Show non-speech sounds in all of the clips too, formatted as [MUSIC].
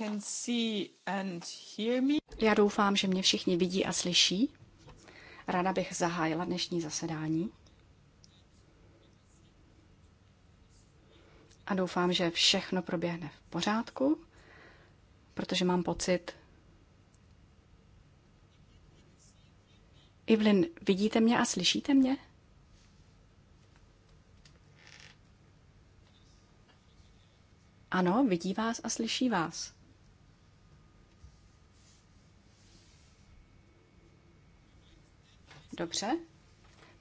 can see and hear me. Já doufám, že mě všichni vidí a slyší. Ráda bych zahájila dnešní zasedání. A doufám, že všechno proběhne v pořádku, protože mám pocit, Ivlin, vidíte mě a slyšíte mě? Ano, vidí vás a slyší vás. Dobře,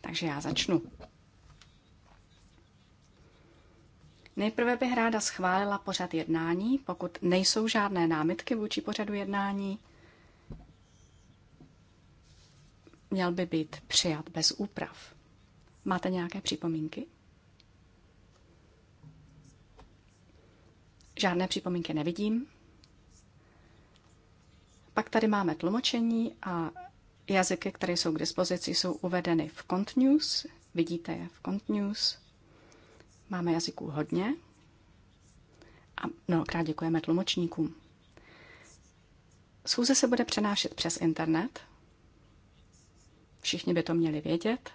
takže já začnu. Nejprve bych ráda schválila pořad jednání, pokud nejsou žádné námitky vůči pořadu jednání. Měl by být přijat bez úprav. Máte nějaké připomínky? Žádné připomínky nevidím. Pak tady máme tlumočení a Jazyky, které jsou k dispozici, jsou uvedeny v ContNews. Vidíte je v ContNews. Máme jazyků hodně. A mnohokrát děkujeme tlumočníkům. Schůze se bude přenášet přes internet. Všichni by to měli vědět.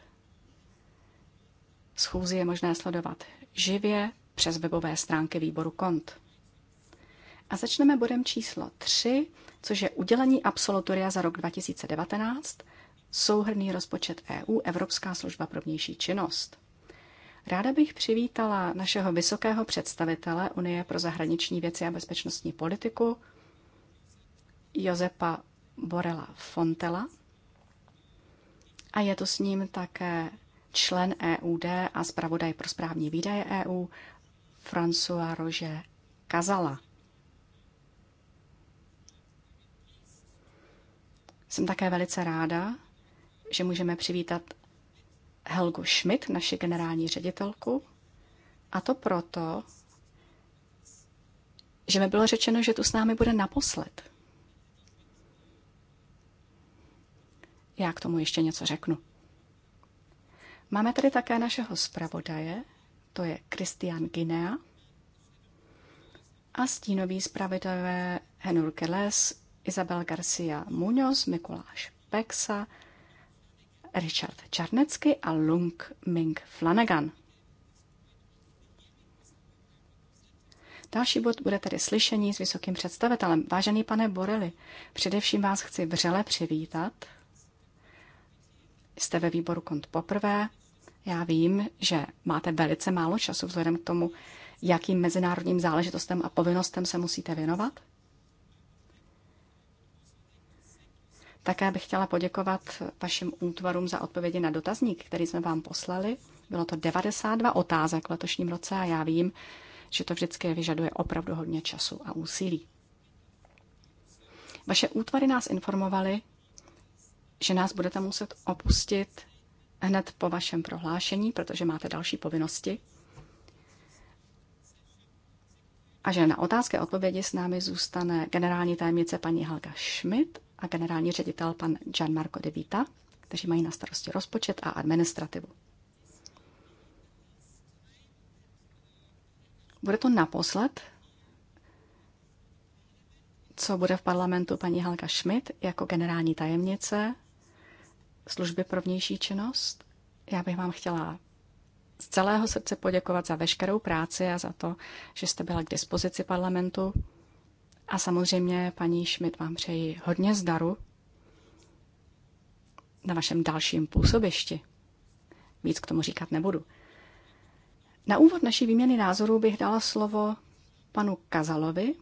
Schůzi je možné sledovat živě přes webové stránky výboru KONT. A začneme bodem číslo 3, což je udělení absolutoria za rok 2019, souhrný rozpočet EU, Evropská služba pro vnější činnost. Ráda bych přivítala našeho vysokého představitele Unie pro zahraniční věci a bezpečnostní politiku, Josepa Borela Fontela. A je to s ním také člen EUD a zpravodaj pro správní výdaje EU François Roger Kazala. Jsem také velice ráda, že můžeme přivítat Helgu Schmidt, naši generální ředitelku. A to proto, že mi bylo řečeno, že tu s námi bude naposled. Já k tomu ještě něco řeknu. Máme tady také našeho zpravodaje, to je Christian Guinea a stínový zpravodajové Henur Keles, Isabel Garcia Muñoz, Mikuláš Peksa, Richard Čarnecky a Lung Ming Flanagan. Další bod bude tedy slyšení s vysokým představitelem. Vážený pane Borely, především vás chci vřele přivítat. Jste ve výboru kont poprvé. Já vím, že máte velice málo času vzhledem k tomu, jakým mezinárodním záležitostem a povinnostem se musíte věnovat. Také bych chtěla poděkovat vašim útvarům za odpovědi na dotazník, který jsme vám poslali. Bylo to 92 otázek v letošním roce a já vím, že to vždycky vyžaduje opravdu hodně času a úsilí. Vaše útvary nás informovaly, že nás budete muset opustit hned po vašem prohlášení, protože máte další povinnosti. A že na otázky a odpovědi s námi zůstane generální tajemnice paní Helga Schmidt a generální ředitel pan Gianmarco De Vita, kteří mají na starosti rozpočet a administrativu. Bude to naposled, co bude v parlamentu paní Helga Schmidt jako generální tajemnice služby pro vnější činnost. Já bych vám chtěla z celého srdce poděkovat za veškerou práci a za to, že jste byla k dispozici parlamentu a samozřejmě, paní Schmidt, vám přeji hodně zdaru na vašem dalším působišti. Víc k tomu říkat nebudu. Na úvod naší výměny názorů bych dala slovo panu Kazalovi,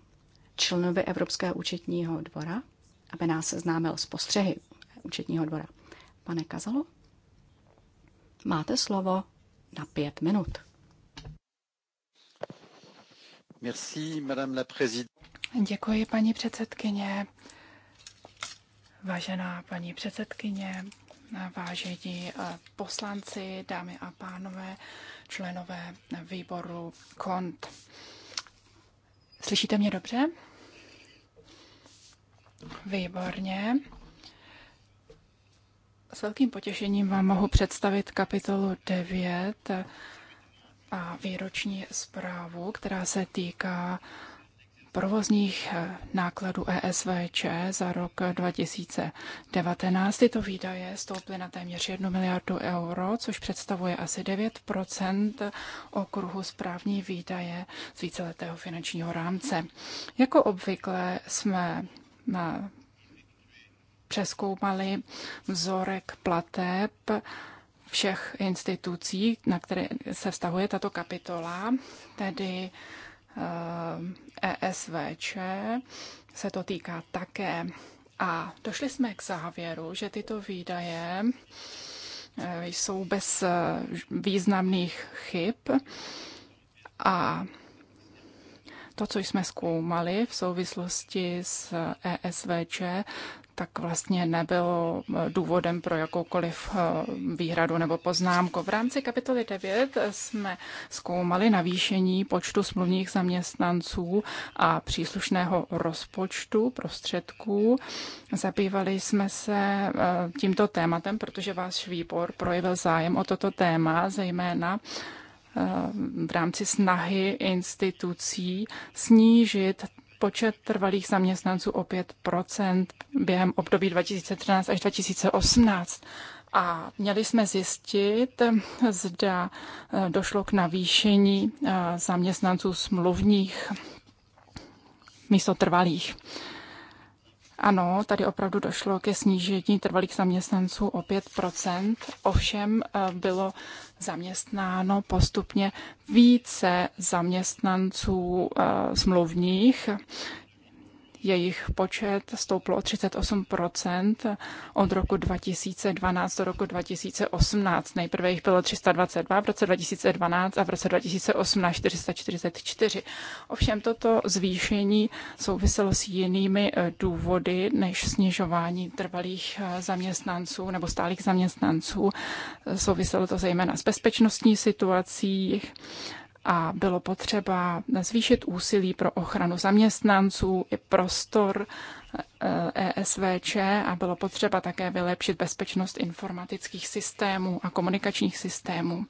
členovi Evropského účetního dvora, aby nás seznámil s postřehy účetního dvora. Pane Kazalo, máte slovo na pět minut. Merci, madame la présidente. Děkuji, paní předsedkyně. Vážená paní předsedkyně, vážení eh, poslanci, dámy a pánové, členové výboru KONT. Slyšíte mě dobře? Výborně. S velkým potěšením vám mohu představit kapitolu 9 a výroční zprávu, která se týká provozních eh, nákladů ESVČ za rok 2019. Eh, Tyto výdaje stouply na téměř 1 miliardu euro, což představuje asi 9 okruhu správní výdaje z víceletého finančního rámce. Jako obvykle jsme na přeskoumali vzorek plateb všech institucí, na které se vztahuje tato kapitola, tedy ESVČ eh, e se to týká také. A došli jsme k závěru, že tyto výdaje eh, jsou bez eh, významných chyb a to, co jsme zkoumali v souvislosti s ESVČ, e tak vlastně nebyl eh, důvodem pro jakoukoliv eh, výhradu nebo poznámku. V rámci kapitoly 9 jsme zkoumali navýšení počtu smluvních zaměstnanců a příslušného rozpočtu prostředků. Zabývali jsme se eh, tímto tématem, protože váš výbor projevil zájem o toto téma, zejména v rámci snahy institucí snížit počet trvalých zaměstnanců o 5 během období 2013 až 2018. A měli jsme zjistit, zda eh, došlo k navýšení eh, zaměstnanců smluvních místo trvalých. Ano, tady opravdu došlo ke snížení trvalých zaměstnanců o 5 ovšem eh, bylo zaměstnáno postupně více zaměstnanců eh, smluvních. Jejich počet stoupl o 38 od roku 2012 do roku 2018. Nejprve jich bylo 322 v roce 2012 a v roce 2018 444. Ovšem toto zvýšení souviselo s jinými eh, důvody než snižování trvalých eh, zaměstnanců nebo stálých zaměstnanců. Eh, souviselo to zejména s bezpečnostní situací, a bylo potřeba zvýšit úsilí pro ochranu zaměstnanců i prostor ESVČ eh, e a bylo potřeba také vylepšit bezpečnost informatických systémů a komunikačních systémů.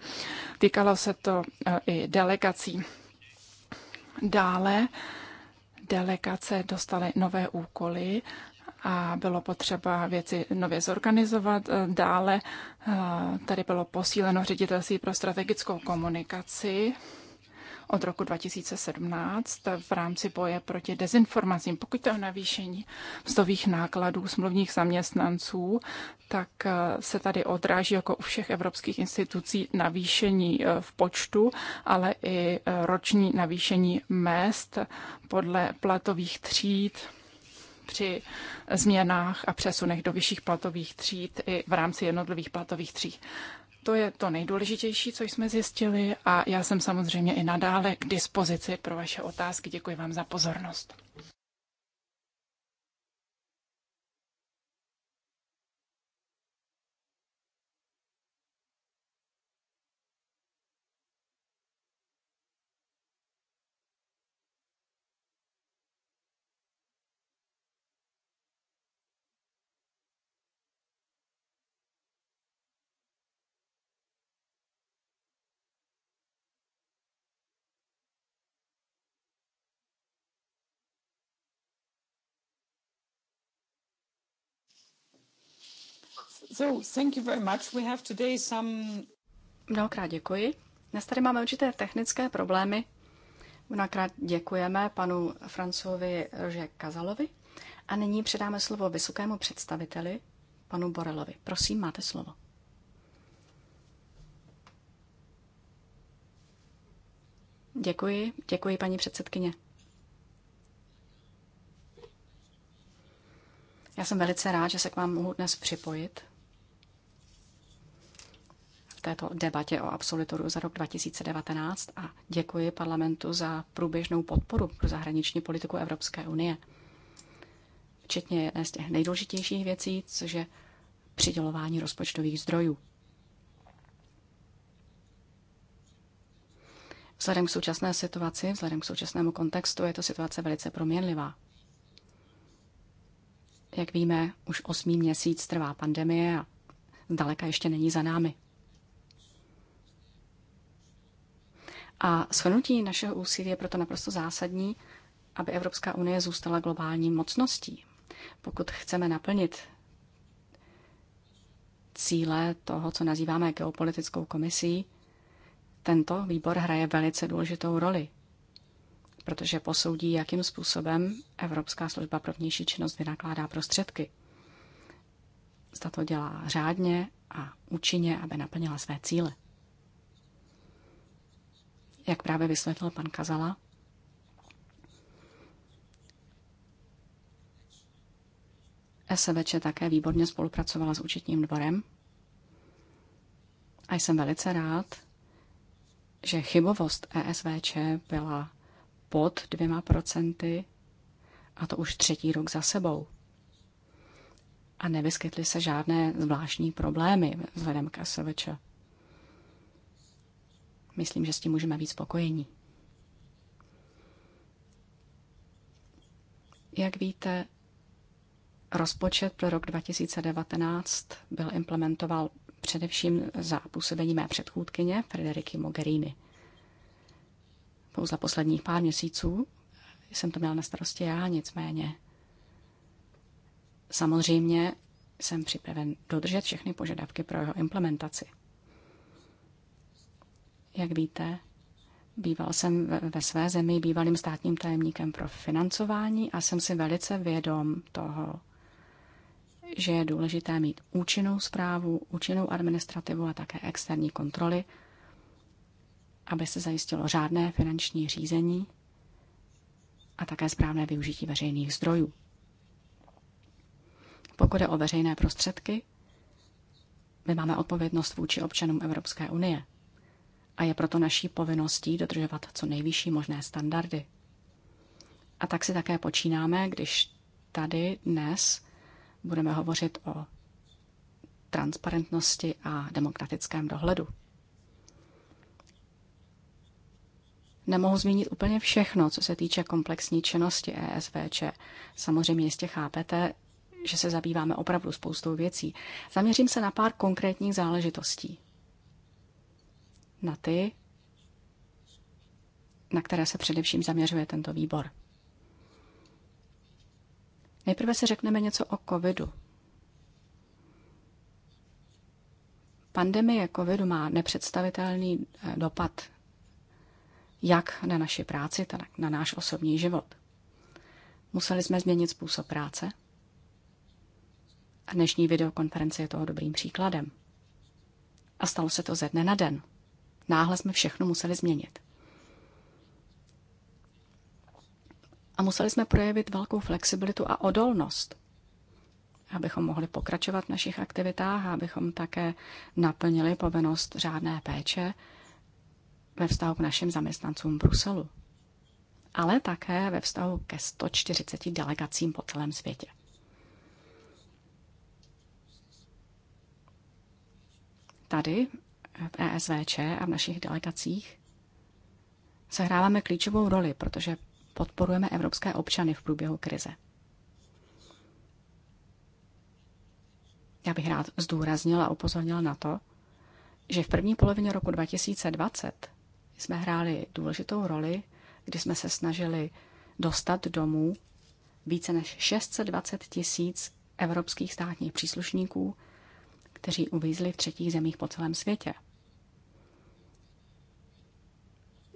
Týkalo se to eh, i delegací. Dále delegace dostaly nové úkoly a bylo potřeba věci nově zorganizovat. Eh, dále tady bylo posíleno ředitelství pro strategickou komunikaci od roku 2017 v rámci boje proti dezinformacím. Pokud to je o navýšení mzdových nákladů smluvních zaměstnanců, tak eh, se tady odráží jako u všech evropských institucí navýšení eh, v počtu, ale i eh, roční navýšení mest podle platových tříd při změnách a přesunech do vyšších platových tříd i v rámci jednotlivých platových tříd. To je to nejdůležitější, co jsme zjistili a já jsem samozřejmě i nadále k dispozici pro vaše otázky. Děkuji vám za pozornost. So, thank you very much. We have today some... Mnohokrát děkuji. Dnes tady máme určité technické problémy. Mnohokrát děkujeme panu Francovi Rože Kazalovi. A nyní předáme slovo vysokému představiteli, panu Borelovi. Prosím, máte slovo. Děkuji, děkuji paní předsedkyně. Já jsem velice rád, že se k vám mohu dnes připojit této debatě o absolutoru za rok 2019 a děkuji parlamentu za průběžnou podporu pro zahraniční politiku Evropské unie. Včetně jedné z těch nejdůležitějších věcí, což je přidělování rozpočtových zdrojů. Vzhledem k současné situaci, vzhledem k současnému kontextu, je to situace velice proměnlivá. Jak víme, už osmý měsíc trvá pandemie a zdaleka ještě není za námi. A shrnutí našeho úsilí je proto naprosto zásadní, aby Evropská unie zůstala globální mocností. Pokud chceme naplnit cíle toho, co nazýváme geopolitickou komisí, tento výbor hraje velice důležitou roli, protože posoudí, jakým způsobem Evropská služba pro vnější činnost vynakládá prostředky. Zda to dělá řádně a účinně, aby naplnila své cíle jak právě vysvětlil pan Kazala, SVČ také výborně spolupracovala s účetním dvorem a jsem velice rád, že chybovost ESVČ byla pod dvěma procenty a to už třetí rok za sebou. A nevyskytly se žádné zvláštní problémy vzhledem k SVČ. Myslím, že s tím můžeme být spokojení. Jak víte, rozpočet pro rok 2019 byl implementoval především za působení mé předchůdkyně Frederiky Mogherini. Pouze posledních pár měsíců jsem to měla na starosti já, nicméně. Samozřejmě jsem připraven dodržet všechny požadavky pro jeho implementaci. Jak víte, býval jsem ve své zemi bývalým státním tajemníkem pro financování a jsem si velice vědom toho, že je důležité mít účinnou zprávu, účinnou administrativu a také externí kontroly, aby se zajistilo řádné finanční řízení a také správné využití veřejných zdrojů. Pokud je o veřejné prostředky, my máme odpovědnost vůči občanům Evropské unie a je proto naší povinností dodržovat co nejvyšší možné standardy. A tak si také počínáme, když tady dnes budeme hovořit o transparentnosti a demokratickém dohledu. Nemohu zmínit úplně všechno, co se týče komplexní činnosti ESVČ. Samozřejmě jistě chápete, že se zabýváme opravdu spoustou věcí. Zaměřím se na pár konkrétních záležitostí na ty, na které se především zaměřuje tento výbor. Nejprve si řekneme něco o covidu. Pandemie covidu má nepředstavitelný eh, dopad jak na naši práci, tak na náš osobní život. Museli jsme změnit způsob práce. A dnešní videokonference je toho dobrým příkladem. A stalo se to ze dne na den náhle jsme všechno museli změnit. A museli jsme projevit velkou flexibilitu a odolnost, abychom mohli pokračovat v našich aktivitách a abychom také naplnili povinnost řádné péče ve vztahu k našim zaměstnancům v Bruselu, ale také ve vztahu ke 140 delegacím po celém světě. Tady v ESVČ a v našich delegacích sehráváme klíčovou roli, protože podporujeme evropské občany v průběhu krize. Já bych rád zdůraznil a upozornil na to, že v první polovině roku 2020 jsme hráli důležitou roli, kdy jsme se snažili dostat domů více než 620 tisíc evropských státních příslušníků, kteří uvízli v třetích zemích po celém světě.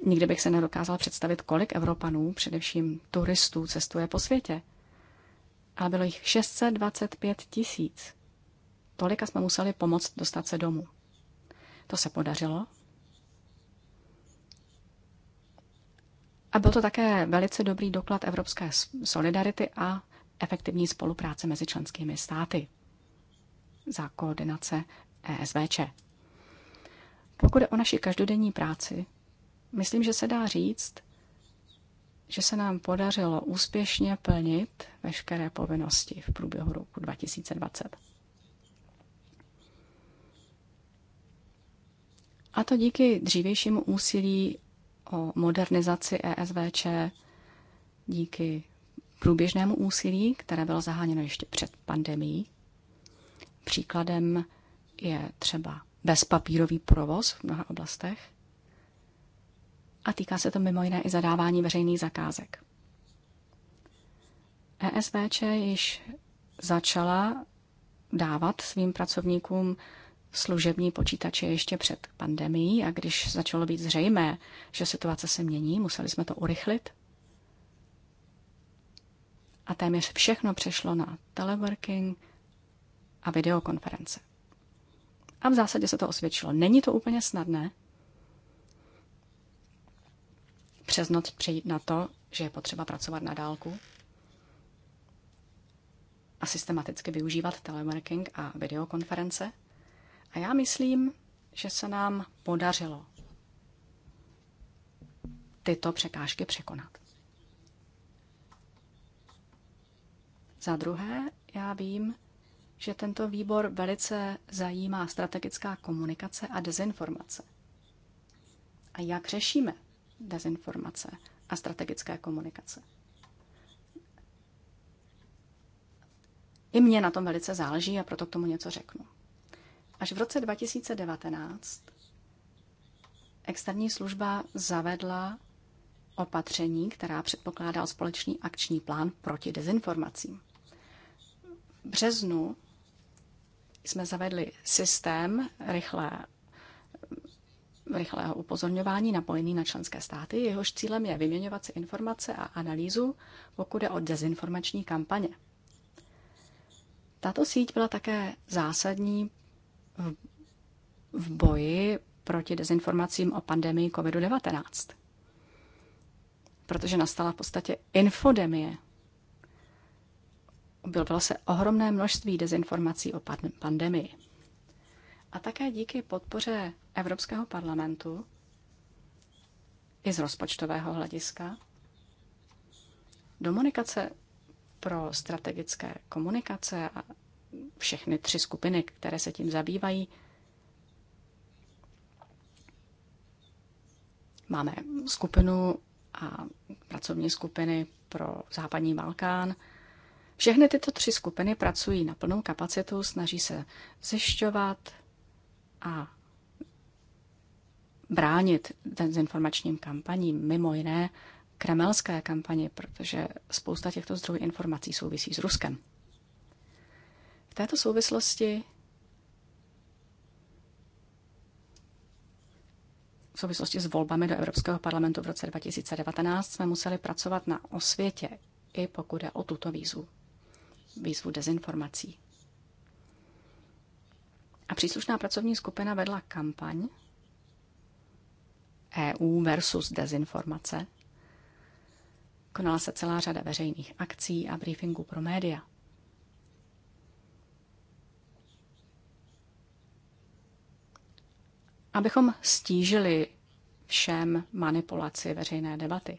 Nikdy bych se nedokázal představit, kolik Evropanů, především turistů, cestuje po světě. Ale bylo jich 625 tisíc. Tolika jsme museli pomoct dostat se domů. To se podařilo. A byl to také velice dobrý doklad evropské solidarity a efektivní spolupráce mezi členskými státy za koordinace ESVČ. Pokud je o naši každodenní práci, Myslím, že se dá říct, že se nám podařilo úspěšně plnit veškeré povinnosti v průběhu roku 2020. A to díky dřívějšímu úsilí o modernizaci ESVČ, díky průběžnému úsilí, které bylo zaháněno ještě před pandemí. Příkladem je třeba bezpapírový provoz v mnoha oblastech – a týká se to mimo jiné i zadávání veřejných zakázek. ESVČ již začala dávat svým pracovníkům služební počítače ještě před pandemií a když začalo být zřejmé, že situace se mění, museli jsme to urychlit. A téměř všechno přešlo na teleworking a videokonference. A v zásadě se to osvědčilo. Není to úplně snadné, přes noc přejít na to, že je potřeba pracovat na dálku a systematicky využívat teleworking a videokonference. A já myslím, že se nám podařilo tyto překážky překonat. Za druhé, já vím, že tento výbor velice zajímá strategická komunikace a dezinformace. A jak řešíme dezinformace a strategické komunikace. I mně na tom velice záleží a proto k tomu něco řeknu. Až v roce 2019 externí služba zavedla opatření, která předpokládá společný akční plán proti dezinformacím. V březnu jsme zavedli systém rychlé rychlého upozorňování napojený na členské státy. Jehož cílem je vyměňovat si informace a analýzu, pokud je o dezinformační kampaně. Tato síť byla také zásadní v, v boji proti dezinformacím o pandemii COVID-19, protože nastala v podstatě infodemie. Bylo se ohromné množství dezinformací o pandemii a také díky podpoře Evropského parlamentu i z rozpočtového hlediska. Domunikace pro strategické komunikace a všechny tři skupiny, které se tím zabývají, máme skupinu a pracovní skupiny pro západní Balkán. Všechny tyto tři skupiny pracují na plnou kapacitu, snaží se zjišťovat, a bránit dezinformačním kampaním, mimo jiné kremelské kampaně, protože spousta těchto zdrojů informací souvisí s Ruskem. V této souvislosti v souvislosti s volbami do Evropského parlamentu v roce 2019 jsme museli pracovat na osvětě, i pokud je o tuto výzvu, výzvu dezinformací. A příslušná pracovní skupina vedla kampaň EU versus dezinformace. Konala se celá řada veřejných akcí a briefingů pro média. Abychom stížili všem manipulaci veřejné debaty.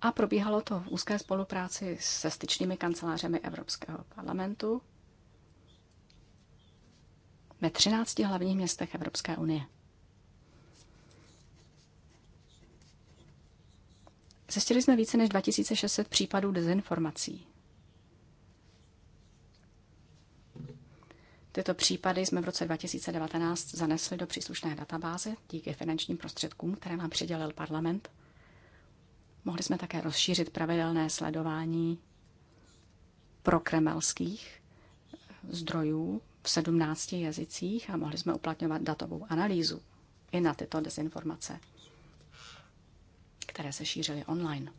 A probíhalo to v úzké spolupráci se styčnými kancelářemi Evropského parlamentu, ve 13 hlavních městech Evropské unie. Zjistili jsme více než 2600 případů dezinformací. Tyto případy jsme v roce 2019 zanesli do příslušné databáze díky finančním prostředkům, které nám přidělil parlament. Mohli jsme také rozšířit pravidelné sledování prokremelských zdrojů v 17 jazycích a mohli jsme uplatňovat datovou analýzu i na tyto dezinformace, které se šířily online.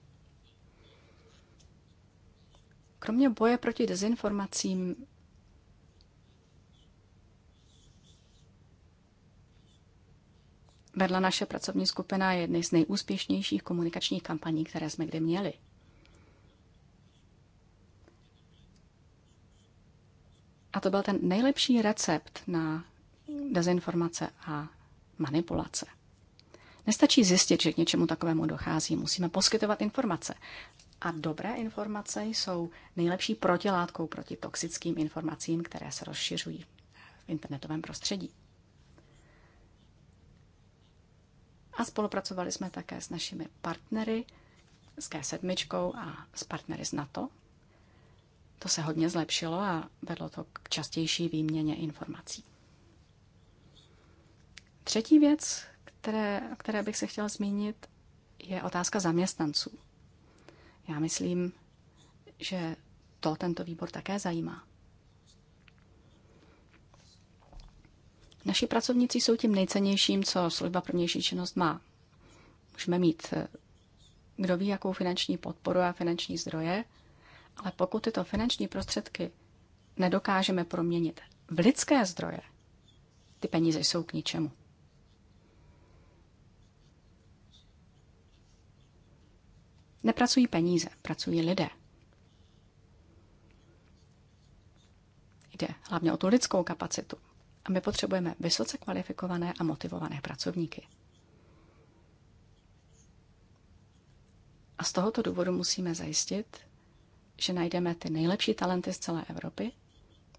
Kromě boje proti dezinformacím vedla naše pracovní skupina jedny z nejúspěšnějších komunikačních kampaní, které jsme kdy měli – A to byl ten nejlepší recept na dezinformace a manipulace. Nestačí zjistit, že k něčemu takovému dochází. Musíme poskytovat informace. A dobré informace jsou nejlepší protilátkou proti toxickým informacím, které se rozšiřují v internetovém prostředí. A spolupracovali jsme také s našimi partnery, s G7 a s partnery z NATO, to se hodně zlepšilo a vedlo to k častější výměně informací. Třetí věc, které, které bych se chtěla zmínit, je otázka zaměstnanců. Já myslím, že to tento výbor také zajímá. Naši pracovníci jsou tím nejcennějším, co služba pro vnější činnost má. Můžeme mít eh, kdo ví, jakou finanční podporu a finanční zdroje, ale pokud tyto finanční prostředky nedokážeme proměnit v lidské zdroje, ty peníze jsou k ničemu. Nepracují peníze, pracují lidé. Jde hlavně o tu lidskou kapacitu. A my potřebujeme vysoce kvalifikované a motivované pracovníky. A z tohoto důvodu musíme zajistit, že najdeme ty nejlepší talenty z celé Evropy.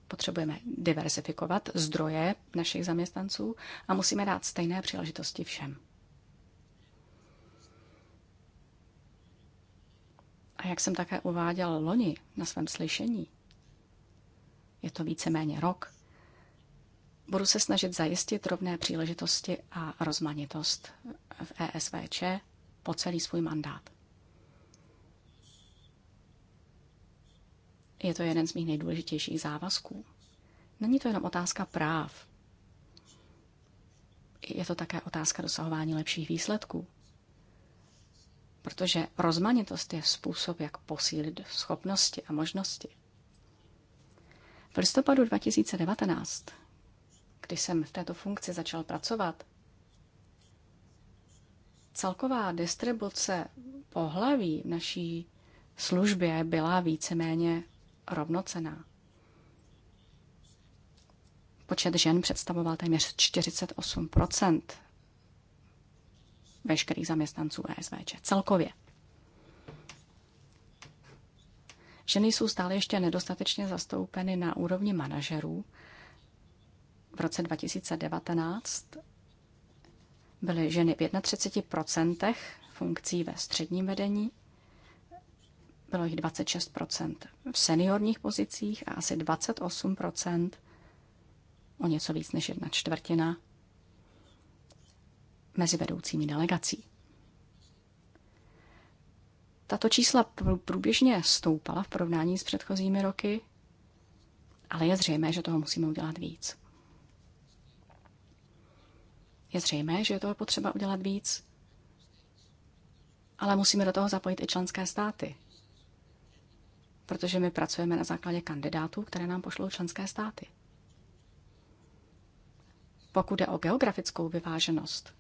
Potřebujeme diversifikovat zdroje našich zaměstnanců a musíme dát stejné příležitosti všem. A jak jsem také uváděl loni na svém slyšení, je to víceméně rok, budu se snažit zajistit rovné příležitosti a rozmanitost v ESVČ po celý svůj mandát. Je to jeden z mých nejdůležitějších závazků. Není to jenom otázka práv. Je to také otázka dosahování lepších výsledků. Protože rozmanitost je způsob, jak posílit schopnosti a možnosti. V listopadu 2019, když jsem v této funkci začal pracovat, celková distribuce pohlaví v naší službě byla víceméně rovnocená. Počet žen představoval téměř 48 veškerých zaměstnanců ESVČ celkově. Ženy jsou stále ještě nedostatečně zastoupeny na úrovni manažerů. V roce 2019 byly ženy v 31% funkcí ve středním vedení bylo jich 26 v seniorních pozicích a asi 28 o něco víc než jedna čtvrtina mezi vedoucími delegací. Tato čísla průběžně stoupala v porovnání s předchozími roky, ale je zřejmé, že toho musíme udělat víc. Je zřejmé, že je toho potřeba udělat víc, ale musíme do toho zapojit i členské státy protože my pracujeme na základě kandidátů, které nám pošlou členské státy. Pokud jde o geografickou vyváženost,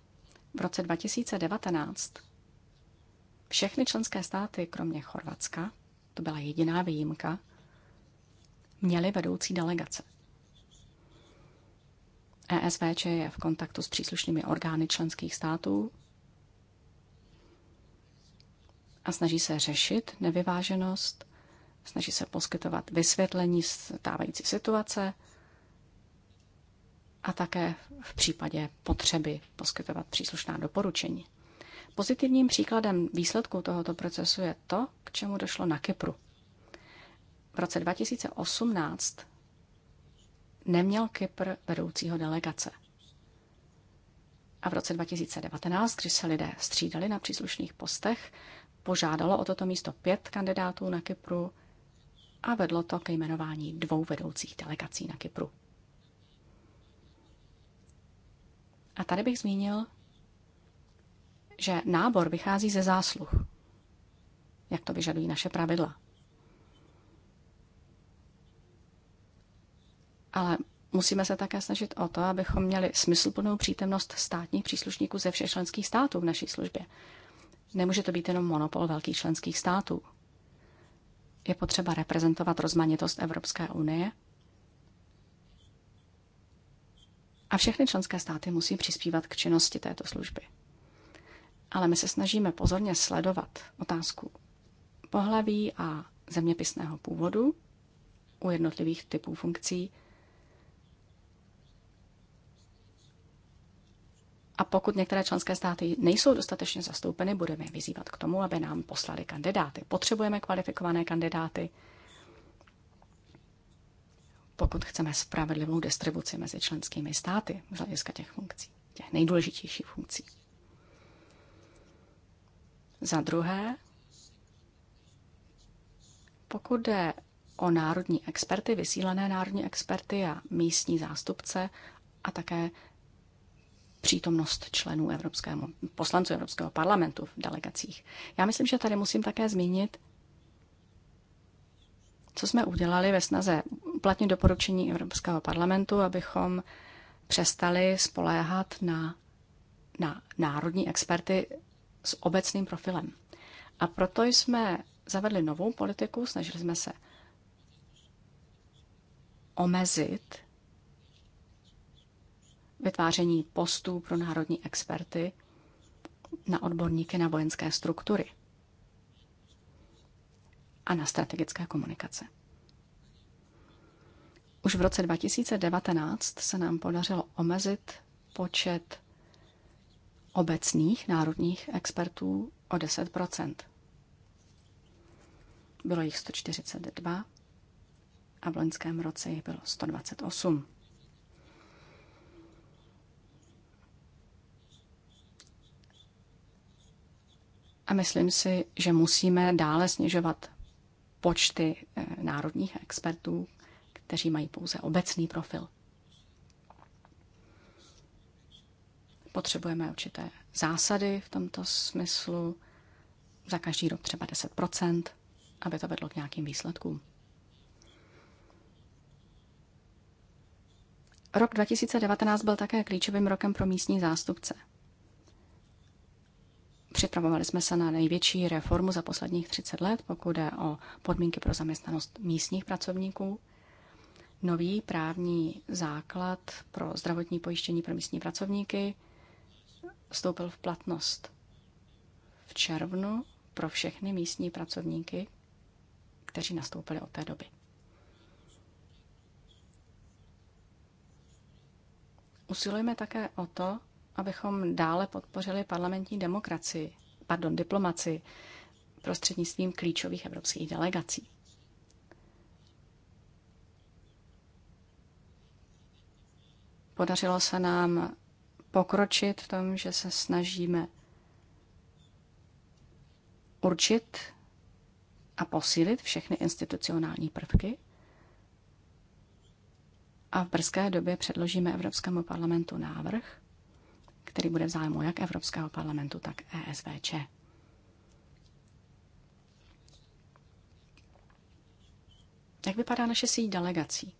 v roce 2019 všechny členské státy, kromě Chorvatska, to byla jediná výjimka, měly vedoucí delegace. ESVČ je v kontaktu s příslušnými orgány členských států a snaží se řešit nevyváženost snaží se poskytovat vysvětlení stávající situace a také v případě potřeby poskytovat příslušná doporučení. Pozitivním příkladem výsledku tohoto procesu je to, k čemu došlo na Kypru. V roce 2018 neměl Kypr vedoucího delegace. A v roce 2019, když se lidé střídali na příslušných postech, požádalo o toto místo pět kandidátů na Kypru a vedlo to ke jmenování dvou vedoucích delegací na Kypru. A tady bych zmínil, že nábor vychází ze zásluh, jak to vyžadují naše pravidla. Ale musíme se také snažit o to, abychom měli smysluplnou přítomnost státních příslušníků ze všech členských států v naší službě. Nemůže to být jenom monopol velkých členských států. Je potřeba reprezentovat rozmanitost Evropské unie a všechny členské státy musí přispívat k činnosti této služby. Ale my se snažíme pozorně sledovat otázku pohlaví a zeměpisného původu u jednotlivých typů funkcí A pokud některé členské státy nejsou dostatečně zastoupeny, budeme vyzývat k tomu, aby nám poslali kandidáty. Potřebujeme kvalifikované kandidáty, pokud chceme spravedlivou distribuci mezi členskými státy z hlediska těch funkcí, těch nejdůležitějších funkcí. Za druhé, pokud jde o národní experty, vysílané národní experty a místní zástupce a také přítomnost členů Evropského, poslanců Evropského parlamentu v delegacích. Já myslím, že tady musím také zmínit, co jsme udělali ve snaze uplatnit doporučení Evropského parlamentu, abychom přestali spoléhat na, na národní experty s obecným profilem. A proto jsme zavedli novou politiku, snažili jsme se omezit vytváření postů pro národní experty na odborníky na vojenské struktury a na strategické komunikace. Už v roce 2019 se nám podařilo omezit počet obecných národních expertů o 10 Bylo jich 142 a v loňském roce jich bylo 128. A myslím si, že musíme dále snižovat počty eh, národních expertů, kteří mají pouze obecný profil. Potřebujeme určité zásady v tomto smyslu, za každý rok třeba 10 aby to vedlo k nějakým výsledkům. Rok 2019 byl také klíčovým rokem pro místní zástupce. Připravovali jsme se na největší reformu za posledních 30 let, pokud jde o podmínky pro zaměstnanost místních pracovníků. Nový právní základ pro zdravotní pojištění pro místní pracovníky vstoupil v platnost v červnu pro všechny místní pracovníky, kteří nastoupili od té doby. Usilujeme také o to, abychom dále podpořili parlamentní demokracii, pardon, diplomaci prostřednictvím klíčových evropských delegací. Podařilo se nám pokročit v tom, že se snažíme určit a posílit všechny institucionální prvky a v brzké době předložíme Evropskému parlamentu návrh, který bude v zájmu jak Evropského parlamentu, tak ESVČ. Jak vypadá naše síť delegací?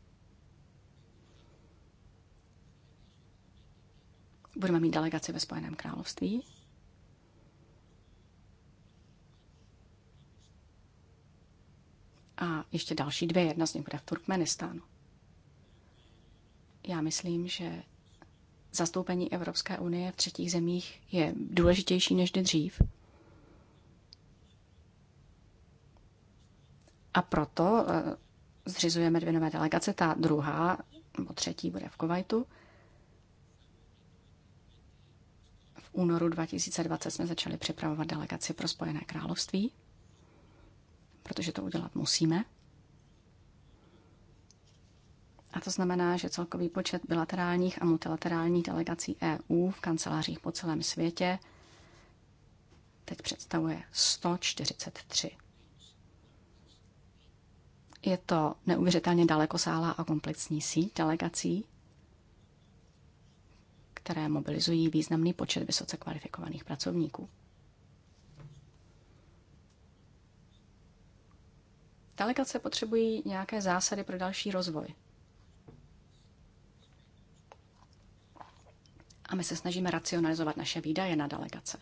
Budeme mít delegaci ve Spojeném království. A ještě další dvě, jedna z nich bude v Turkmenistánu. Já myslím, že zastoupení Evropské unie v třetích zemích je důležitější než kdy dřív. A proto eh, zřizujeme dvě nové delegace. Ta druhá nebo třetí bude v Kuwaitu. V únoru 2020 jsme začali připravovat delegaci pro Spojené království, protože to udělat musíme. A to znamená, že celkový počet bilaterálních a multilaterálních delegací EU v kancelářích po celém světě teď představuje 143. Je to neuvěřitelně dalekosáhlá a komplexní síť delegací, které mobilizují významný počet vysoce kvalifikovaných pracovníků. Delegace potřebují nějaké zásady pro další rozvoj. A my se snažíme racionalizovat naše výdaje na delegace.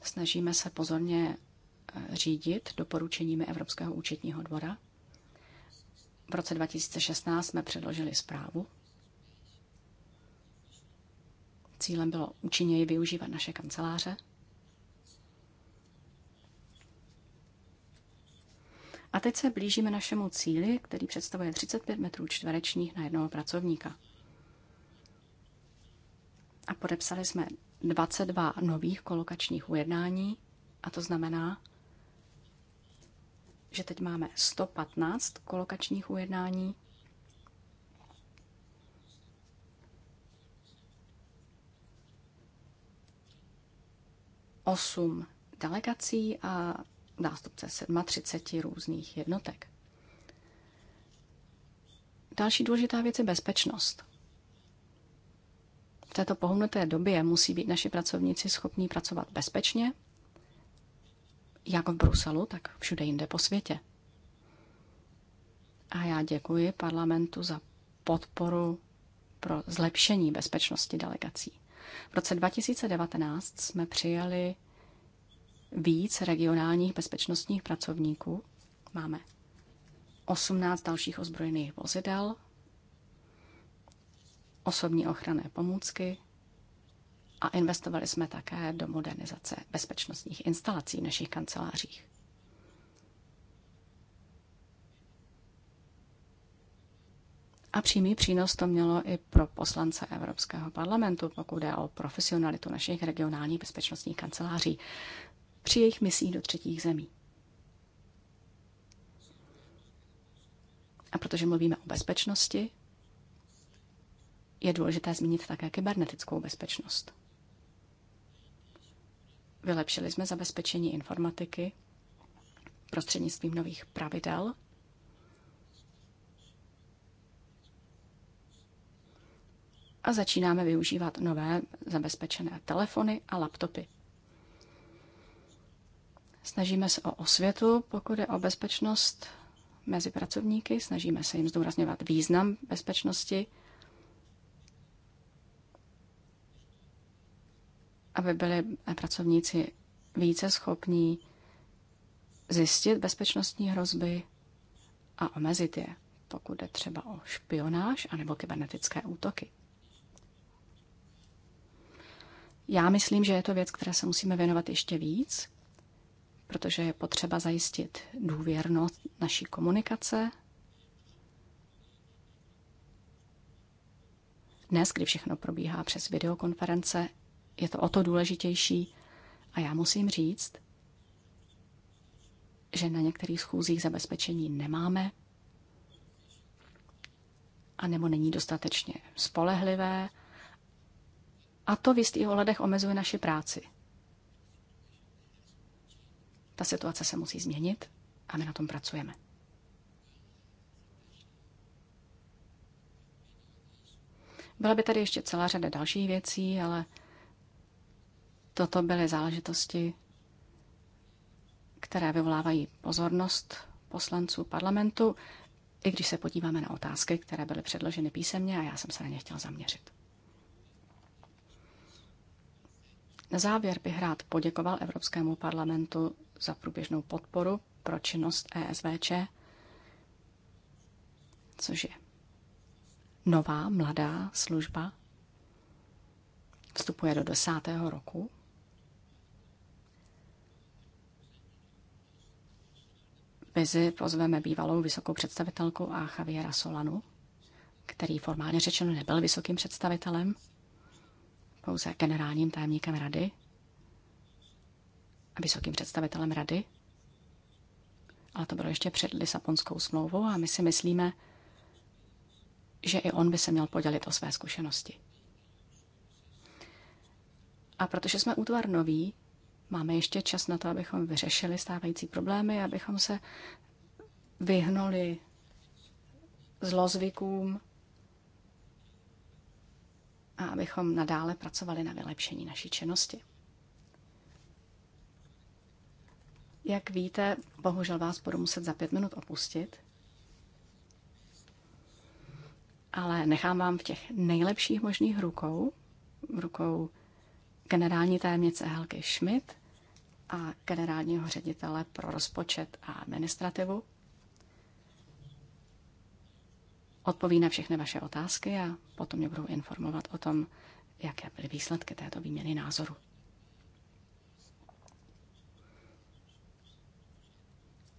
Snažíme se pozorně eh, řídit doporučeními Evropského účetního dvora. V roce 2016 jsme předložili zprávu. Cílem bylo účinněji využívat naše kanceláře. A teď se blížíme našemu cíli, který představuje 35 metrů čtverečních na jednoho pracovníka – a podepsali jsme 22 nových kolokačních ujednání a to znamená, že teď máme 115 kolokačních ujednání. Osm delegací a nástupce 37 různých jednotek. Další důležitá věc je bezpečnost. V této pohnuté době musí být naši pracovníci schopní pracovat bezpečně, jak v Bruselu, tak všude jinde po světě. A já děkuji parlamentu za podporu pro zlepšení bezpečnosti delegací. V roce 2019 jsme přijali víc regionálních bezpečnostních pracovníků. Máme 18 dalších ozbrojených vozidel, osobní ochranné pomůcky a investovali jsme také do modernizace bezpečnostních instalací v našich kancelářích. A přímý přínos to mělo i pro poslance Evropského parlamentu, pokud jde o profesionalitu našich regionálních bezpečnostních kanceláří při jejich misích do třetích zemí. A protože mluvíme o bezpečnosti, je důležité zmínit také kybernetickou bezpečnost. Vylepšili jsme zabezpečení informatiky prostřednictvím nových pravidel a začínáme využívat nové zabezpečené telefony a laptopy. Snažíme se o osvětu, pokud je o bezpečnost mezi pracovníky, snažíme se jim zdůrazňovat význam bezpečnosti aby byli pracovníci více schopní zjistit bezpečnostní hrozby a omezit je, pokud jde třeba o špionáž anebo kybernetické útoky. Já myslím, že je to věc, které se musíme věnovat ještě víc, protože je potřeba zajistit důvěrnost naší komunikace. Dnes, kdy všechno probíhá přes videokonference, je to o to důležitější. A já musím říct, že na některých schůzích zabezpečení nemáme, anebo není dostatečně spolehlivé, a to v jistých ohledech omezuje naši práci. Ta situace se musí změnit a my na tom pracujeme. Byla by tady ještě celá řada dalších věcí, ale Toto byly záležitosti, které vyvolávají pozornost poslanců parlamentu, i když se podíváme na otázky, které byly předloženy písemně a já jsem se na ně chtěl zaměřit. Na závěr bych rád poděkoval Evropskému parlamentu za průběžnou podporu pro činnost ESVČ, což je nová mladá služba. Vstupuje do desátého roku Mezi pozveme bývalou vysokou představitelku a Javiera Solanu, který formálně řečeno nebyl vysokým představitelem, pouze generálním tajemníkem rady a vysokým představitelem rady. Ale to bylo ještě před Lisabonskou smlouvou a my si myslíme, že i on by se měl podělit o své zkušenosti. A protože jsme útvar nový, Máme ještě čas na to, abychom vyřešili stávající problémy, abychom se vyhnuli zlozvykům a abychom nadále pracovali na vylepšení naší činnosti. Jak víte, bohužel vás budu muset za pět minut opustit, ale nechám vám v těch nejlepších možných rukou, rukou generální tajemnice Helky Schmidt a generálního ředitele pro rozpočet a administrativu. Odpoví na všechny vaše otázky a potom mě budou informovat o tom, jaké byly výsledky této výměny názoru.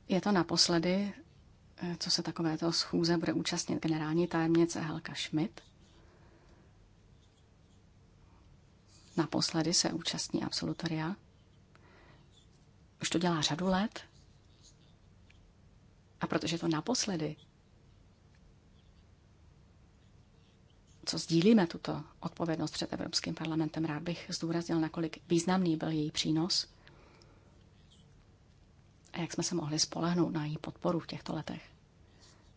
Je to naposledy, eh, co se takovéto schůze bude účastnit generální tajemnice Helka Schmidt. Naposledy se účastní absolutoria už to dělá řadu let. A protože to naposledy, co sdílíme tuto odpovědnost před Evropským parlamentem, rád bych zdůraznil, nakolik významný byl její přínos a jak jsme se mohli spolehnout na její podporu v těchto letech.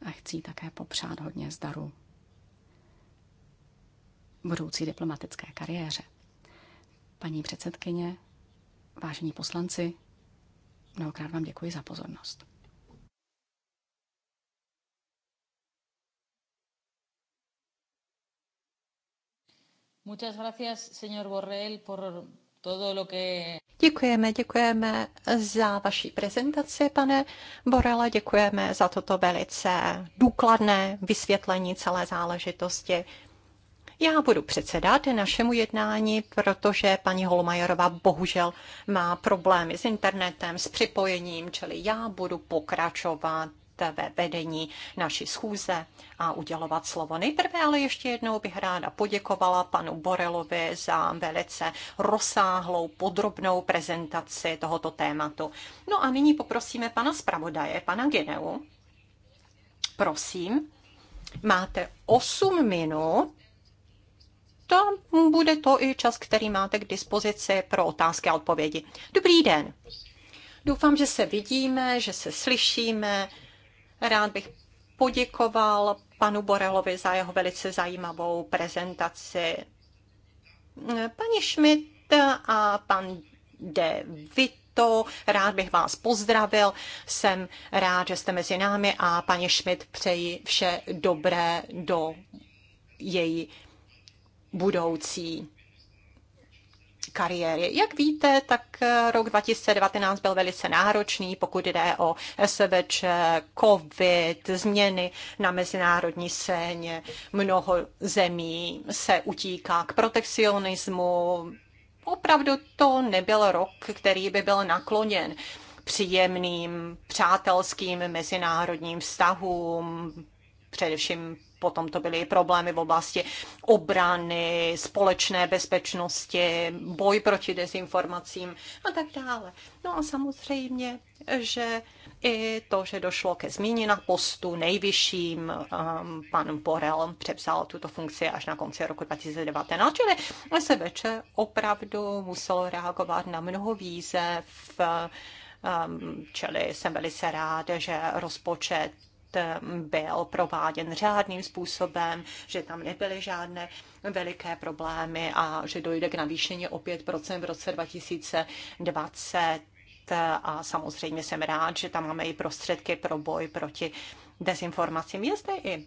A chci také popřát hodně zdaru budoucí diplomatické kariéře. Paní předsedkyně, vážení poslanci, Mnohokrát vám děkuji za pozornost. Muchas gracias, señor Borrell, por todo lo que... Děkujeme, děkujeme za vaši prezentaci, pane Borela, děkujeme za toto velice důkladné vysvětlení celé záležitosti. Já budu předsedat našemu jednání, protože paní Holmajerová bohužel má problémy s internetem, s připojením, čili já budu pokračovat ve vedení naší schůze a udělovat slovo. Nejprve ale ještě jednou bych ráda poděkovala panu Borelovi za velice rozsáhlou, podrobnou prezentaci tohoto tématu. No a nyní poprosíme pana zpravodaje, pana Geneu. Prosím, máte 8 minut to bude to i čas, který máte k dispozici pro otázky a odpovědi. Dobrý den. Doufám, že se vidíme, že se slyšíme. Rád bych poděkoval panu Borelovi za jeho velice zajímavou prezentaci. Pani Schmidt a pan De Vito, rád bych vás pozdravil. Jsem rád, že jste mezi námi a paní Schmidt přeji vše dobré do její budoucí kariéry. Jak víte, tak eh, rok 2019 byl velice náročný, pokud jde o SVČ, COVID, změny na mezinárodní scéně. Mnoho zemí se utíká k protekcionismu. Opravdu to nebyl rok, který by byl nakloněn příjemným, přátelským mezinárodním vztahům, především potom to byly i problémy v oblasti obrany, společné bezpečnosti, boj proti dezinformacím a tak dále. No a samozřejmě, že i to, že došlo ke změně na postu nejvyšším, um, pan Borel přepsal tuto funkci až na konci roku 2019, čili večer opravdu muselo reagovat na mnoho výzev, um, čili jsem velice rád, že rozpočet byl prováděn řádným způsobem, že tam nebyly žádné veliké problémy a že dojde k navýšení o 5% v roce 2020 a samozřejmě jsem rád, že tam máme i prostředky pro boj proti dezinformacím. Je zde i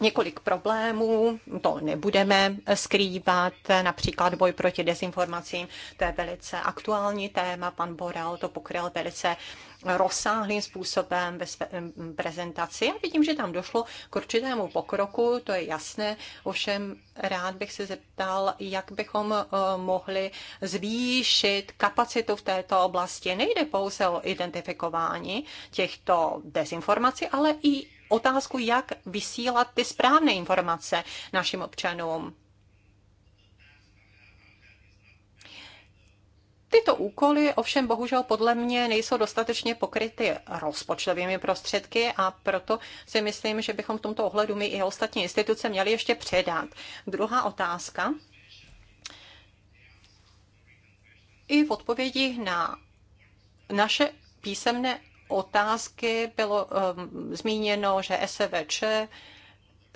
několik problémů, to nebudeme skrývat, například boj proti dezinformacím, to je velice aktuální téma, pan Borel to pokryl velice rozsáhlým způsobem ve své prezentaci. Já vidím, že tam došlo k určitému pokroku, to je jasné, ovšem rád bych se zeptal, jak bychom eh, mohli zvýšit kapacitu v této oblasti. Nejde pouze o identifikování těchto dezinformací, ale i otázku, jak vysílat ty správné informace našim občanům. Tyto úkoly ovšem bohužel podle mě nejsou dostatečně pokryty rozpočtovými prostředky a proto si myslím, že bychom v tomto ohledu my i ostatní instituce měli ještě předat. Druhá otázka. I v odpovědi na naše písemné otázky bylo um, zmíněno, že SVČ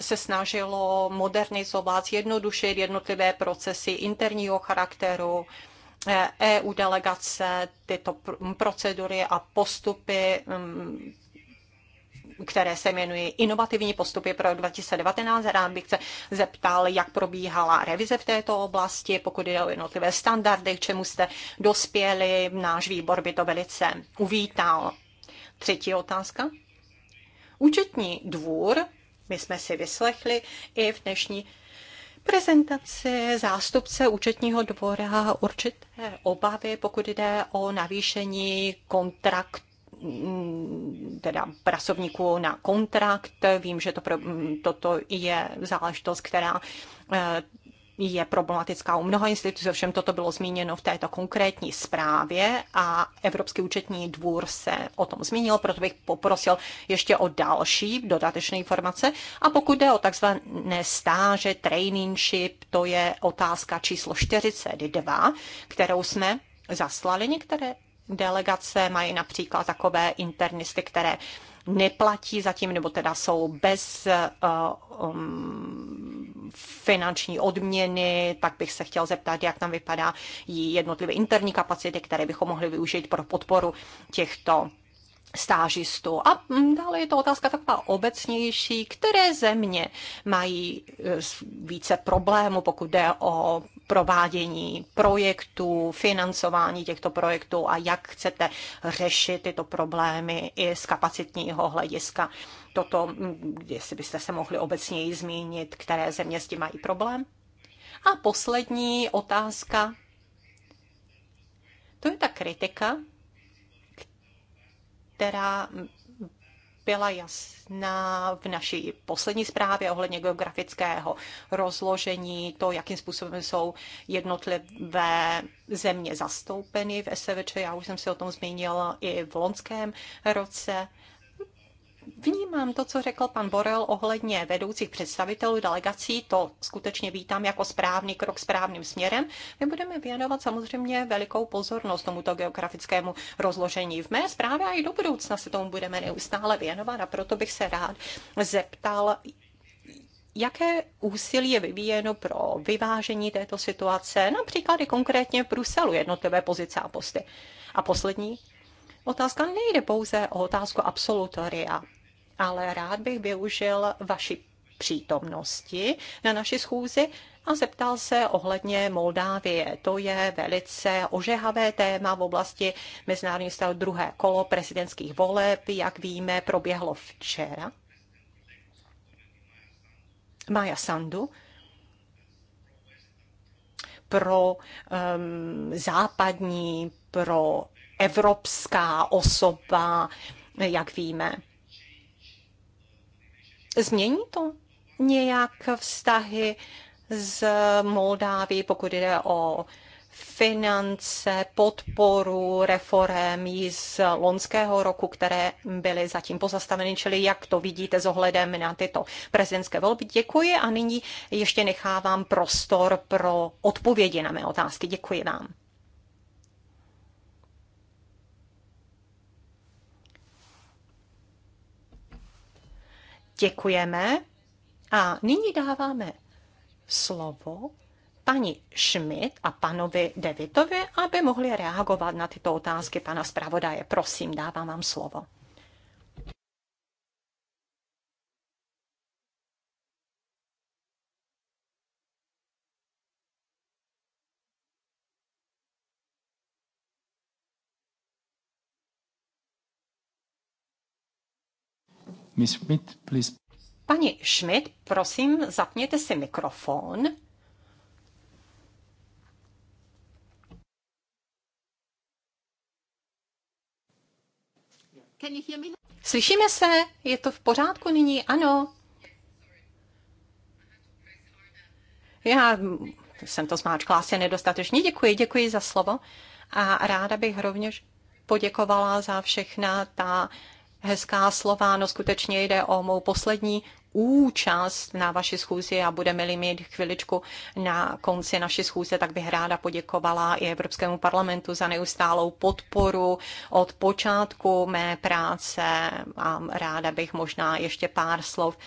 se snažilo modernizovat, zjednodušit jednotlivé procesy interního charakteru, EU eh, e delegace, tyto procedury a postupy, um, které se jmenují Inovativní postupy pro 2019. Rád bych se zeptal, jak probíhala revize v této oblasti, pokud jde o jednotlivé standardy, k čemu jste dospěli. Náš výbor by to velice uvítal. Třetí otázka. Účetní dvůr, my jsme si vyslechli i v dnešní prezentaci zástupce účetního dvora určité obavy, pokud jde o navýšení kontraktu. teda pracovníků na kontrakt. Vím, že to pro, toto je záležitost, která eh, je problematická u mnoha institucí, ovšem toto bylo zmíněno v této konkrétní zprávě a Evropský účetní dvůr se o tom zmínil, proto bych poprosil ještě o další dodatečné informace. A pokud jde o takzvané stáže, trainingship, to je otázka číslo 42, kterou jsme zaslali některé delegace, mají například takové internisty, které neplatí zatím, nebo teda jsou bez uh, um, finanční odměny, tak bych se chtěl zeptat, jak tam vypadá jednotlivé interní kapacity, které bychom mohli využít pro podporu těchto stážistů. A mm, dále je to otázka taková obecnější, které země mají e, více problémů, pokud jde o provádění projektů, financování těchto projektů a jak chcete řešit tyto problémy i z kapacitního hlediska toto, mm, jestli byste se mohli obecněji zmínit, které země s tím mají problém. A poslední otázka. To je ta kritika, která byla jasná v naší poslední zprávě ohledně geografického rozložení, to, jakým způsobem jsou jednotlivé země zastoupeny v SVČ. Já už jsem se o tom zmínila i v loňském roce. Vnímám to, co řekl pan Borel ohledně vedoucích představitelů delegací, to skutečně vítám jako správný krok správným směrem. My budeme věnovat samozřejmě velikou pozornost tomuto geografickému rozložení v mé zprávě a i do budoucna se tomu budeme neustále věnovat a proto bych se rád zeptal, jaké úsilí je vyvíjeno pro vyvážení této situace, například i konkrétně v Bruselu jednotlivé pozice a posty. A poslední otázka nejde pouze o otázku absolutoria ale rád bych využil vaši přítomnosti na naši schůzi a zeptal se ohledně Moldávie. To je velice ožehavé téma v oblasti mezinárodního stavu druhé kolo prezidentských voleb, jak víme, proběhlo včera. Maja Sandu, pro um, západní, pro evropská osoba, jak víme. Změní to nějak vztahy z Moldávy, pokud jde o finance, podporu reform z lonského roku, které byly zatím pozastaveny, čili jak to vidíte s ohledem na tyto prezidentské volby. Děkuji a nyní ještě nechávám prostor pro odpovědi na mé otázky. Děkuji vám. Děkujeme a nyní dáváme slovo paní Schmidt a panovi Devitovi, aby mohli reagovat na tyto otázky pana zpravodaje. Prosím, dávám vám slovo. Miss Schmidt, please. Pani Schmidt, prosím, zapněte si mikrofon. Slyšíme se? Je to v pořádku nyní? Ano. Já jsem to zmáčkla asi nedostatečně. Děkuji, děkuji za slovo. A ráda bych rovněž poděkovala za všechna ta hezká slova, no skutečně jde o mou poslední účast na vaší schůzi a budeme-li mít chviličku na konci naší schůze, tak bych ráda poděkovala i Evropskému parlamentu za neustálou podporu od počátku mé práce a ráda bych možná ještě pár slov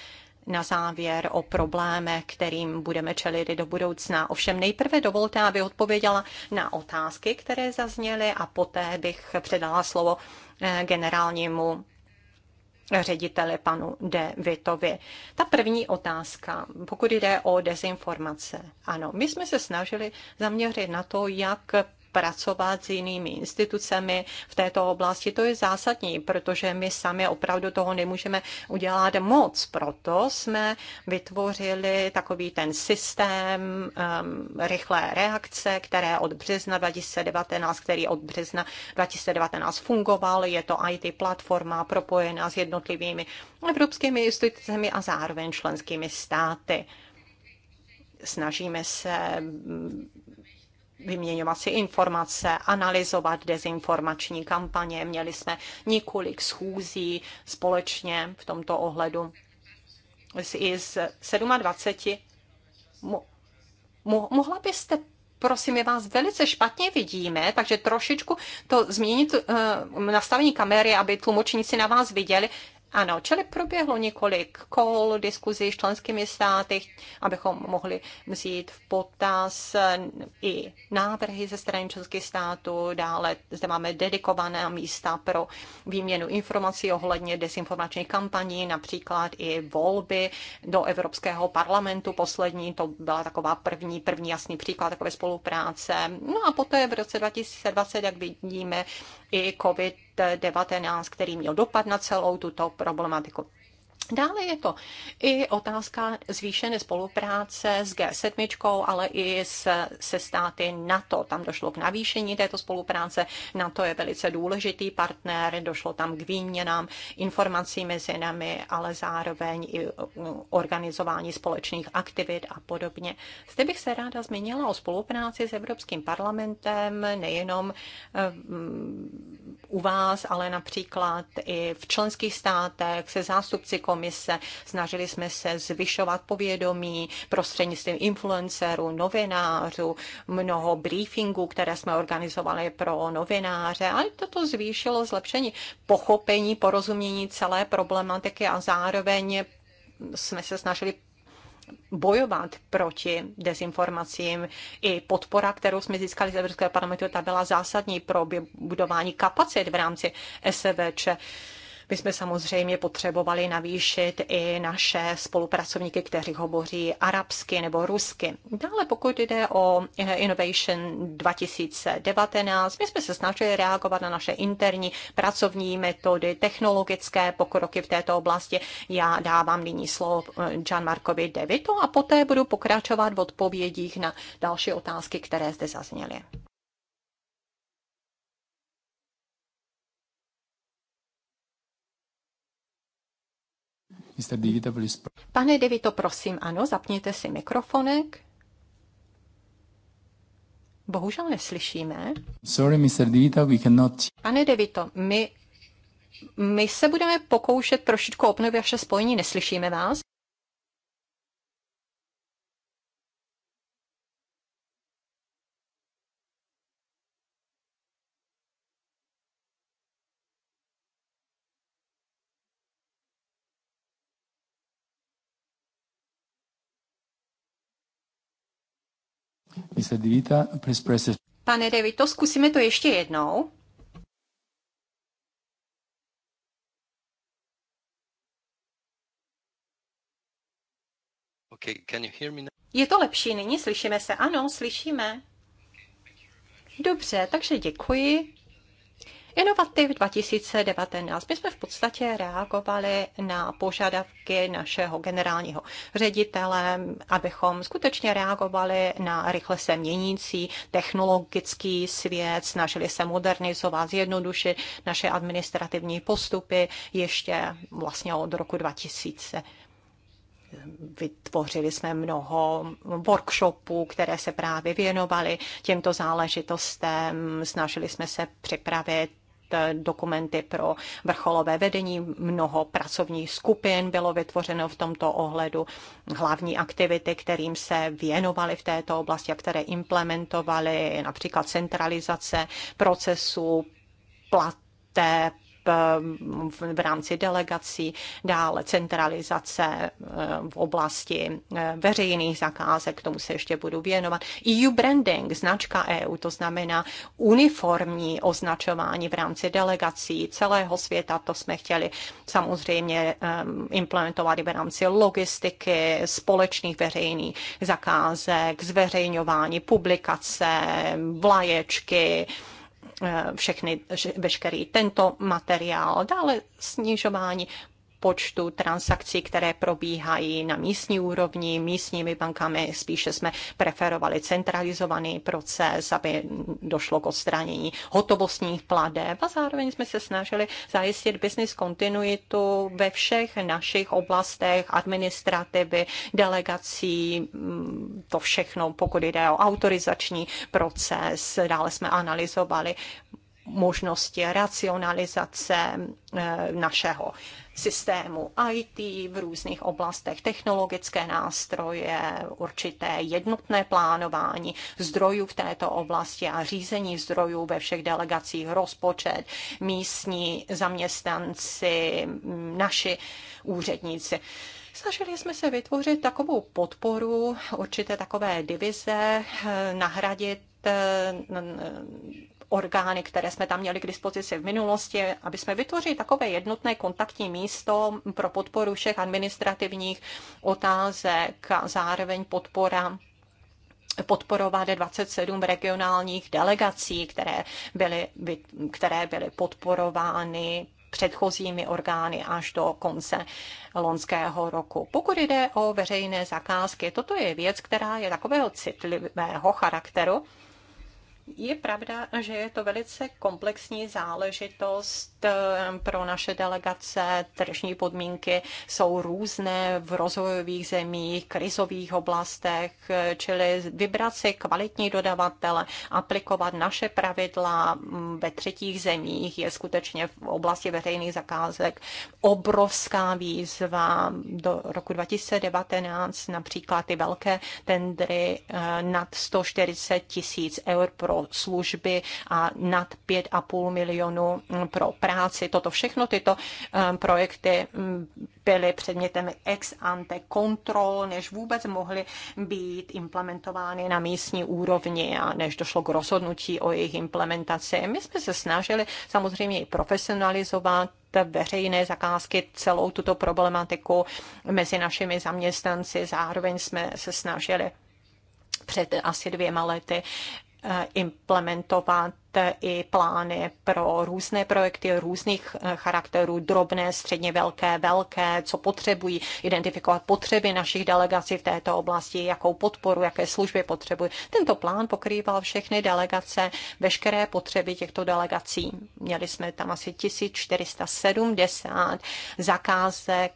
na závěr o problémech, kterým budeme čelit do budoucna. Ovšem nejprve dovolte, aby odpověděla na otázky, které zazněly a poté bych předala slovo eh, generálnímu řediteli panu De Vitovi. Ta první otázka, pokud jde o dezinformace. Ano, my jsme se snažili zaměřit na to, jak pracovat s jinými institucemi v této oblasti. To je zásadní, protože my sami opravdu toho nemůžeme udělat moc. Proto jsme vytvořili takový ten systém um, rychlé reakce, které od března 2019, který od března 2019 fungoval. Je to IT platforma propojená s jednotlivými evropskými institucemi a zároveň členskými státy snažíme se vyměňovat si informace, analyzovat dezinformační kampaně. Měli jsme několik schůzí společně v tomto ohledu i z 27. Mo, mo, mohla byste prosím, my vás velice špatně vidíme, takže trošičku to změnit uh, nastavení kamery, aby tlumočníci na vás viděli. Ano, čili proběhlo několik kol diskuzí s členskými státy, abychom mohli vzít v potaz i návrhy ze strany členských států. Dále zde máme dedikované místa pro výměnu informací ohledně dezinformačních kampaní, například i volby do Evropského parlamentu. Poslední to byla taková první, první jasný příklad takové spolupráce. No a poté v roce 2020, jak vidíme, i COVID COVID-19, který měl dopad na celou tuto problematiku. Dále je to i otázka zvýšené spolupráce s G7, ale i se, se státy NATO. Tam došlo k navýšení této spolupráce. NATO je velice důležitý partner, došlo tam k výměnám informací mezi nami, ale zároveň i organizování společných aktivit a podobně. Zde bych se ráda zmínila o spolupráci s Evropským parlamentem, nejenom eh, u vás, ale například i v členských státech se zástupci komise. Snažili jsme se zvyšovat povědomí prostřednictvím influencerů, novinářů, mnoho briefingů, které jsme organizovali pro novináře. ale toto zvýšilo zlepšení pochopení, porozumění celé problematiky a zároveň jsme se snažili bojovat proti dezinformacím. I podpora, kterou jsme získali z Evropského parlamentu, ta byla zásadní pro budování kapacit v rámci SVČ. My jsme samozřejmě potřebovali navýšit i naše spolupracovníky, kteří hovoří arabsky nebo rusky. Dále pokud jde o Innovation 2019, my jsme se snažili reagovat na naše interní pracovní metody, technologické pokroky v této oblasti. Já dávám nyní slovo Gianmarkovi Devito a poté budu pokračovat v odpovědích na další otázky, které zde zazněly. Mr. Pane DeVito, prosím, ano, zapněte si mikrofonek. Bohužel neslyšíme. Sorry, Mr. DeVito, we cannot... Pane DeVito, my, my se budeme pokoušet trošičku obnovit vaše spojení, neslyšíme vás. Pane De Vito, zkusíme to ještě jednou. Okay, can you hear me now? Je to lepší nyní? Slyšíme se? Ano, slyšíme. Dobře, takže děkuji. Inovativ 2019. My jsme v podstatě reagovali na požadavky našeho generálního ředitele, abychom skutečně reagovali na rychle se měnící technologický svět, snažili se modernizovat, zjednodušit naše administrativní postupy ještě vlastně od roku 2000 vytvořili jsme mnoho workshopů, které se právě věnovaly těmto záležitostem. Snažili jsme se připravit E, dokumenty pro vrcholové vedení, mnoho pracovních skupin bylo vytvořeno v tomto ohledu, hlavní aktivity, kterým se věnovali v této oblasti a které implementovali, například centralizace procesů, plat, v rámci delegací, dále centralizace eh, v oblasti eh, veřejných zakázek, k tomu se ještě budu věnovat. EU branding, značka EU, to znamená uniformní označování v rámci delegací celého světa, to jsme chtěli samozřejmě eh, implementovat i v rámci logistiky, společných veřejných zakázek, zveřejňování, publikace, vlaječky, Eh, všechny, veškerý tento materiál, dále snižování počtu transakcí, které probíhají na místní úrovni, místními bankami. Spíše jsme preferovali centralizovaný proces, aby došlo k odstranění hotovostních pladeb a zároveň jsme se snažili zajistit business kontinuitu ve všech našich oblastech administrativy, delegací, mm, to všechno, pokud jde o autorizační proces. Dále jsme analyzovali možnosti racionalizace eh, našeho systému IT v různých oblastech, technologické nástroje, určité jednotné plánování zdrojů v této oblasti a řízení zdrojů ve všech delegacích, rozpočet, místní zaměstnanci, mm, naši úředníci. Snažili jsme se vytvořit takovou podporu, určité takové divize, eh, nahradit eh, orgány, které jsme tam měli k dispozici v minulosti, aby jsme vytvořili takové jednotné kontaktní místo pro podporu všech administrativních otázek a zároveň podpora podporovat 27 regionálních delegací, které byly, které byly podporovány předchozími orgány až do konce lonského roku. Pokud jde o veřejné zakázky, toto je věc, která je takového citlivého charakteru, je pravda, že je to velice komplexní záležitost eh, pro naše delegace. Tržní podmínky jsou různé v rozvojových zemích, krizových oblastech, eh, čili vybrat si kvalitní dodavatele, aplikovat naše pravidla mm, ve třetích zemích je skutečně v oblasti veřejných zakázek obrovská výzva. Do roku 2019 například ty velké tendry eh, nad 140 tisíc eur pro služby a nad 5,5 milionů mm, pro práci. Toto všechno, tyto mm, projekty mm, byly předmětem ex ante kontrol, než vůbec mohly být implementovány na místní úrovni a než došlo k rozhodnutí o jejich implementaci. My jsme se snažili samozřejmě i profesionalizovat veřejné zakázky, celou tuto problematiku mezi našimi zaměstnanci. Zároveň jsme se snažili před asi dvěma lety Eh, implementovat i plány pro různé projekty různých eh, charakterů, drobné, středně velké, velké, co potřebují, identifikovat potřeby našich delegací v této oblasti, jakou podporu, jaké služby potřebují. Tento plán pokrýval všechny delegace, veškeré potřeby těchto delegací. Měli jsme tam asi 1470 zakázek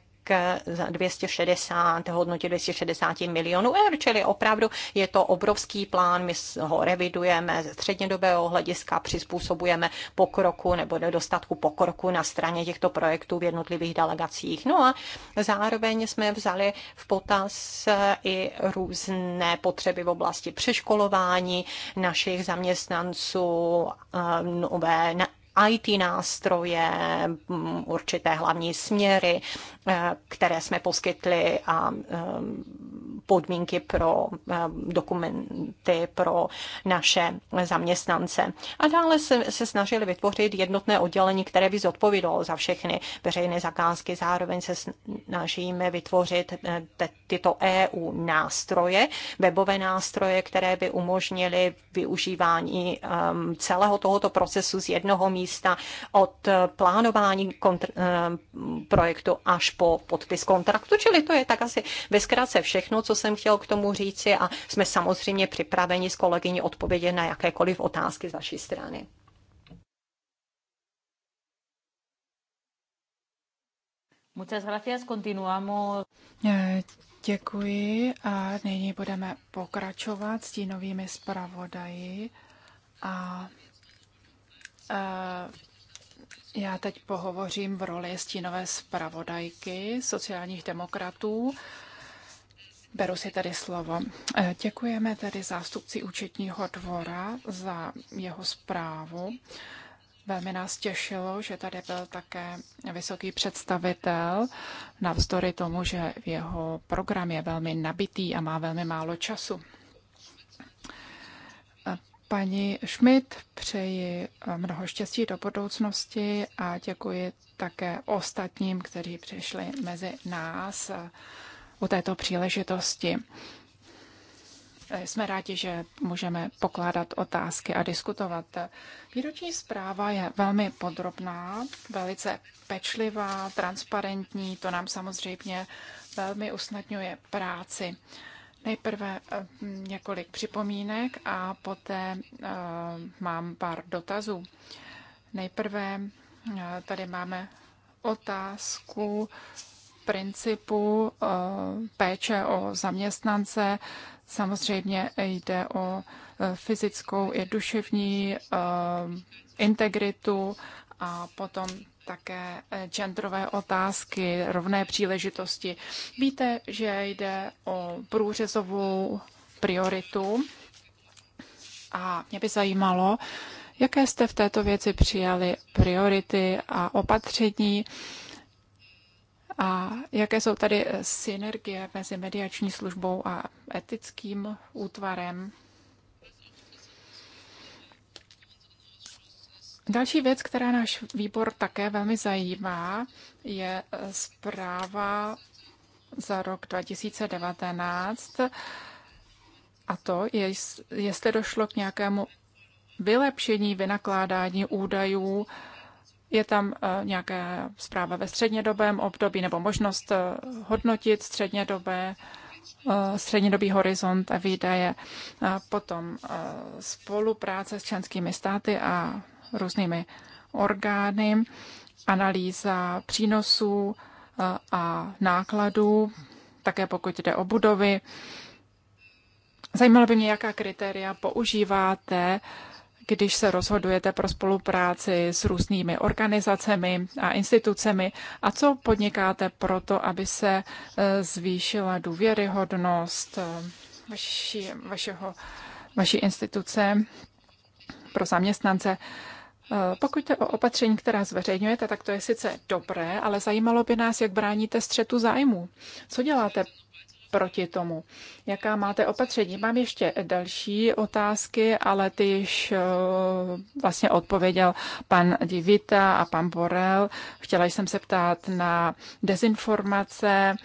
za 260, hodnotě 260 milionů eur, čili opravdu je to obrovský plán, my ho revidujeme ze střednědobého hlediska, přizpůsobujeme pokroku nebo nedostatku pokroku na straně těchto projektů v jednotlivých delegacích. No a zároveň jsme vzali v potaz i různé potřeby v oblasti přeškolování našich zaměstnanců, eh, nové IT nástroje, mm, určité hlavní směry, eh, které jsme poskytli a eh, podmínky pro eh, dokumenty pro naše zaměstnance. A dále se, se snažili vytvořit jednotné oddělení, které by zodpovídalo za všechny veřejné zakázky. Zároveň se snažíme vytvořit tyto EU nástroje, webové nástroje, které by umožnily využívání celého tohoto procesu z jednoho místa místa od plánování kontr- eh, projektu až po podpis kontraktu. Čili to je tak asi bezkrátce všechno, co jsem chtěl k tomu říci a jsme samozřejmě připraveni s kolegyní odpovědět na jakékoliv otázky z vaší strany. Muchas gracias. Continuamos. Eh, děkuji a nyní budeme pokračovat s tím novými zpravodaji a já teď pohovořím v roli stínové zpravodajky sociálních demokratů. Beru si tedy slovo. E, děkujeme tedy zástupci účetního dvora za jeho zprávu. Velmi nás těšilo, že tady byl také vysoký představitel, navzdory tomu, že jeho program je velmi nabitý a má velmi málo času paní Schmidt přeji eh, mnoho štěstí do budoucnosti a děkuji také ostatním, kteří přišli mezi nás eh, u této příležitosti. Eh, jsme rádi, že můžeme pokládat otázky a diskutovat. Výroční zpráva je velmi podrobná, velice pečlivá, transparentní. To nám samozřejmě velmi usnadňuje práci. Nejprve eh, několik připomínek a poté eh, mám pár dotazů. Nejprve eh, tady máme otázku principu péče o zaměstnance. Samozřejmě jde o fyzickou i duševní integritu a potom také eh, genderové otázky, rovné příležitosti. Víte, že jde o průřezovou prioritu a mě by zajímalo, jaké jste v této věci přijali priority a opatření a jaké jsou tady synergie mezi mediační službou a etickým útvarem. Další věc, která náš výbor také velmi zajímá, je eh, zpráva za rok 2019 a to, je, jestli došlo k nějakému vylepšení vynakládání údajů, je tam eh, nějaká zpráva ve střednědobém období nebo možnost eh, hodnotit střednědobé střednědobý horizont a výdaje, a potom spolupráce s členskými státy a různými orgány, analýza přínosů eh, a nákladů, také pokud jde o budovy. Zajímalo by mě, jaká kritéria používáte, když se rozhodujete pro spolupráci s různými organizacemi a institucemi a co podnikáte pro to, aby se eh, zvýšila důvěryhodnost eh, vaši, vašeho, vaší instituce pro zaměstnance. Eh, pokud jde o opatření, která zveřejňujete, tak to je sice dobré, ale zajímalo by nás, jak bráníte střetu zájmu. Co děláte proti tomu? Jaká máte opatření? Mám ještě další otázky, ale ty již eh, vlastně odpověděl pan Divita a pan Borel. Chtěla jsem se ptát na dezinformace,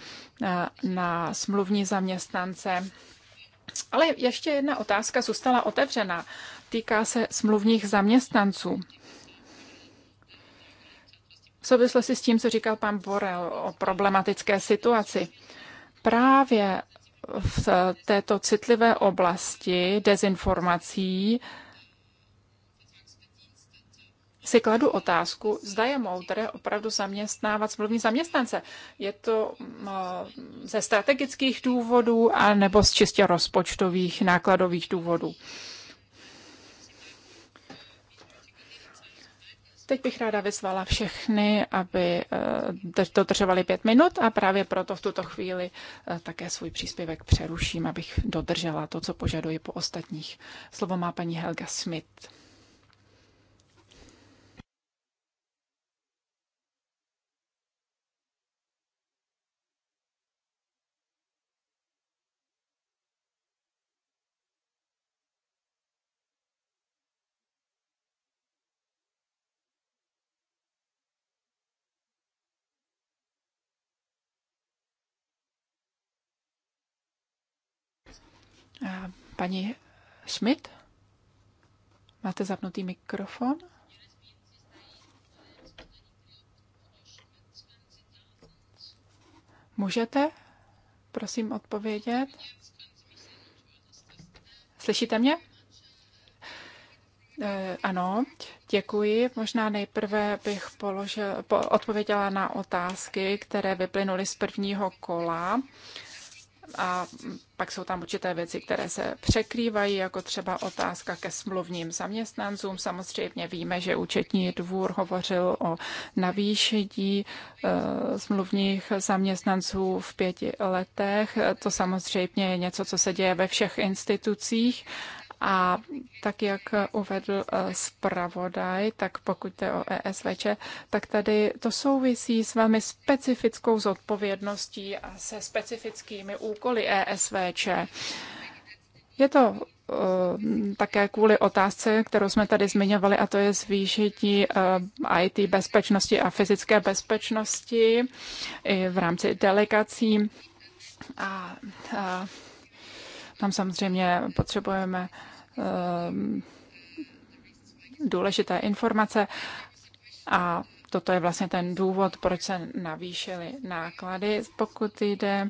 na, eh, na smluvní zaměstnance. Ale ještě jedna otázka zůstala otevřená. Týká se smluvních zaměstnanců. V souvislosti s tím, co říkal pan Borel o problematické situaci, právě v této citlivé oblasti dezinformací si kladu otázku, zda je moudré opravdu zaměstnávat smluvní zaměstnance. Je to ze strategických důvodů a nebo z čistě rozpočtových nákladových důvodů. Teď bych ráda vyzvala všechny, aby eh, dodržovali pět minut a právě proto v tuto chvíli eh, také svůj příspěvek přeruším, abych dodržela to, co požaduji po ostatních. Slovo má paní Helga Smith. Paní Schmidt, máte zapnutý mikrofon? Můžete, prosím, odpovědět? Slyšíte mě? Eh, ano, děkuji. Možná nejprve bych položil, po, odpověděla na otázky, které vyplynuly z prvního kola. A pak jsou tam určité věci, které se překrývají, jako třeba otázka ke smluvním zaměstnancům. Samozřejmě víme, že účetní dvůr hovořil o navýšení eh, smluvních zaměstnanců v pěti letech. To samozřejmě je něco, co se děje ve všech institucích a tak, jak uvedl eh, zpravodaj, tak pokud jde o ESVČ, tak tady to souvisí s velmi specifickou zodpovědností a se specifickými úkoly ESVČ. Je to eh, také kvůli otázce, kterou jsme tady zmiňovali, a to je zvýšení eh, IT bezpečnosti a fyzické bezpečnosti i v rámci delegací. A, a tam samozřejmě potřebujeme Ehm, důležité informace a toto je vlastně ten důvod, proč se navýšily náklady. Pokud jde eh,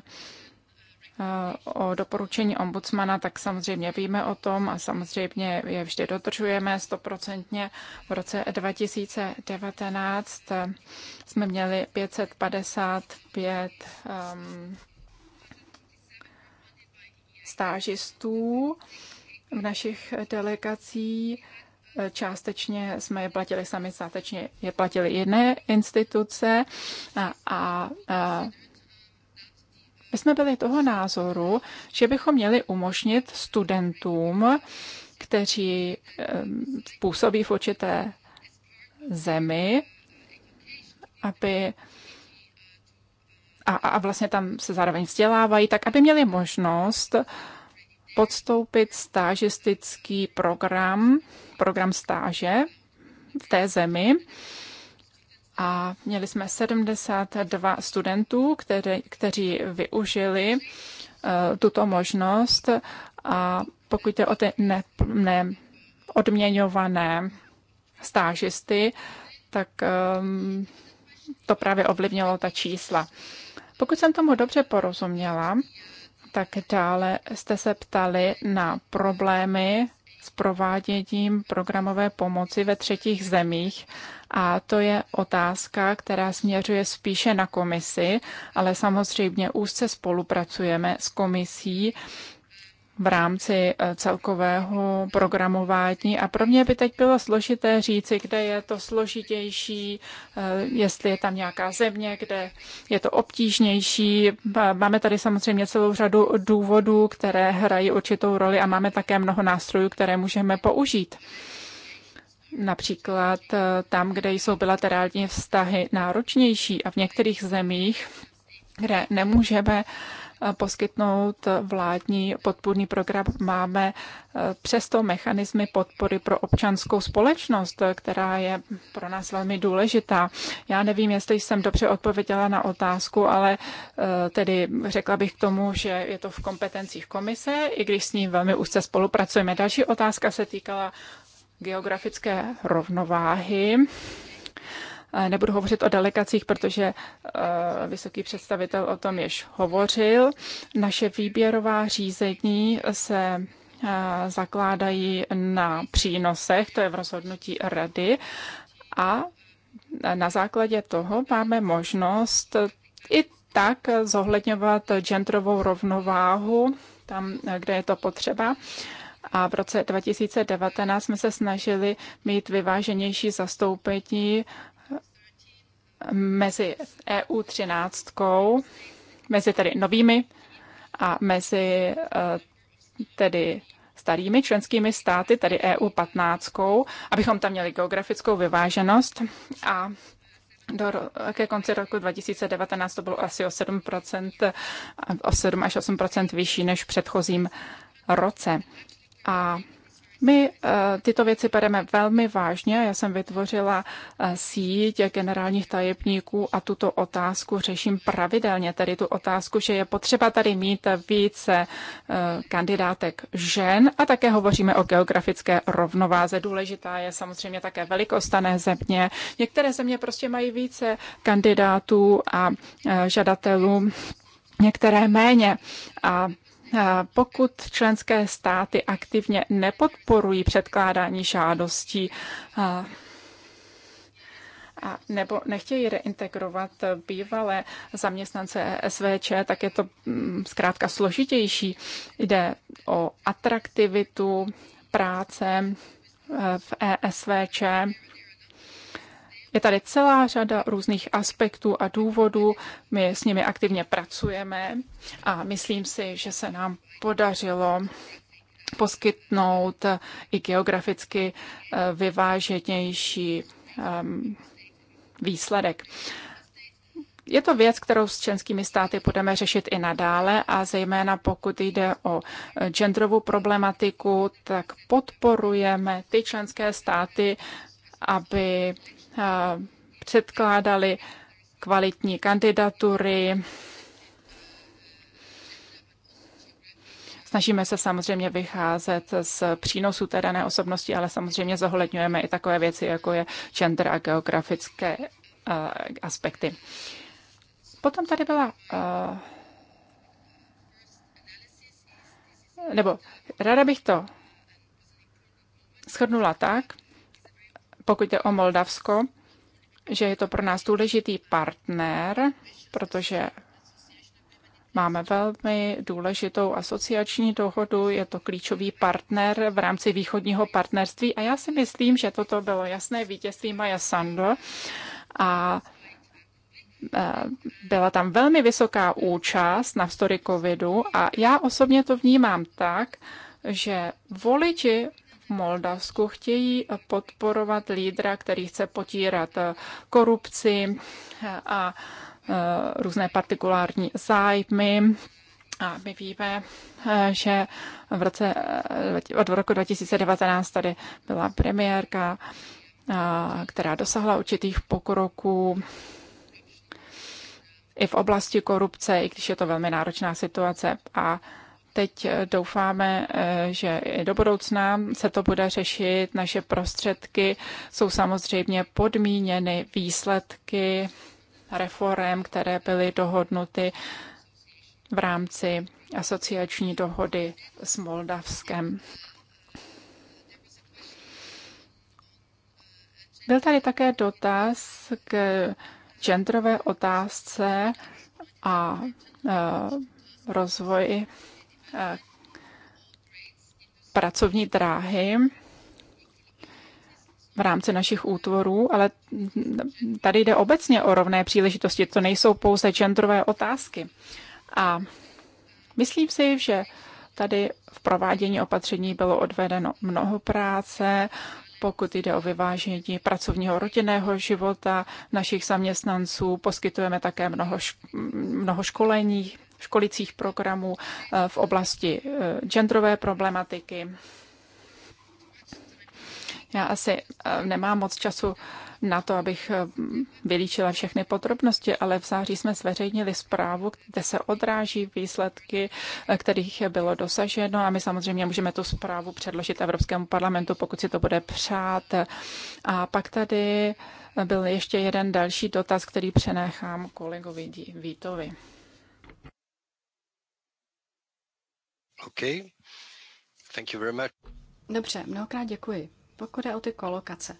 o doporučení ombudsmana, tak samozřejmě víme o tom a samozřejmě je vždy dodržujeme stoprocentně. V roce 2019 eh, jsme měli 555 um, ehm, stážistů v našich delegací. Eh, částečně jsme je platili sami, částečně je platili jiné instituce a, a, a my jsme byli toho názoru, že bychom měli umožnit studentům, kteří eh, působí v určité zemi, aby a, a vlastně tam se zároveň vzdělávají, tak aby měli možnost podstoupit stážistický program, program stáže v té zemi. A měli jsme 72 studentů, které, kteří využili uh, tuto možnost. A pokud je o ty ne, odměňované stážisty, tak um, to právě ovlivnilo ta čísla. Pokud jsem tomu dobře porozuměla, tak dále jste se ptali na problémy s prováděním programové pomoci ve třetích zemích. A to je otázka, která směřuje spíše na komisi, ale samozřejmě úzce spolupracujeme s komisí v rámci eh, celkového programování a pro mě by teď bylo složité říci, kde je to složitější, eh, jestli je tam nějaká země, kde je to obtížnější. Máme tady samozřejmě celou řadu důvodů, které hrají určitou roli a máme také mnoho nástrojů, které můžeme použít. Například eh, tam, kde jsou bilaterální vztahy náročnější a v některých zemích, kde nemůžeme uh, poskytnout vládní podpůrný program. Máme e, přesto mechanismy podpory pro občanskou společnost, která je pro nás velmi důležitá. Já nevím, jestli jsem dobře odpověděla na otázku, ale e, tedy řekla bych k tomu, že je to v kompetencích komise, i když s ní velmi úzce spolupracujeme. Další otázka se týkala geografické rovnováhy. Nebudu hovořit o delegacích, protože eh, vysoký představitel o tom již hovořil. Naše výběrová řízení se eh, zakládají na přínosech, to je v rozhodnutí rady, a na základě toho máme možnost i tak zohledňovat genderovou rovnováhu tam, kde je to potřeba. A v roce 2019 jsme se snažili mít vyváženější zastoupení mezi EU 13, mezi tedy novými a mezi eh, tedy starými členskými státy, tedy EU 15, abychom tam měli geografickou vyváženost a do, ke konci roku 2019 to bylo asi o 7%, o 7 až 8% vyšší než v předchozím roce. A my eh, tyto věci bereme velmi vážně. Já jsem vytvořila eh, síť generálních tajemníků a tuto otázku řeším pravidelně, tedy tu otázku, že je potřeba tady mít více eh, kandidátek žen a také hovoříme o geografické rovnováze. Důležitá je samozřejmě také velikost dané země. Některé země prostě mají více kandidátů a žadatelů některé méně. A pokud členské státy aktivně nepodporují předkládání žádostí a nebo nechtějí reintegrovat bývalé zaměstnance SVČ, tak je to mm, zkrátka složitější. Jde o atraktivitu práce e, v ESVČ je tady celá řada různých aspektů a důvodů. My s nimi aktivně pracujeme a myslím si, že se nám podařilo poskytnout i geograficky eh, vyváženější ehm, výsledek. Je to věc, kterou s členskými státy budeme řešit i nadále a zejména pokud jde o eh, genderovou problematiku, tak podporujeme ty členské státy, aby eh, předkládali kvalitní kandidatury. Snažíme se samozřejmě vycházet z přínosu té dané osobnosti, ale samozřejmě zohledňujeme i takové věci, jako je gender a geografické eh, aspekty. Potom tady byla eh, nebo ráda bych to shrnula tak, pokud jde o Moldavsko, že je to pro nás důležitý partner, protože máme velmi důležitou asociační dohodu, je to klíčový partner v rámci východního partnerství a já si myslím, že toto bylo jasné vítězství Maja Sandl a e, byla tam velmi vysoká účast na navzdory covidu a já osobně to vnímám tak, že voliči Moldavsku chtějí podporovat lídra, který chce potírat eh, korupci eh, a eh, různé partikulární zájmy. A my víme, že v roce, od roku 2019 tady byla premiérka, která dosáhla určitých pokroků i v oblasti korupce, i když je to velmi náročná situace. A Teď eh, doufáme, eh, že i do budoucna se to bude řešit. Naše prostředky jsou samozřejmě podmíněny výsledky reform, které byly dohodnuty v rámci asociační dohody s Moldavskem. Byl tady také dotaz k genderové otázce a eh, rozvoji Eh, pracovní dráhy v rámci našich útvorů, ale tady jde obecně o rovné příležitosti. To nejsou pouze genderové otázky. A myslím si, že tady v provádění opatření bylo odvedeno mnoho práce, pokud jde o vyvážení pracovního rodinného života našich zaměstnanců, poskytujeme také mnoho, mnoho školení školicích programů eh, v oblasti eh, genderové problematiky. Já asi eh, nemám moc času na to, abych vylíčila všechny podrobnosti, ale v září jsme zveřejnili zprávu, kde se odráží výsledky, kterých bylo dosaženo a my samozřejmě můžeme tu zprávu předložit Evropskému parlamentu, pokud si to bude přát. A pak tady byl ještě jeden další dotaz, který přenechám kolegovi Vítovi. Okay. Thank you very much. Dobře, mnohokrát děkuji. Pokud je o ty kolokace,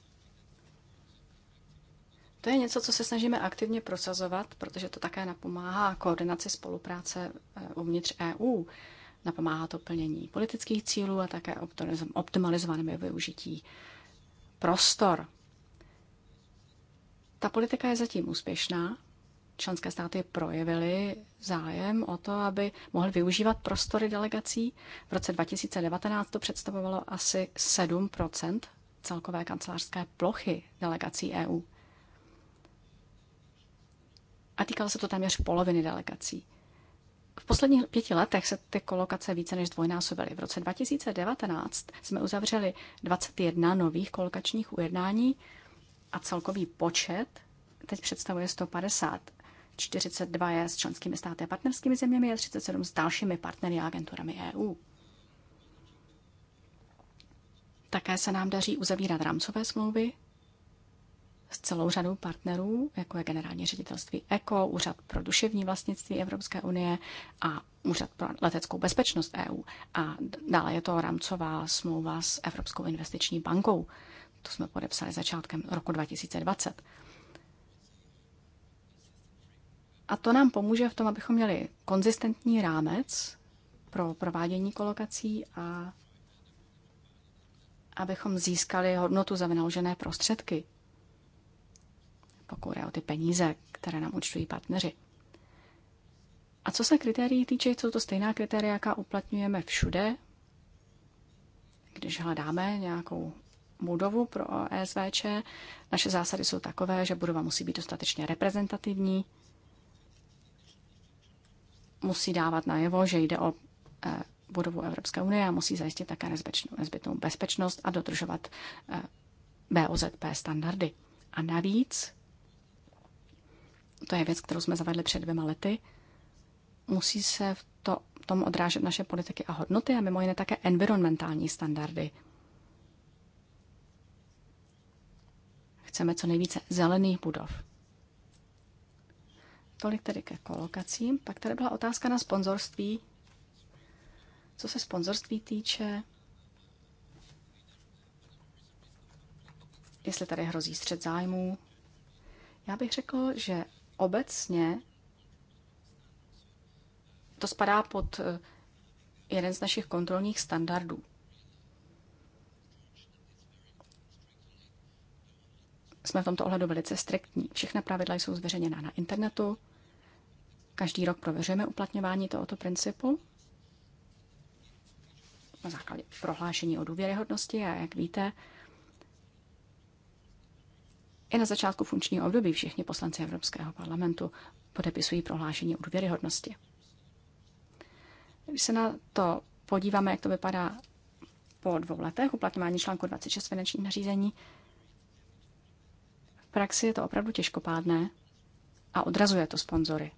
to je něco, co se snažíme aktivně prosazovat, protože to také napomáhá koordinaci spolupráce eh, uvnitř EU. Napomáhá to plnění politických cílů a také optimalizovaném využití prostor. Ta politika je zatím úspěšná, členské státy projevily zájem o to, aby mohly využívat prostory delegací. V roce 2019 to představovalo asi 7 celkové kancelářské plochy delegací EU. A týkalo se to téměř poloviny delegací. V posledních pěti letech se ty kolokace více než dvojnásobily. V roce 2019 jsme uzavřeli 21 nových kolokačních ujednání a celkový počet teď představuje 150. 42 je s členskými státy a partnerskými zeměmi a 37 s dalšími partnery a agenturami EU. Také se nám daří uzavírat rámcové smlouvy s celou řadou partnerů, jako je Generální ředitelství ECO, Úřad pro duševní vlastnictví Evropské unie a Úřad pro leteckou bezpečnost EU. A dále je to rámcová smlouva s Evropskou investiční bankou. To jsme podepsali začátkem roku 2020. A to nám pomůže v tom, abychom měli konzistentní rámec pro provádění kolokací a abychom získali hodnotu za vynaložené prostředky, pokud je o ty peníze, které nám účtují partneři. A co se kritérií týče, jsou to stejná kritéria, jaká uplatňujeme všude, když hledáme nějakou budovu pro OSVČ. Naše zásady jsou takové, že budova musí být dostatečně reprezentativní, musí dávat najevo, že jde o eh, budovu Evropské unie a musí zajistit také nezbytnou bezpečnost a dodržovat eh, BOZP standardy. A navíc, to je věc, kterou jsme zavedli před dvěma lety, musí se v to, tom odrážet naše politiky a hodnoty a mimo jiné také environmentální standardy. Chceme co nejvíce zelených budov. Tolik tedy ke kolokacím. Pak tady byla otázka na sponzorství. Co se sponzorství týče, jestli tady hrozí střed zájmů, já bych řekl, že obecně to spadá pod eh, jeden z našich kontrolních standardů. Jsme v tomto ohledu velice striktní. Všechna pravidla jsou zveřejněna na internetu. Každý rok prověřujeme uplatňování tohoto principu na základě prohlášení o důvěryhodnosti a jak víte, i na začátku funkčního období všichni poslanci Evropského parlamentu podepisují prohlášení o důvěryhodnosti. Když se na to podíváme, jak to vypadá po dvou letech uplatňování článku 26 finančních nařízení, v praxi je to opravdu těžkopádné a odrazuje to sponzory.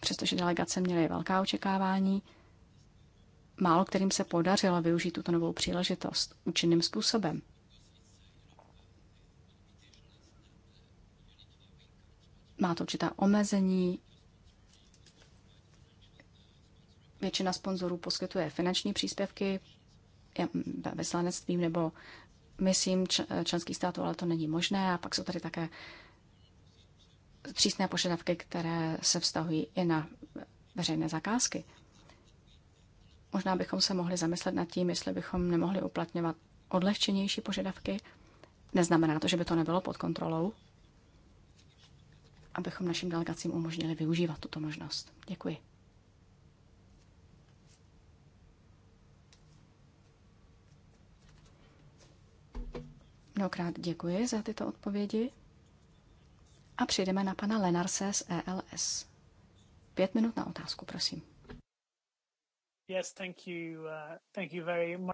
Přestože delegace měly velká očekávání, málo kterým se podařilo využít tuto novou příležitost účinným způsobem. Má to určitá omezení. Většina sponzorů poskytuje finanční příspěvky ve vyslanectvím nebo myslím členských států, ale to není možné. A pak jsou tady také přísné požadavky, které se vztahují i na veřejné zakázky. Možná bychom se mohli zamyslet nad tím, jestli bychom nemohli uplatňovat odlehčenější požadavky. Neznamená to, že by to nebylo pod kontrolou, abychom našim delegacím umožnili využívat tuto možnost. Děkuji. Mnohokrát děkuji za tyto odpovědi. A přejdeme na pana Lenarse z ELS. Pět minut na otázku, prosím. Yes, thank you. Uh, thank you very much.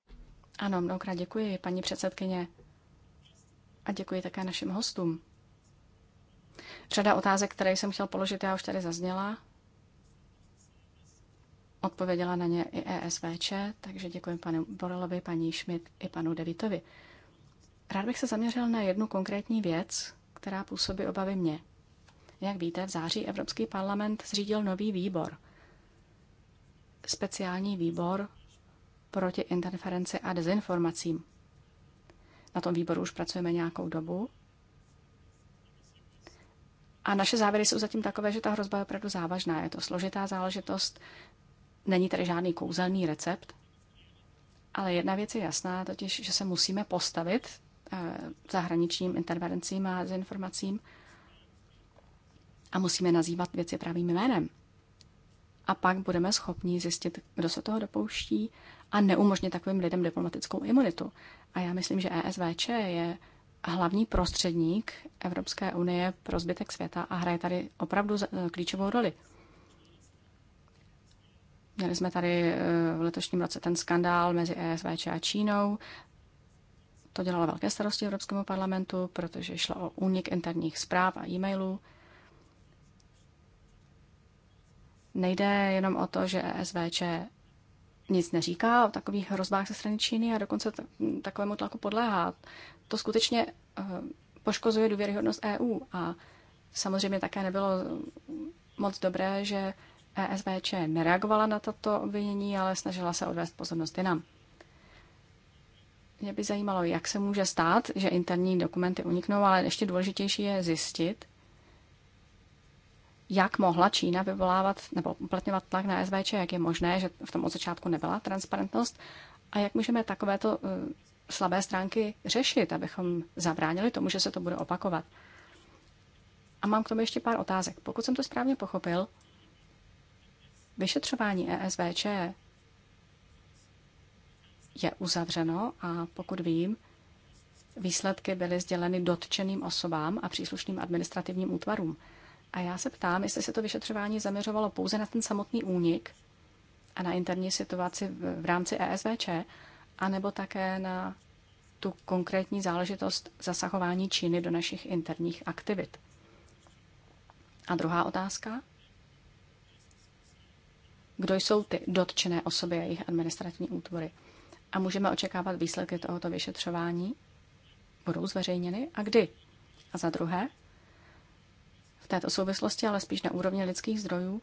Ano, mnohokrát děkuji, paní předsedkyně. A děkuji také našim hostům. Řada otázek, které jsem chtěl položit, já už tady zazněla. Odpověděla na ně i ESVČ, takže děkuji panu Borelovi, paní Schmidt i panu Devitovi. Rád bych se zaměřil na jednu konkrétní věc, která působí obavy mě. Jak víte, v září Evropský parlament zřídil nový výbor. Speciální výbor proti interferenci a dezinformacím. Na tom výboru už pracujeme nějakou dobu. A naše závěry jsou zatím takové, že ta hrozba je opravdu závažná. Je to složitá záležitost, není tady žádný kouzelný recept, ale jedna věc je jasná, totiž, že se musíme postavit Eh, zahraničním intervencím a dezinformacím. A musíme nazývat věci pravým jménem. A pak budeme schopni zjistit, kdo se toho dopouští a neumožnit takovým lidem diplomatickou imunitu. A já myslím, že ESVČ je hlavní prostředník Evropské unie pro zbytek světa a hraje tady opravdu klíčovou roli. Měli jsme tady eh, v letošním roce ten skandál mezi ESVČ a Čínou. To dělalo velké starosti Evropskému parlamentu, protože šlo o únik interních zpráv a e-mailů. Nejde jenom o to, že ESVČ nic neříká o takových hrozbách ze strany Číny a dokonce takovému tlaku podléhá. To skutečně eh, poškozuje důvěryhodnost EU a samozřejmě také nebylo eh, moc dobré, že ESVČ nereagovala na tato obvinění, ale snažila se odvést pozornost jinam. Mě by zajímalo, jak se může stát, že interní dokumenty uniknou, ale ještě důležitější je zjistit, jak mohla Čína vyvolávat nebo uplatňovat tlak na SVČ, jak je možné, že v tom od začátku nebyla transparentnost a jak můžeme takovéto eh, slabé stránky řešit, abychom zabránili tomu, že se to bude opakovat. A mám k tomu ještě pár otázek. Pokud jsem to správně pochopil, vyšetřování ESVČ je uzavřeno a pokud vím, výsledky byly sděleny dotčeným osobám a příslušným administrativním útvarům. A já se ptám, jestli se to vyšetřování zaměřovalo pouze na ten samotný únik a na interní situaci v rámci ESVČ, anebo také na tu konkrétní záležitost zasahování Číny do našich interních aktivit. A druhá otázka. Kdo jsou ty dotčené osoby a jejich administrativní útvory? A můžeme očekávat výsledky tohoto vyšetřování? Budou zveřejněny? A kdy? A za druhé, v této souvislosti, ale spíš na úrovni lidských zdrojů,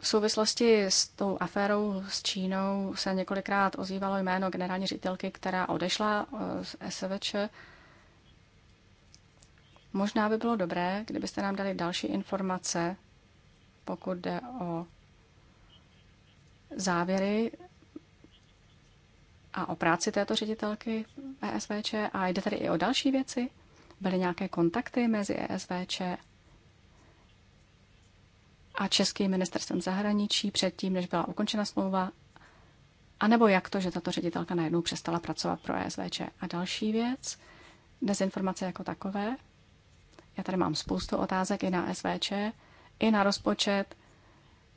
V souvislosti s tou aférou s Čínou se několikrát ozývalo jméno generální ředitelky, která odešla eh, z SVČ. Možná by bylo dobré, kdybyste nám dali další informace, pokud jde o závěry a o práci této ředitelky ESVČ a jde tady i o další věci? Byly nějaké kontakty mezi ESVČ a Českým ministerstvem zahraničí předtím, než byla ukončena smlouva? A nebo jak to, že tato ředitelka najednou přestala pracovat pro ESVČ? A další věc, dezinformace jako takové. Já tady mám spoustu otázek i na e SVČ, i na rozpočet,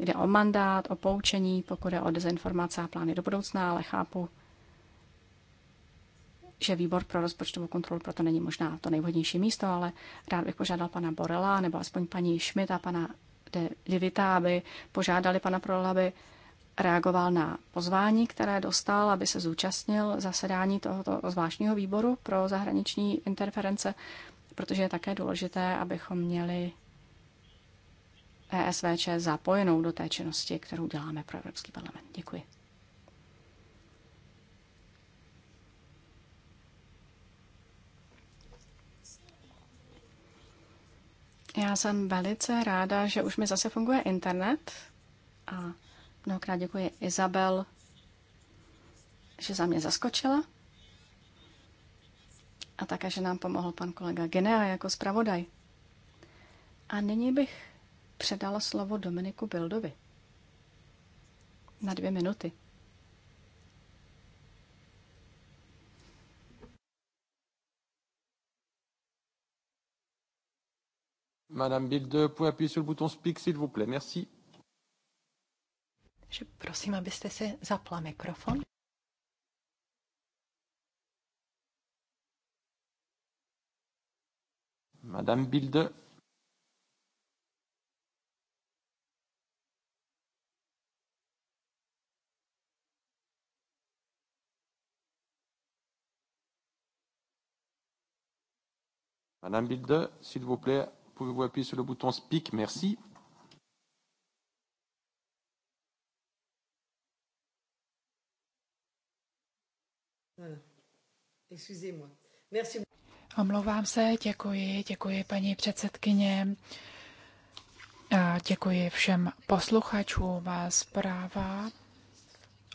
Jde o mandát, o poučení, pokud je o dezinformace a plány do budoucna, ale chápu, že výbor pro rozpočtovou kontrolu proto není možná to nejvhodnější místo, ale rád bych požádal pana Borela nebo aspoň paní Schmidt a pana De Divita, aby požádali pana Borela, aby reagoval na pozvání, které dostal, aby se zúčastnil zasedání tohoto zvláštního výboru pro zahraniční interference, protože je také důležité, abychom měli ESVČ zapojenou do té činnosti, kterou děláme pro Evropský parlament. Děkuji. Já jsem velice ráda, že už mi zase funguje internet a mnohokrát děkuji Izabel, že za mě zaskočila a také, že nám pomohl pan kolega Genea jako zpravodaj. A nyní bych předala slovo Dominiku Bildovi. Na dvě minuty. Madame Bilde, pouvez appuyer sur le bouton speak, s'il vous plaît. Merci. Že prosím, abyste si zapla mikrofon. Madame Bilde. Madame Bilde, s'il vous plaît, pouvez-vous appuyer sur le bouton Speak Merci. Euh, excusez-moi. Merci. Omlouvám se, děkuji, děkuji paní předsedkyně. Děkuji všem posluchačům. Zpráva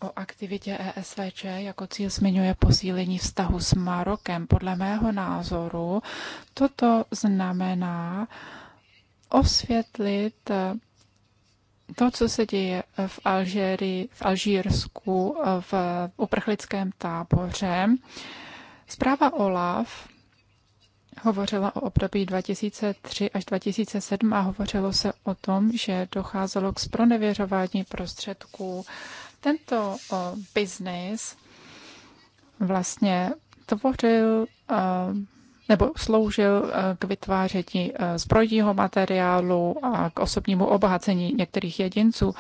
o aktivitě ESVČ jako cíl zmiňuje posílení vztahu s Marokem. Podle mého názoru toto znamená osvětlit eh, to, co se děje v, Alžérii, v Alžírsku, eh, v uprchlickém táboře. Zpráva OLAF hovořila o období 2003 až 2007 a hovořilo se o tom, že docházelo k spronevěřování prostředků tento biznis vlastně tvořil nebo sloužil k vytváření zbrojního materiálu a k osobnímu obohacení některých jedinců.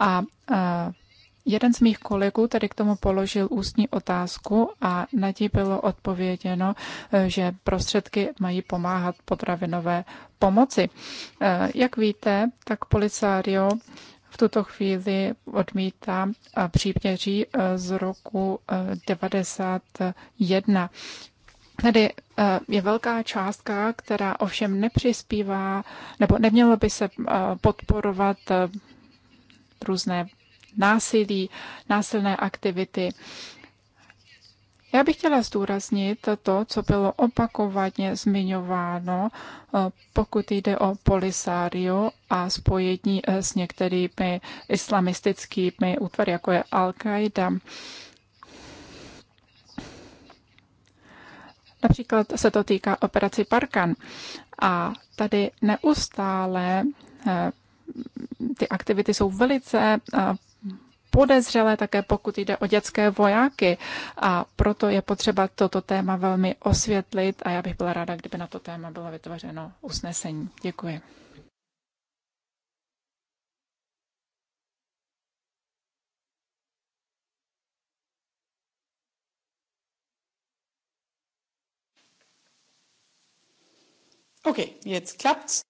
A jeden z mých kolegů tady k tomu položil ústní otázku a na ti bylo odpověděno, že prostředky mají pomáhat potravinové pomoci. Jak víte, tak uh, v tuto chvíli odmítá eh, příměří eh, z roku 91. Eh, Tady je velká částka, která ovšem nepřispívá, nebo nemělo by se podporovat různé násilí, násilné aktivity. Já bych chtěla zdůraznit to, co bylo opakovaně zmiňováno, eh, pokud jde o Polisario a spojení eh, s některými islamistickými útvary, jako je Al-Qaida. Například se to týká operaci Parkan. A tady neustále eh, ty aktivity jsou velice podezřelé také pokud jde o dětské vojáky a proto je potřeba toto téma velmi osvětlit a já bych byla ráda, kdyby na to téma bylo vytvořeno usnesení. Děkuji. Okay, jetzt klappt's.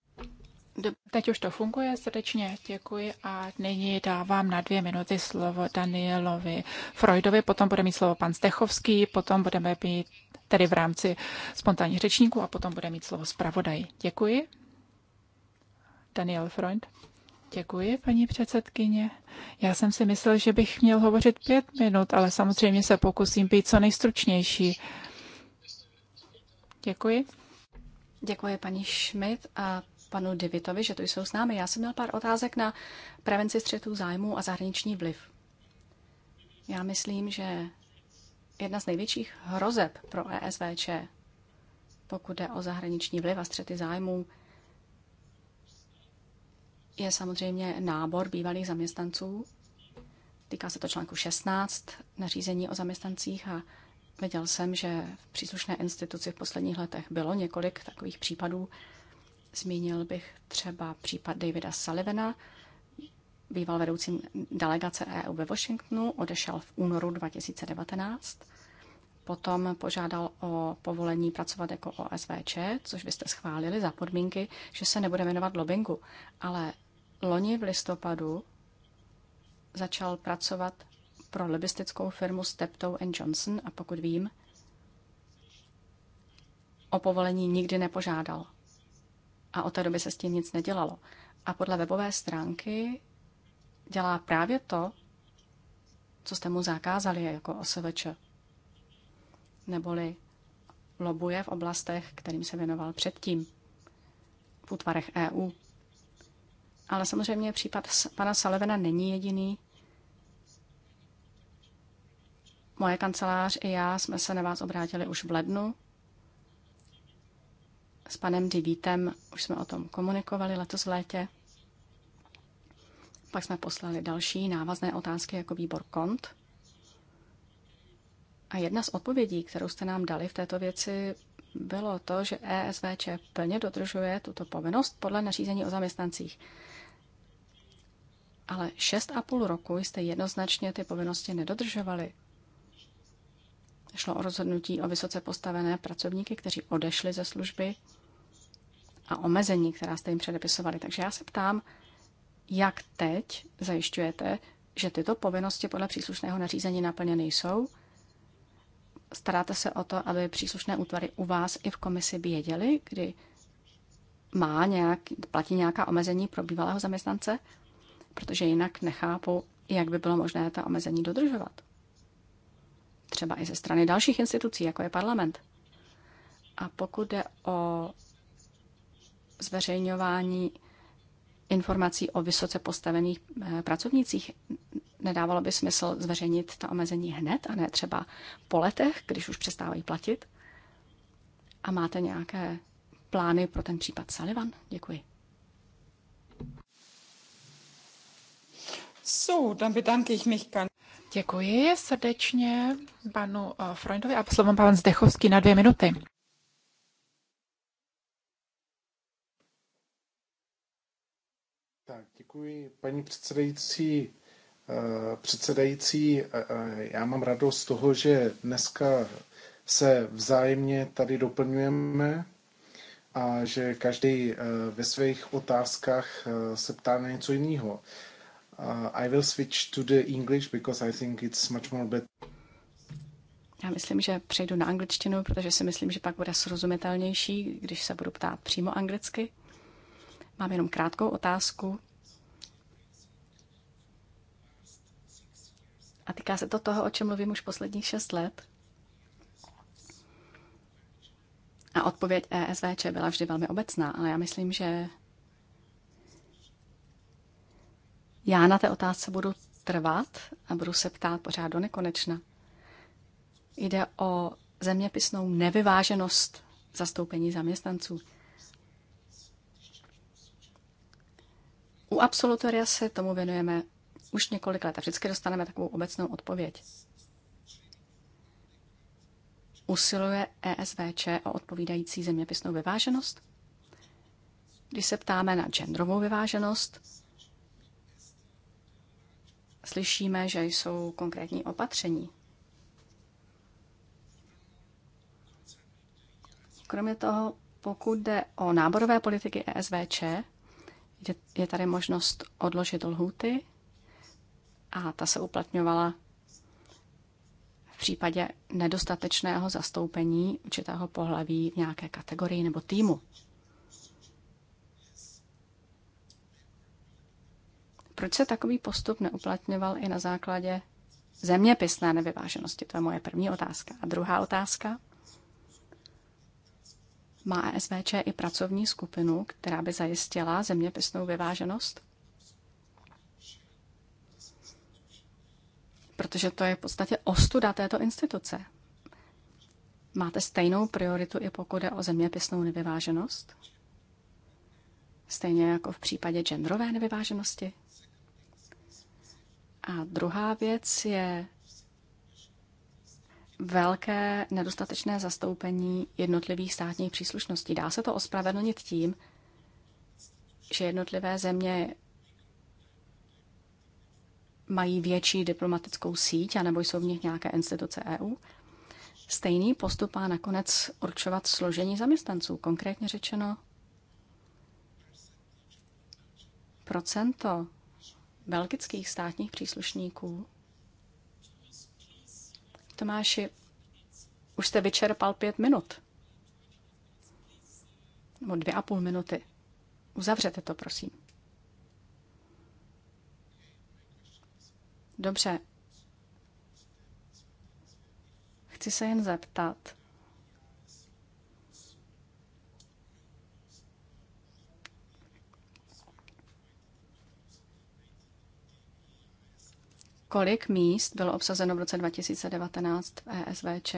Teď už to funguje, srdečně děkuji a nyní dávám na dvě minuty slovo Danielovi Freudovi, potom bude mít slovo pan Stechovský, potom budeme mít tedy v rámci spontánních řečníků a potom bude mít slovo zpravodaj. Děkuji. Daniel Freund. Děkuji, paní předsedkyně. Já jsem si myslel, že bych měl hovořit pět minut, ale samozřejmě se pokusím být co nejstručnější. Děkuji. Děkuji, paní Schmidt. A panu Divitovi, že tu jsou s námi. Já jsem měl pár otázek na prevenci střetů zájmů a zahraniční vliv. Já myslím, že jedna z největších hrozeb pro ESVČ, pokud jde o zahraniční vliv a střety zájmů, je samozřejmě nábor bývalých zaměstnanců. Týká se to článku 16 nařízení o zaměstnancích a viděl jsem, že v příslušné instituci v posledních letech bylo několik takových případů, Zmínil bych třeba případ Davida Sullivana, býval vedoucím delegace EU ve Washingtonu, odešel v únoru 2019. Potom požádal o povolení pracovat jako OSVČ, což byste schválili za podmínky, že se nebude jmenovat lobbingu. Ale loni v listopadu začal pracovat pro libistickou firmu Steptoe Johnson a pokud vím, o povolení nikdy nepožádal a od té doby se s tím nic nedělalo. A podle webové stránky dělá právě to, co jste mu zakázali jako OSVČ. Neboli lobuje v oblastech, kterým se věnoval předtím, v útvarech EU. Ale samozřejmě případ pana Salevena není jediný. Moje kancelář i já jsme se na vás obrátili už v lednu s panem Divítem už jsme o tom komunikovali letos v létě. Pak jsme poslali další návazné otázky jako výbor KONT. A jedna z odpovědí, kterou jste nám dali v této věci, bylo to, že ESVČ plně dodržuje tuto povinnost podle nařízení o zaměstnancích. Ale 6,5 roku jste jednoznačně ty povinnosti nedodržovali. Šlo o rozhodnutí o vysoce postavené pracovníky, kteří odešli ze služby a omezení, která jste jim předepisovali. Takže já se ptám, jak teď zajišťujete, že tyto povinnosti podle příslušného nařízení naplněny jsou? Staráte se o to, aby příslušné útvary u vás i v komisi věděly, kdy má nějak, platí nějaká omezení pro bývalého zaměstnance, protože jinak nechápou, jak by bylo možné ta omezení dodržovat. Třeba i ze strany dalších institucí, jako je parlament. A pokud jde o zveřejňování informací o vysoce postavených eh, pracovnících. Nedávalo by smysl zveřejnit ta omezení hned a ne třeba po letech, když už přestávají platit? A máte nějaké plány pro ten případ Sullivan? Děkuji. So, dann bedanke ich mich ganz Děkuji srdečně panu eh, Freundovi a slovo pan Zdechovský na dvě minuty. Děkuji, paní předsedající. Eh, předsedající, eh, eh, já mám radost z toho, že dneska se vzájemně tady doplňujeme a že každý ve svých otázkách se ptá na něco jiného. I will switch to the English because I think it's much more better. Já myslím, že přejdu na angličtinu, protože si myslím, že pak bude srozumitelnější, když se budu ptát přímo anglicky. Mám jenom krátkou otázku A týká se to toho, o čem mluvím už posledních šest let. A odpověď ESVČ byla vždy velmi obecná, ale já myslím, že já na té otázce budu trvat a budu se ptát pořád do nekonečna. Jde o zeměpisnou nevyváženost zastoupení zaměstnanců. U absolutoria se tomu věnujeme už několik let a vždycky dostaneme takovou obecnou odpověď. Usiluje ESVČ o odpovídající zeměpisnou vyváženost? Když se ptáme na genderovou vyváženost, slyšíme, že jsou konkrétní opatření. Kromě toho, pokud jde o náborové politiky ESVČ, je, tady možnost odložit lhuty a ta se uplatňovala v případě nedostatečného zastoupení určitého pohlaví v nějaké kategorii nebo týmu. Proč se takový postup neuplatňoval i na základě zeměpisné nevyváženosti? To je moje první otázka. A druhá otázka. Má SVČ i pracovní skupinu, která by zajistila zeměpisnou vyváženost? protože to je v podstatě ostuda této instituce. Máte stejnou prioritu i pokud je o zeměpisnou nevyváženost? Stejně jako v případě genderové nevyváženosti? A druhá věc je velké nedostatečné zastoupení jednotlivých státních příslušností. Dá se to ospravedlnit tím, že jednotlivé země mají větší diplomatickou síť, anebo jsou v nich nějaké instituce EU. Stejný postup má nakonec určovat složení zaměstnanců, konkrétně řečeno procento belgických státních příslušníků. Tomáši, už jste vyčerpal pět minut. Nebo dvě a půl minuty. Uzavřete to, prosím. Dobře. Chci se jen zeptat. Kolik míst bylo obsazeno v roce 2019 v ESVČ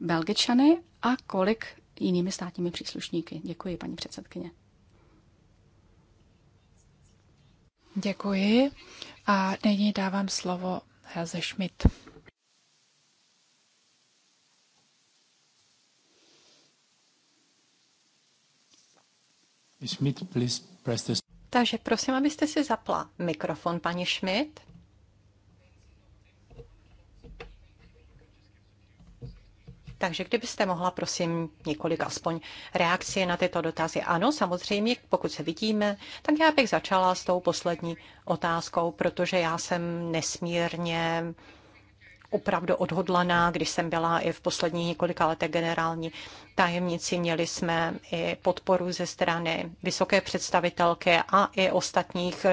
Belgičany a kolik jinými státními příslušníky? Děkuji, paní předsedkyně. Děkuji a nyní dávám slovo Helze Schmidt. Schmidt, please press this. Takže prosím, abyste si zapla mikrofon, paní Schmidt. Takže kdybyste mohla, prosím, několik aspoň reakcí na tyto dotazy. Ano, samozřejmě, pokud se vidíme, tak já bych začala s tou poslední otázkou, protože já jsem nesmírně opravdu odhodlaná, když jsem byla i v posledních několika letech generální tajemnici. Měli jsme i podporu ze strany vysoké představitelky a i ostatních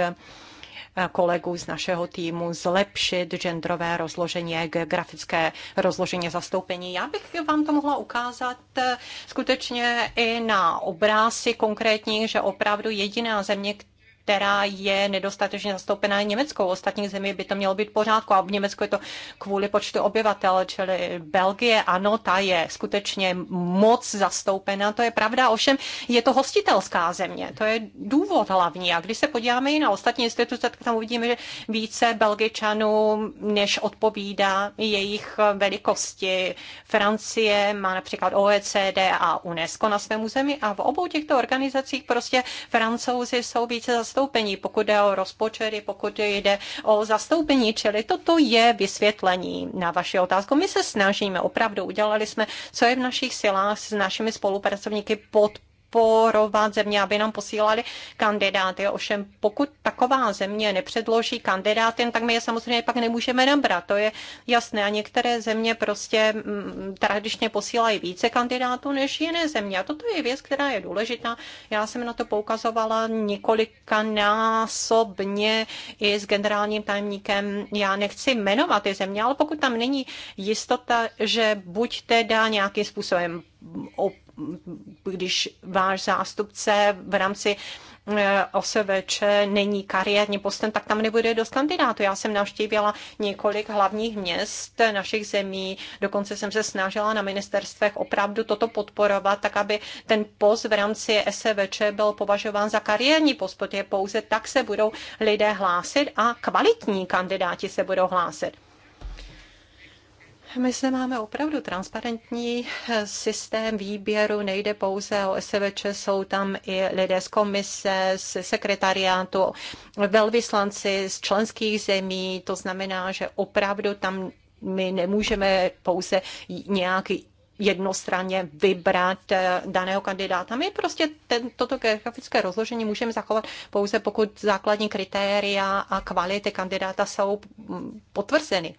Eh, kolegů z našeho týmu zlepšit genderové rozložení, eh, geografické rozložení zastoupení. Já bych vám to mohla ukázat eh, skutečně i na obrázky konkrétních, že opravdu jediná země, která která je nedostatečně zastoupená Německou. Ostatní zemi by to mělo být pořádku a v Německu je to kvůli počtu obyvatel, čili Belgie, ano, ta je skutečně moc zastoupená, to je pravda, ovšem je to hostitelská země, to je důvod hlavní. A když se podíváme i na ostatní instituce, tak tam uvidíme, že více Belgičanů, než odpovídá jejich velikosti. Francie má například OECD a UNESCO na svém území a v obou těchto organizacích prostě francouzi jsou více zastoupená zastoupení, pokud jde o rozpočet, pokud jde o zastoupení, čili toto je vysvětlení na vaši otázku. My se snažíme, opravdu udělali jsme, co je v našich silách s našimi spolupracovníky pod podporovat země, aby nám posílali kandidáty. Ovšem, pokud taková země nepředloží kandidáty, tak my je samozřejmě pak nemůžeme nabrat. To je jasné. A některé země prostě mm, tradičně posílají více kandidátů než jiné země. A toto je věc, která je důležitá. Já jsem na to poukazovala několika násobně i s generálním tajemníkem. Já nechci jmenovat ty země, ale pokud tam není jistota, že buď teda nějakým způsobem když váš zástupce v rámci eh, OSVČ není kariérně posten, tak tam nebude dost kandidátů. Já jsem navštívila několik hlavních měst našich zemí, dokonce jsem se snažila na ministerstvech opravdu toto podporovat, tak aby ten post v rámci SVČ byl považován za kariérní post, protože pouze tak se budou lidé hlásit a kvalitní kandidáti se budou hlásit. My zde máme opravdu transparentní eh, systém výběru, nejde pouze o SVČ, jsou tam i lidé z komise, z sekretariátu, velvyslanci z členských zemí, to znamená, že opravdu tam my nemůžeme pouze nějak jednostranně vybrat eh, daného kandidáta. My prostě ten, toto geografické rozložení můžeme zachovat pouze pokud základní kritéria a kvality kandidáta jsou mm, potvrzeny.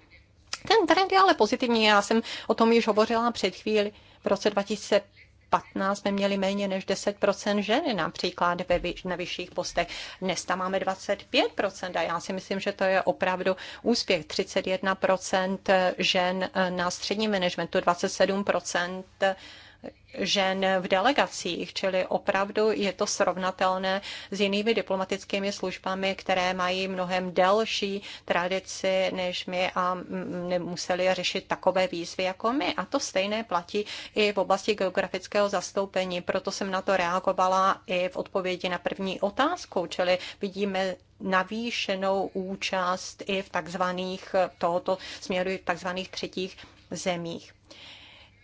Ten trend je ale pozitivní. Já jsem o tom již hovořila před chvíli. V roce 2015 jsme měli méně než 10% ženy například ve na vyšších postech. Dnes tam máme 25% a já si myslím, že to je opravdu úspěch. 31% žen na středním managementu, 27% žen v delegacích, čili opravdu je to srovnatelné s jinými diplomatickými službami, které mají mnohem delší tradici než my a nemuseli řešit takové výzvy jako my. A to stejné platí i v oblasti geografického zastoupení. Proto jsem na to reagovala i v odpovědi na první otázku, čili vidíme navýšenou účast i v takzvaných tohoto směru v takzvaných třetích zemích.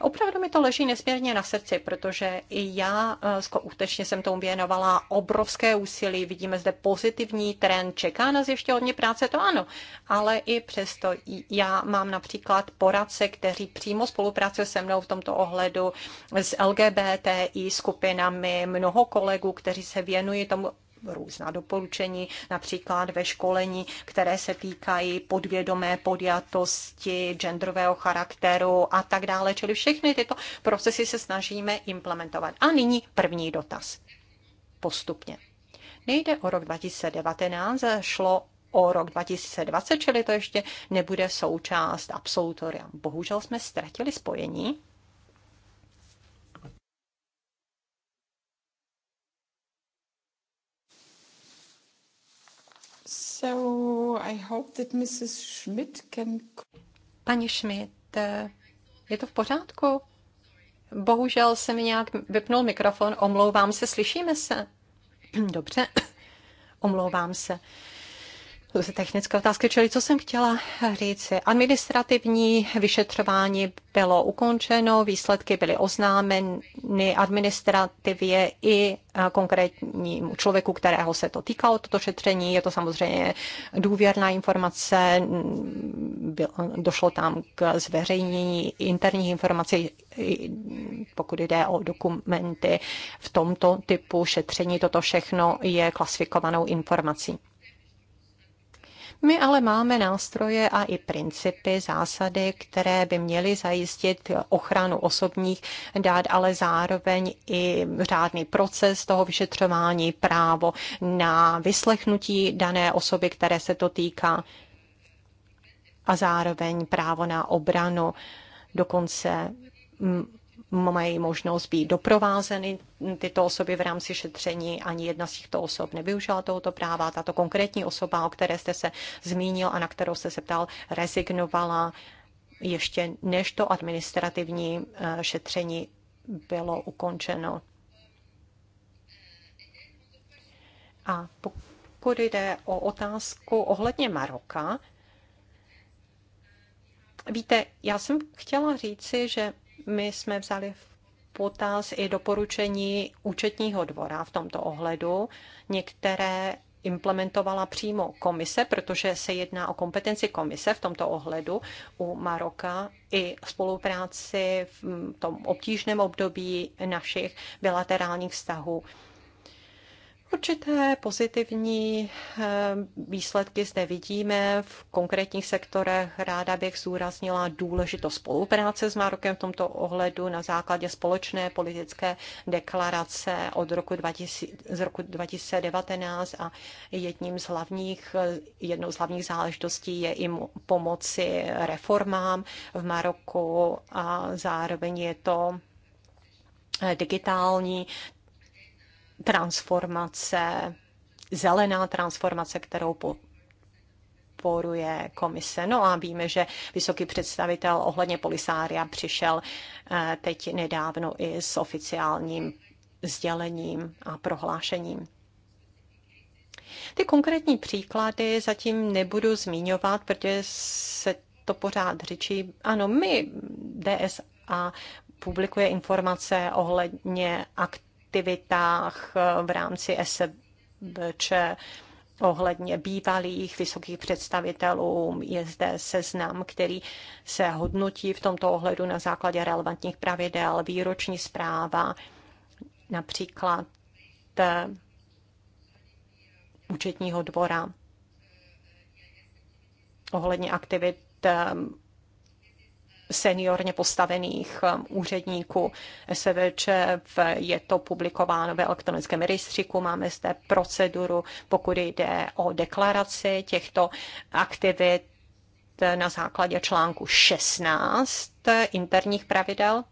Opravdu mi to leží nesmírně na srdci, protože i já eh, skutečně jsem tomu věnovala obrovské úsilí. Vidíme zde pozitivní trend, čeká nás ještě hodně práce, to ano, ale i přesto já mám například poradce, kteří přímo spolupracují se mnou v tomto ohledu s LGBTI skupinami, mnoho kolegů, kteří se věnují tomu různá doporučení, například ve školení, které se týkají podvědomé podjatosti, genderového charakteru a tak dále. Čili všechny tyto procesy se snažíme implementovat. A nyní první dotaz. Postupně. Nejde o rok 2019, šlo o rok 2020, čili to ještě nebude součást absolutoria. Bohužel jsme ztratili spojení. So I hope that Mrs. Schmidt can... Paní Schmidt, eh, je to v pořádku? Bohužel se mi nějak vypnul mikrofon, omlouvám se, slyšíme se. [CLEARS THROAT] Dobře, [CLEARS THROAT] omlouvám se technické otázky, čili co jsem chtěla říct. Administrativní vyšetřování bylo ukončeno, výsledky byly oznámeny administrativě i eh, konkrétnímu člověku, kterého se to týkalo, toto šetření. Je to samozřejmě důvěrná informace, došlo tam k zveřejnění interních informací, pokud jde o dokumenty v tomto typu šetření, toto všechno je klasifikovanou informací. My ale máme nástroje a i principy, zásady, které by měly zajistit ochranu osobních dát, ale zároveň i řádný proces toho vyšetřování, právo na vyslechnutí dané osoby, které se to týká a zároveň právo na obranu, dokonce mm, mají možnost být doprovázeny tyto osoby v rámci šetření. Ani jedna z těchto osob nevyužila tohoto práva. Tato konkrétní osoba, o které jste se zmínil a na kterou jste se ptal, rezignovala ještě než to administrativní eh, šetření bylo ukončeno. A pokud jde o otázku ohledně Maroka, víte, já jsem chtěla říci, že my jsme vzali v potaz i doporučení účetního dvora v tomto ohledu. Některé implementovala přímo komise, protože se jedná o kompetenci komise v tomto ohledu u Maroka i spolupráci v tom obtížném období našich bilaterálních vztahů Určité pozitivní eh, výsledky zde vidíme v konkrétních sektorech. Ráda bych zúraznila důležitost spolupráce s Marokem v tomto ohledu na základě společné politické deklarace od roku 2000, z roku 2019 a jedním z hlavních, jednou z hlavních záležitostí je i pomoci reformám v Maroku a zároveň je to eh, digitální transformace, zelená transformace, kterou po poruje komise. No a víme, že vysoký představitel ohledně Polisária přišel eh, teď nedávno i s oficiálním sdělením a prohlášením. Ty konkrétní příklady zatím nebudu zmiňovat, protože se to pořád řečí. Ano, my DSA publikuje informace ohledně akt aktivitách eh, v rámci SBČ ohledně bývalých vysokých představitelů. Je zde seznam, který se hodnotí v tomto ohledu na základě relevantních pravidel, výroční zpráva, například eh, účetního dvora ohledně aktivit eh, seniorně postavených um, úředníků SVČ. Je to publikováno ve elektronickém rejstříku, máme zde proceduru, pokud jde o deklaraci těchto aktivit na základě článku 16 interních pravidel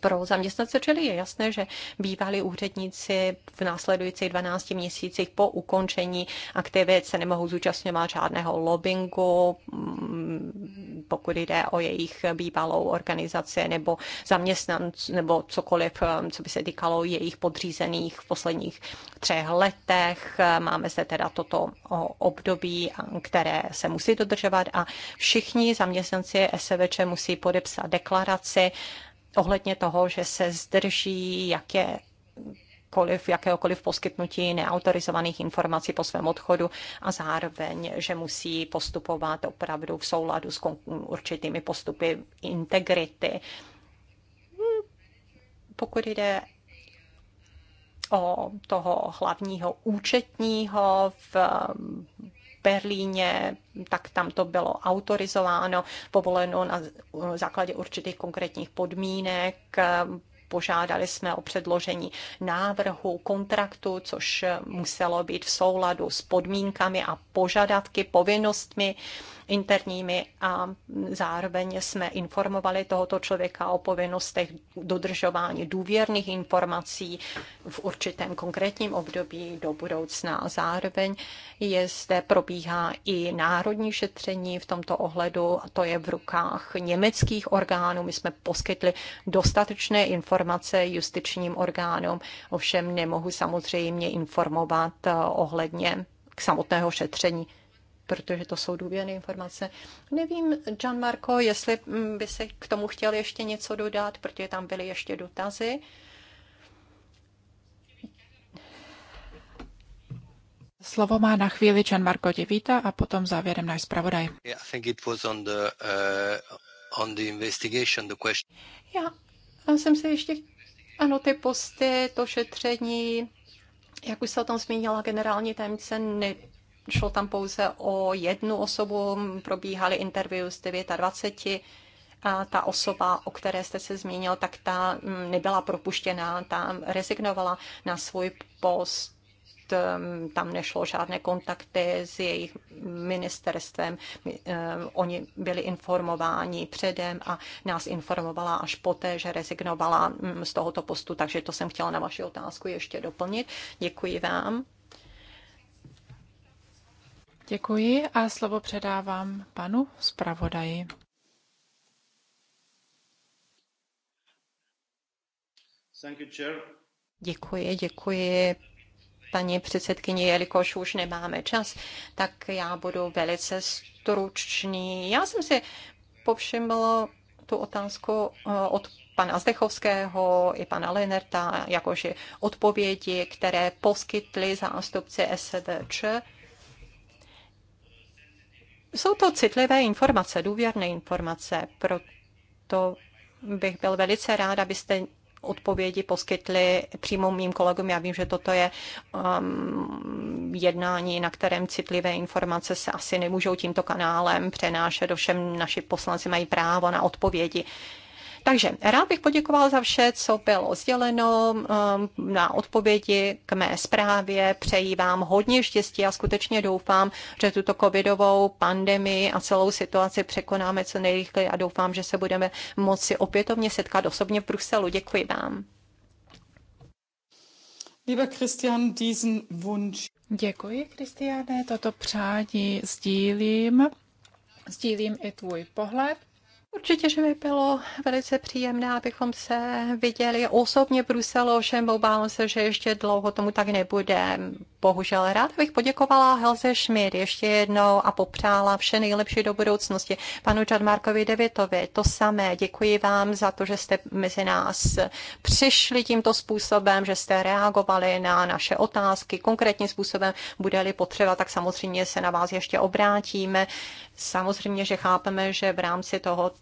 pro zaměstnance, čili je jasné, že bývalí úředníci v následujících 12 měsících po ukončení aktivit se nemohou zúčastňovat žádného lobbingu, mm, pokud jde o jejich bývalou organizaci nebo zaměstnanců nebo cokoliv, mm, co by se týkalo jejich podřízených v posledních třech letech. Máme se teda toto období, které se musí dodržovat a všichni zaměstnanci SVČ musí podepsat deklaraci, ohledně toho, že se zdrží jaké jakéhokoliv poskytnutí neautorizovaných informací po svém odchodu a zároveň, že musí postupovat opravdu v souladu s určitými postupy integrity. Pokud jde o toho hlavního účetního v Berlíně, tak tam to bylo autorizováno, povoleno na základě určitých konkrétních podmínek Požádali jsme o předložení návrhu kontraktu, což muselo být v souladu s podmínkami a požadavky, povinnostmi interními a zároveň jsme informovali tohoto člověka o povinnostech dodržování důvěrných informací v určitém konkrétním období do budoucna. A zároveň je zde probíhá i národní šetření v tomto ohledu a to je v rukách německých orgánů. My jsme poskytli dostatečné informace informace justičním orgánům, ovšem nemohu samozřejmě informovat eh, ohledně k samotného šetření protože to jsou důvěrné informace. Nevím, Jan Marko, jestli mm, by se k tomu chtěl ještě něco dodat, protože tam byly ještě dotazy. Slovo má na chvíli Jan Marko Divíta a potom závěrem náš zpravodaj. Yeah, uh, Já a jsem se ještě, ano, ty posty, to šetření, jak už se o tom zmínila generální tajemnice, ne, šlo tam pouze o jednu osobu, probíhaly interview z 29 a ta osoba, o které jste se zmínil, tak ta mm, nebyla propuštěná, ta rezignovala na svůj post Ehm, tam nešlo žádné kontakty s jejich ministerstvem. Ehm, oni byli informováni předem a nás informovala až poté, že rezignovala mm, z tohoto postu, takže to jsem chtěla na vaši otázku ještě doplnit. Děkuji vám. Děkuji a slovo předávám panu zpravodaji. Děkuji, děkuji, paní předsedkyně, jelikož už nemáme čas, tak já budu velice stručný. Já jsem si povšiml tu otázku eh, od pana Zdechovského i pana Lenerta, jakože odpovědi, které poskytli zástupci SVČ. Jsou to citlivé informace, důvěrné informace, proto bych byl velice rád, abyste odpovědi poskytli přímo mým kolegům. Já vím, že toto je um, jednání, na kterém citlivé informace se asi nemůžou tímto kanálem přenášet, ovšem naši poslanci mají právo na odpovědi takže rád bych poděkoval za vše, co bylo sděleno um, na odpovědi k mé zprávě. Přeji vám hodně štěstí a skutečně doufám, že tuto covidovou pandemii a celou situaci překonáme co nejrychleji a doufám, že se budeme moci opětovně setkat osobně v Bruselu. Děkuji vám. Lieber Christian, diesen Wunsch. Děkuji, Kristiane, toto přání sdílím. Sdílím i tvůj pohled. Určitě, že by bylo velice příjemné, abychom se viděli osobně v Bruselu, ovšem obávám se, že ještě dlouho tomu tak nebude. Bohužel rád bych poděkovala Helze Schmidt ještě jednou a popřála vše nejlepší do budoucnosti. Panu Čadmarkovi Devitovi to samé. Děkuji vám za to, že jste mezi nás přišli tímto způsobem, že jste reagovali na naše otázky konkrétním způsobem. Bude-li potřeba, tak samozřejmě se na vás ještě obrátíme. Samozřejmě, že chápeme, že v rámci toho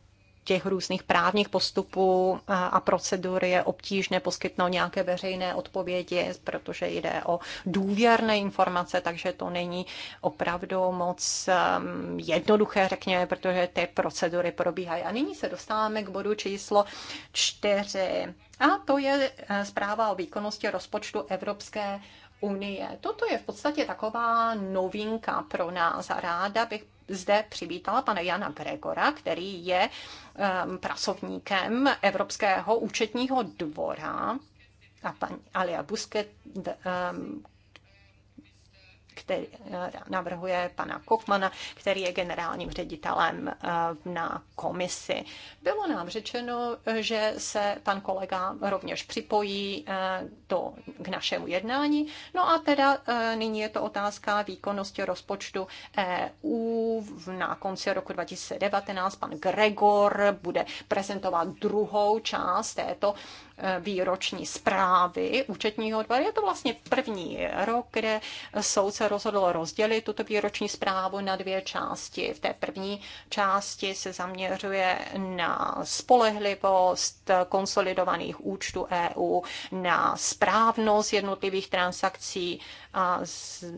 těch různých právních postupů a procedur je obtížné poskytnout nějaké veřejné odpovědi, protože jde o důvěrné informace, takže to není opravdu moc um, jednoduché, řekněme, protože ty procedury probíhají. A nyní se dostáváme k bodu číslo čtyři. A to je eh, zpráva o výkonnosti rozpočtu Evropské unie. Toto je v podstatě taková novinka pro nás a ráda bych zde přivítala pana Jana Gregora, který je ehm, pracovníkem Evropského účetního dvora a paní Alia Busquet, ehm, který eh, navrhuje pana Kokmana, který je generálním ředitelem eh, na komisi. Bylo nám řečeno, že se pan kolega rovněž připojí eh, do, k našemu jednání. No a teda nyní je to otázka výkonnosti rozpočtu EU. Na konci roku 2019 pan Gregor bude prezentovat druhou část této výroční zprávy účetního dvora. Je to vlastně první rok, kde soud se rozhodl rozdělit tuto výroční zprávu na dvě části. V té první části se zaměřuje na spolehlivost konsolidovaných účtů EU, na správnost jednotlivých transakcí a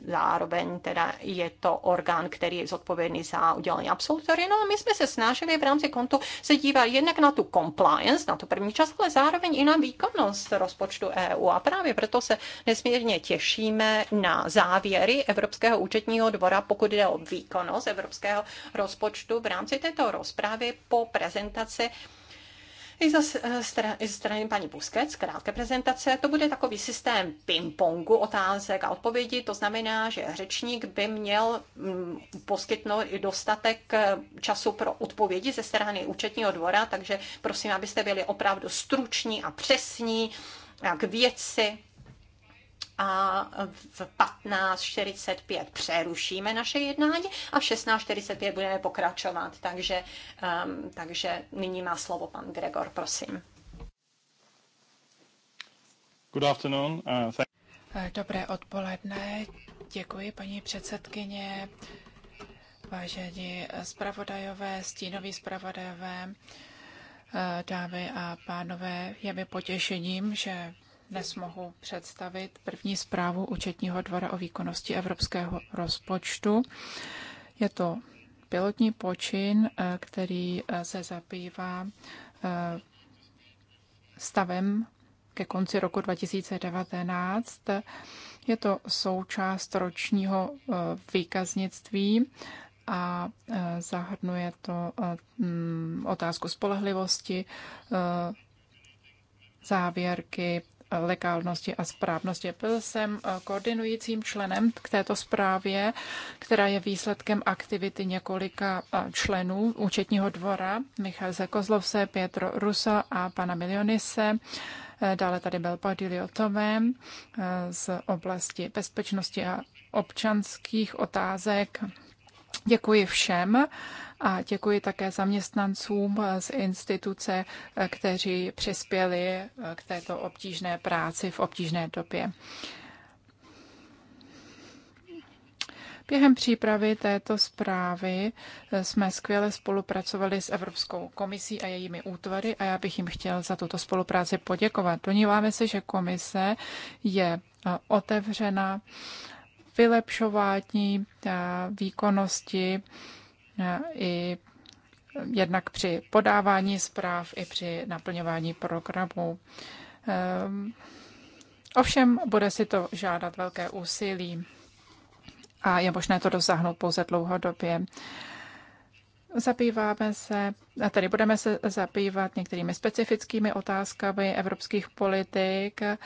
zároveň teda je to orgán, který je zodpovědný za udělení absolutory. No a my jsme se snažili v rámci kontu se dívat jednak na tu compliance, na tu první část, ale zároveň i na výkonnost rozpočtu EU. A právě proto se nesmírně těšíme na závěry názory Evropského účetního dvora, pokud jde o výkonnost evropského rozpočtu v rámci této rozprávy po prezentaci i eh, ze strany, strany paní Buskec, krátké prezentace, to bude takový systém ping-pongu otázek a odpovědí, to znamená, že řečník by měl mm, poskytnout i dostatek eh, času pro odpovědi ze strany účetního dvora, takže prosím, abyste byli opravdu struční a přesní a k věci a v 15.45 přerušíme naše jednání a v 16.45 budeme pokračovat. Takže, um, takže nyní má slovo pan Gregor, prosím. Good afternoon. Uh, Dobré odpoledne. Děkuji, paní předsedkyně. Vážení zpravodajové, stínoví zpravodajové, uh, dámy a pánové, je mi potěšením, že dnes mohu představit první zprávu účetního dvora o výkonnosti evropského rozpočtu. Je to pilotní počin, eh, který eh, se zabývá eh, stavem ke konci roku 2019. Je to součást ročního výkaznictví a zahrnuje to mm, otázku spolehlivosti, závěrky, legálnosti a správnosti. Byl jsem eh, koordinujícím členem k této zprávě, která je výsledkem aktivity několika eh, členů účetního dvora, Michal Zekozlovse, Pietro Rusa a pana Milionise. Eh, dále tady byl Padilio Tome z oblasti bezpečnosti a občanských otázek. Děkuji všem a děkuji také zaměstnancům z instituce, kteří přispěli eh, k této obtížné práci v obtížné době. Během přípravy této zprávy eh, jsme skvěle spolupracovali s Evropskou komisí a jejími útvary a já bych jim chtěl za tuto spolupráci poděkovat. Doníváme se, že komise je eh, otevřena vylepšování výkonnosti E, i jednak při podávání zpráv i při naplňování programů. E, ovšem bude si to žádat velké úsilí a je možné to dosáhnout pouze dlouhodobě. Zabýváme se, a tady budeme se zabývat některými specifickými otázkami evropských politik. Eh,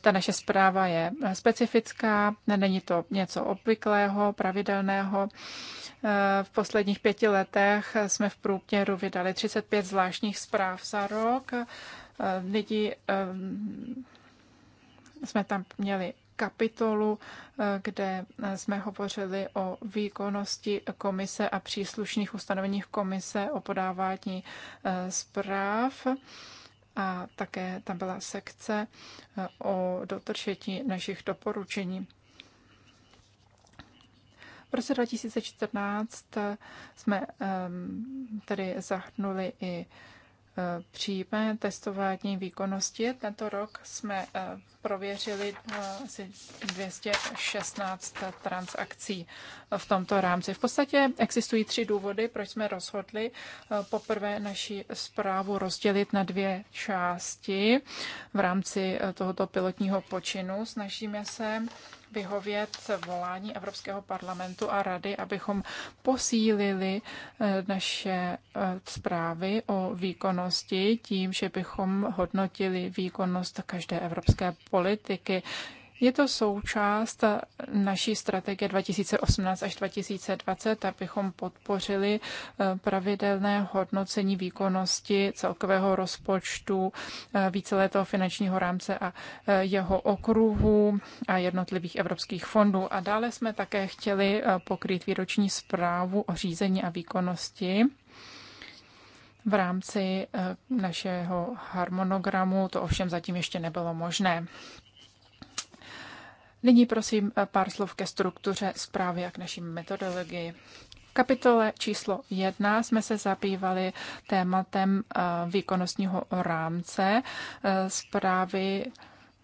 ta naše zpráva je specifická, není to něco obvyklého, pravidelného. Eh, v posledních pěti letech jsme v průměru vydali 35 zvláštních zpráv za rok. Eh, lidi ehm, jsme tam měli kapitolu, eh, kde eh, jsme hovořili o výkonnosti komise a příslušných ustanoveních komise o podávání eh, zpráv a také tam byla sekce o dotršení našich doporučení. V roce 2014 jsme ehm, tedy zahrnuli i přímé testování výkonnosti. Tento rok jsme eh, prověřili eh, asi 216 transakcí v tomto rámci. V podstatě existují tři důvody, proč jsme rozhodli eh, poprvé naši zprávu rozdělit na dvě části v rámci tohoto pilotního počinu. Snažíme se vyhovět volání Evropského parlamentu a rady, abychom posílili eh, naše eh, zprávy o výkonnosti tím, že bychom hodnotili výkonnost každé evropské politiky. Je to součást naší strategie 2018 až 2020, abychom podpořili eh, pravidelné hodnocení výkonnosti celkového rozpočtu eh, víceletého finančního rámce a eh, jeho okruhu a jednotlivých evropských fondů. A dále jsme také chtěli pokryt výroční zprávu o řízení a výkonnosti v rámci našeho harmonogramu. To ovšem zatím ještě nebylo možné. Nyní prosím eh, pár slov ke struktuře zprávy a k naší metodologii. V kapitole číslo 1 jsme se zabývali tématem eh, výkonnostního rámce eh, zprávy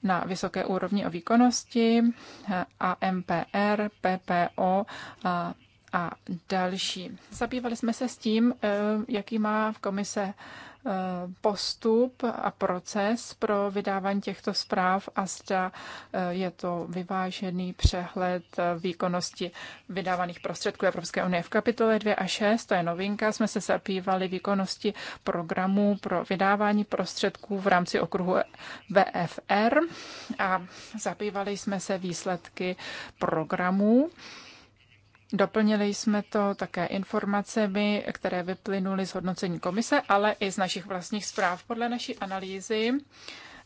na vysoké úrovni o výkonnosti a MPR, PPO a a další. Zabývali jsme se s tím, jaký má v komise Eh, postup a proces pro vydávání těchto zpráv a zda eh, je to vyvážený přehled eh, výkonnosti vydávaných prostředků Evropské unie. V kapitole 2 a 6, to je novinka, jsme se zabývali výkonnosti programů pro vydávání prostředků v rámci okruhu VFR a zabývali jsme se výsledky programů Doplnili jsme to také informacemi, které vyplynuly z hodnocení komise, ale i z našich vlastních zpráv. Podle naší analýzy,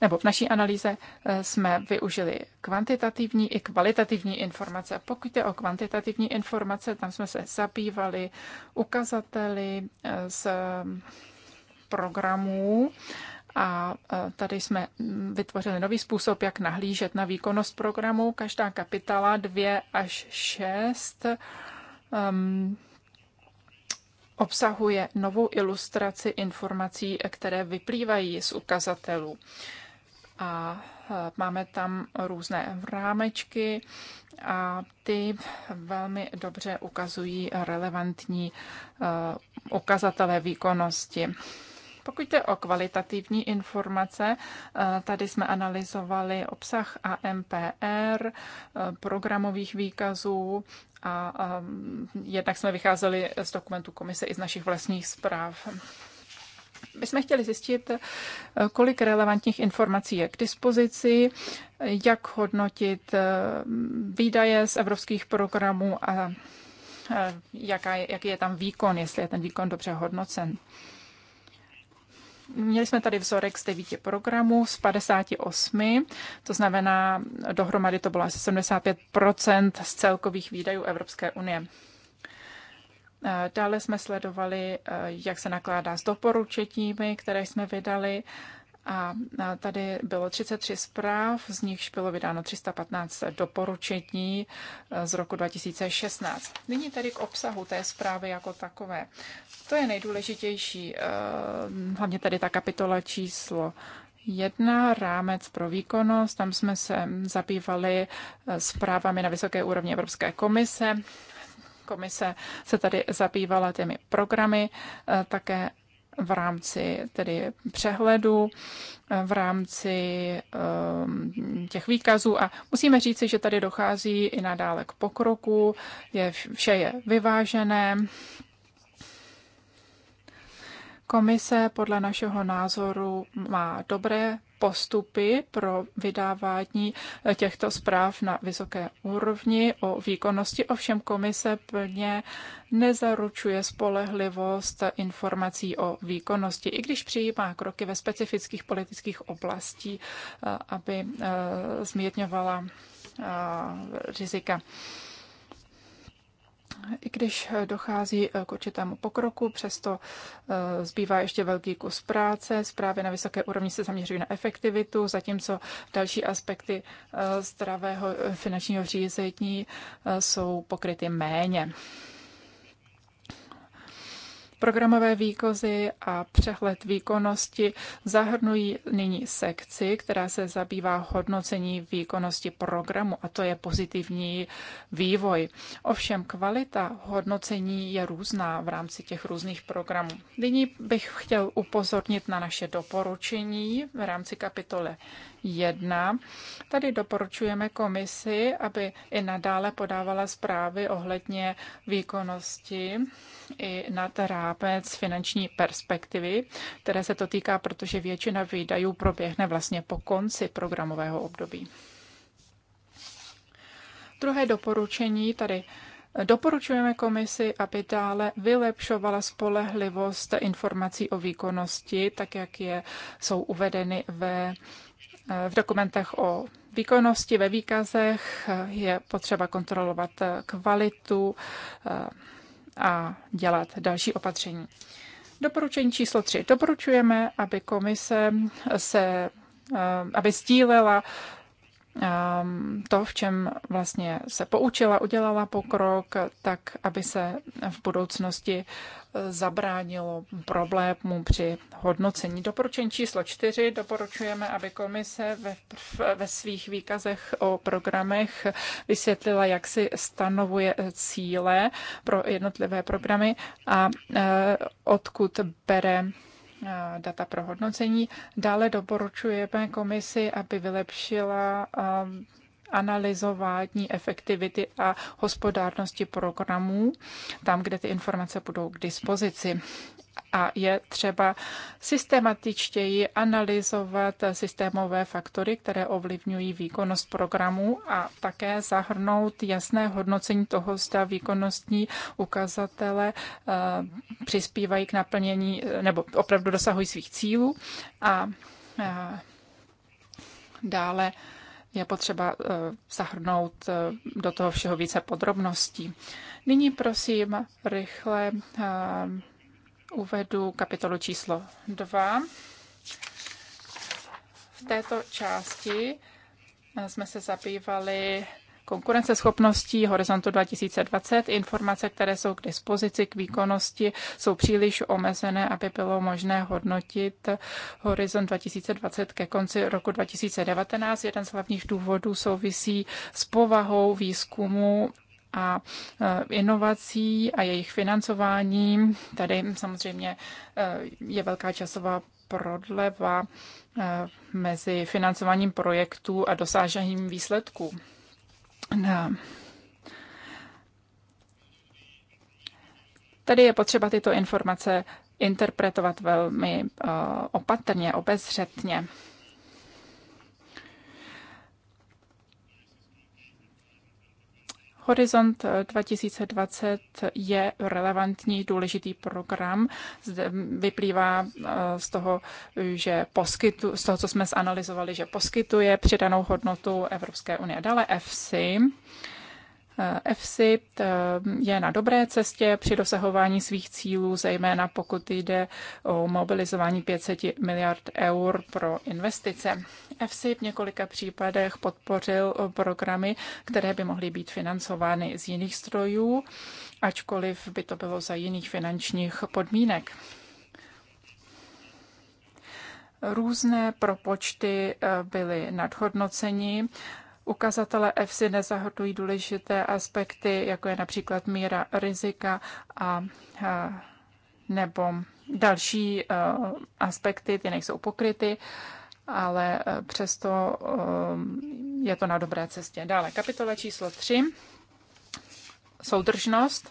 nebo v naší analýze eh, jsme využili kvantitativní i kvalitativní informace. Pokud je o kvantitativní informace, tam jsme se zabývali ukazateli eh, z programů a e, tady jsme mm, vytvořili nový způsob, jak nahlížet na výkonnost programu. Každá kapitala 2 až 6 um, obsahuje novou ilustraci informací, které vyplývají z ukazatelů. A e, máme tam různé rámečky a ty velmi dobře ukazují relevantní uh, ukazatele výkonnosti. Pokud jde o kvalitativní informace, eh, tady jsme analyzovali obsah AMPR, eh, programových výkazů a eh, jednak jsme vycházeli z dokumentů komise i z našich vlastních zpráv. My jsme chtěli zjistit, kolik relevantních informací je k dispozici, jak hodnotit výdaje z evropských programů a jaká je, jaký je tam výkon, jestli je ten výkon dobře hodnocen. Měli jsme tady vzorek z devíti programů, z 58, to znamená dohromady to bylo asi 75 z celkových výdajů Evropské unie. Eh, dále jsme sledovali, eh, jak se nakládá s doporučeními, které jsme vydali a tady bylo 33 zpráv, z nichž bylo vydáno 315 doporučení e, z roku 2016. Nyní tedy k obsahu té zprávy jako takové. To je nejdůležitější, e, hlavně tady ta kapitola číslo jedna, rámec pro výkonnost. Tam jsme se zabývali e, zprávami na vysoké úrovni Evropské komise. Komise se tady zabývala těmi programy, také v rámci tedy přehledu, v rámci ehm, těch výkazů a musíme říci, že tady dochází i nadále k pokroku, je, vše je vyvážené Komise podle našeho názoru má dobré postupy pro vydávání těchto zpráv na vysoké úrovni o výkonnosti. Ovšem komise plně nezaručuje spolehlivost informací o výkonnosti, i když přijímá kroky ve specifických politických oblastí, eh, aby eh, zmírňovala eh, rizika i když eh, dochází eh, k určitému pokroku, přesto eh, zbývá ještě velký kus práce. Zprávy na vysoké úrovni se zaměřují na efektivitu, zatímco další aspekty zdravého finančního řízení jsou pokryty méně. Programové výkozy a přehled výkonnosti zahrnují nyní sekci, která se zabývá hodnocení výkonnosti programu a to je pozitivní vývoj. Ovšem kvalita hodnocení je různá v rámci těch různých programů. Nyní bych chtěl upozornit na naše doporučení v rámci kapitole 1. Tady doporučujeme komisi, aby i nadále podávala zprávy ohledně výkonnosti i nad rámec finanční perspektivy, které se to týká, protože většina výdajů proběhne vlastně po konci programového období. Druhé doporučení tady Doporučujeme komisi, aby dále vylepšovala spolehlivost informací o výkonnosti, tak jak je, jsou uvedeny ve v dokumentech o výkonnosti, ve výkazech je potřeba kontrolovat kvalitu eh, a dělat další opatření. Doporučení číslo 3. Doporučujeme, aby komise se eh, aby sdílela Ehm, to, v čem vlastně se poučila, udělala pokrok, tak aby se v budoucnosti eh, zabránilo problémů při hodnocení. Doporučení číslo čtyři doporučujeme, aby komise ve, ve svých výkazech o programech vysvětlila, jak si stanovuje eh, cíle pro jednotlivé programy a eh, odkud bere Eh, data pro hodnocení. Dále doporučujeme komisi, aby vylepšila eh, analyzování efektivity a hospodárnosti programů, tam, kde ty informace budou k dispozici. A je třeba systematičtěji analyzovat systémové faktory, které ovlivňují výkonnost programů a také zahrnout jasné hodnocení toho, zda výkonnostní ukazatele eh, přispívají k naplnění eh, nebo opravdu dosahují svých cílů. A eh, dále je potřeba eh, zahrnout eh, do toho všeho více podrobností. Nyní prosím rychle eh, uvedu kapitolu číslo 2. V této části jsme se zabývali konkurenceschopností Horizontu 2020. Informace, které jsou k dispozici k výkonnosti, jsou příliš omezené, aby bylo možné hodnotit Horizont 2020 ke konci roku 2019. Jeden z hlavních důvodů souvisí s povahou výzkumu a e, inovací a jejich financováním. Tady samozřejmě e, je velká časová prodleva e, mezi financováním projektů a dosážením výsledků na Tady je potřeba tyto informace interpretovat velmi eh, opatrně, obezřetně. Horizont 2020 eh, je relevantní, důležitý program. Zde vyplývá eh, z toho, že poskytu, z toho, co jsme zanalizovali, že poskytuje přidanou hodnotu Evropské unie. Dále EFSI, Eh, FSIP eh, je na dobré cestě při dosahování svých cílů, zejména pokud jde o mobilizování 500 miliard eur pro investice. FSIP v několika případech podpořil eh, programy, které by mohly být financovány z jiných strojů, ačkoliv by to bylo za jiných finančních podmínek různé propočty byly nadhodnoceni Ukazatele EFSI nezahrnují důležité aspekty, jako je například míra rizika a, a nebo další a, aspekty, ty nejsou pokryty, ale přesto a, je to na dobré cestě. Dále kapitola číslo 3, soudržnost.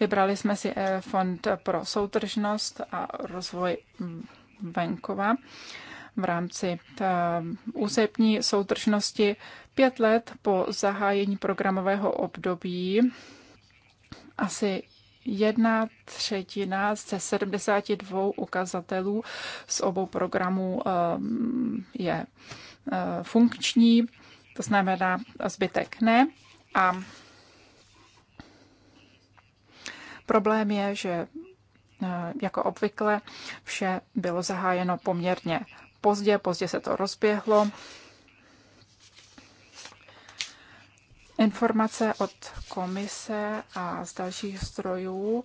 Vybrali jsme si e Fond pro soudržnost a rozvoj venkova v rámci eh, územní soutržnosti pět let po zahájení programového období asi jedna třetina ze 72 ukazatelů z obou programů eh, je eh, funkční, to znamená zbytek ne. A problém je, že jako obvykle vše bylo zahájeno poměrně pozdě, pozdě se to rozběhlo. Informace od komise a z dalších strojů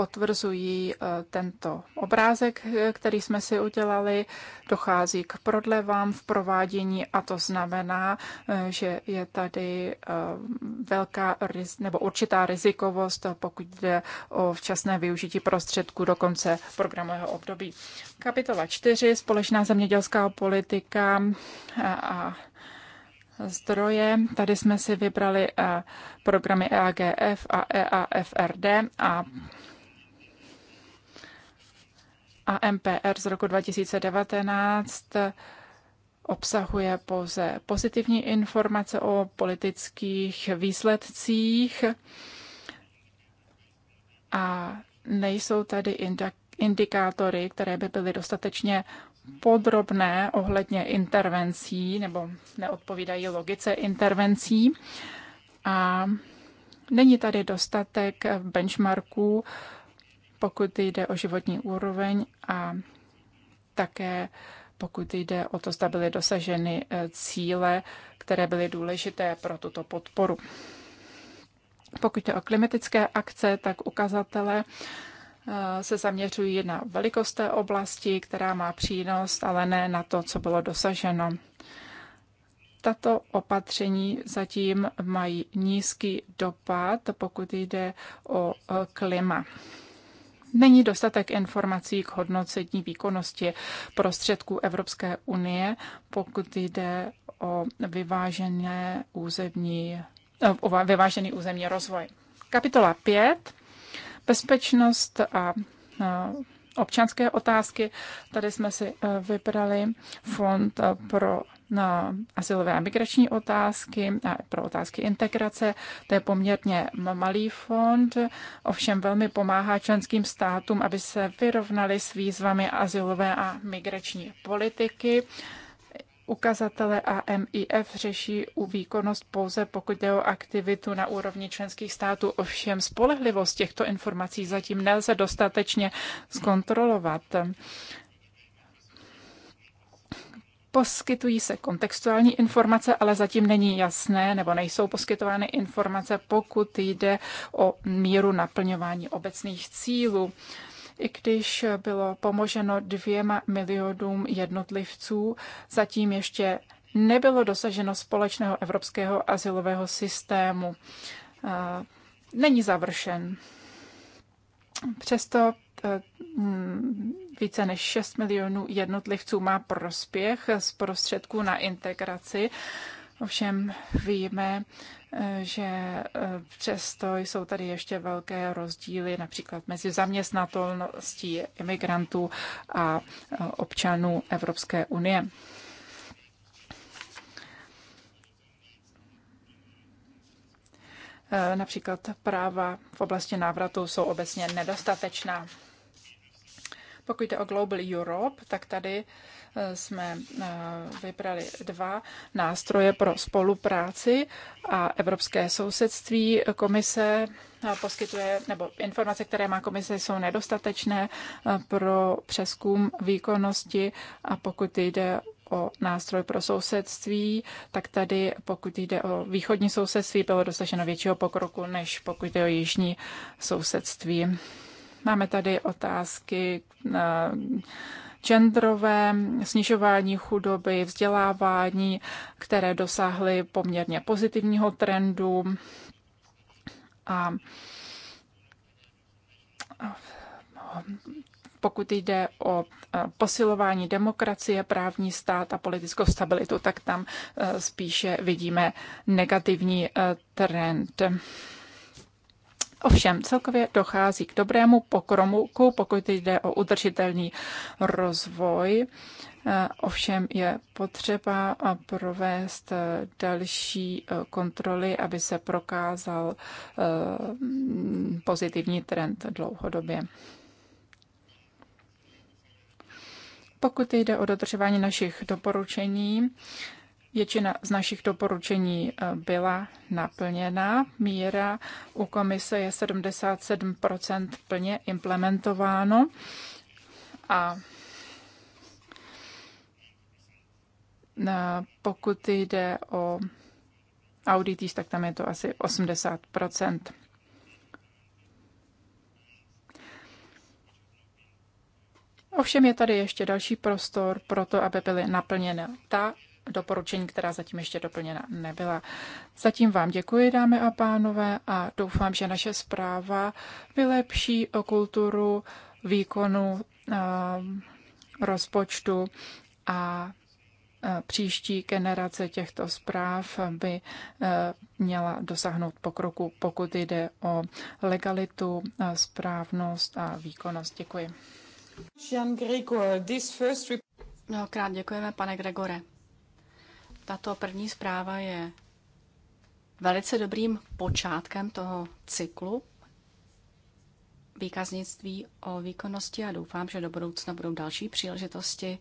potvrzují eh, tento obrázek, eh, který jsme si udělali. Dochází k prodlevám v provádění a to znamená, eh, že je tady velká nebo určitá rizikovost, pokud jde o včasné využití prostředků do konce programového období. Kapitola 4. Společná zemědělská politika a zdroje. Tady jsme si vybrali programy EAGF a EAFRD a e a MPR z roku 2019 obsahuje pouze pozitivní informace o politických výsledcích a nejsou tady indikátory, které by byly dostatečně podrobné ohledně intervencí nebo neodpovídají logice intervencí. A není tady dostatek benchmarků pokud jde o životní úroveň a také pokud jde o to, zda byly dosaženy eh, cíle, které byly důležité pro tuto podporu. Pokud jde o klimatické akce, tak ukazatele eh, se zaměřují na velikost té oblasti, která má přínos, ale ne na to, co bylo dosaženo. Tato opatření zatím mají nízký dopad, pokud jde o eh, klima není dostatek informací k hodnocení výkonnosti prostředků Evropské unie, pokud jde o vyvážené územní, eh, o vyvážený územní rozvoj. Kapitola 5. Bezpečnost a eh, občanské otázky. Tady jsme si eh, vybrali Fond pro na asilové a migrační otázky a pro otázky integrace. To je poměrně malý fond, ovšem velmi pomáhá členským státům, aby se vyrovnali s výzvami asilové a migrační politiky. Ukazatele AMIF řeší u výkonnost pouze pokud jde o aktivitu na úrovni členských států. Ovšem spolehlivost těchto informací zatím nelze dostatečně zkontrolovat. Poskytují se kontextuální informace, ale zatím není jasné nebo nejsou poskytovány informace, pokud jde o míru naplňování obecných cílů. I když bylo pomoženo dvěma milionům jednotlivců, zatím ještě nebylo dosaženo společného evropského asilového systému. Není završen. Přesto Eh, hm, více než 6 milionů jednotlivců má prospěch z prostředků na integraci. Ovšem víme, eh, že eh, přesto jsou tady ještě velké rozdíly například mezi zaměstnatelností imigrantů a občanů Evropské unie. Například práva v oblasti návratu jsou obecně nedostatečná. Pokud jde o Global Europe, tak tady eh, jsme eh, vybrali dva nástroje pro spolupráci a evropské sousedství. Komise eh, poskytuje, nebo informace, které má komise, jsou nedostatečné pro přeskum výkonnosti a pokud jde o nástroj pro sousedství, tak tady, pokud jde o východní sousedství, bylo dosaženo většího pokroku, než pokud jde o jižní sousedství. Máme tady otázky na eh, genderové, snižování chudoby, vzdělávání, které dosáhly poměrně pozitivního trendu. A pokud jde o eh, posilování demokracie, právní stát a politickou stabilitu, tak tam eh, spíše vidíme negativní trend. Ovšem, celkově dochází k dobrému pokromu, pokud jde o udržitelný rozvoj. Eh, ovšem je potřeba eh, provést eh, další kontroly, aby se prokázal pozitivní trend dlouhodobě. Pokud jde o dodržování našich doporučení, Většina z našich doporučení eh, byla naplněna. Míra u komise je 77 plně implementováno a eh, pokud jde o auditíž, tak tam je to asi 80 Ovšem je tady ještě další prostor pro to, aby byly naplněna ta doporučení, která zatím ještě doplněna nebyla. Zatím vám děkuji, dámy a pánové, a doufám, že naše zpráva vylepší o kulturu výkonu ehm, rozpočtu a e, příští generace těchto zpráv by e, měla dosáhnout pokroku, pokud jde o legalitu, e, správnost a výkonnost. Děkuji. Jan Gregor, this first... Mnohokrát děkujeme, pane Gregore. Tato první zpráva je velice dobrým počátkem toho cyklu výkaznictví o výkonnosti a doufám, že do budoucna budou další příležitosti,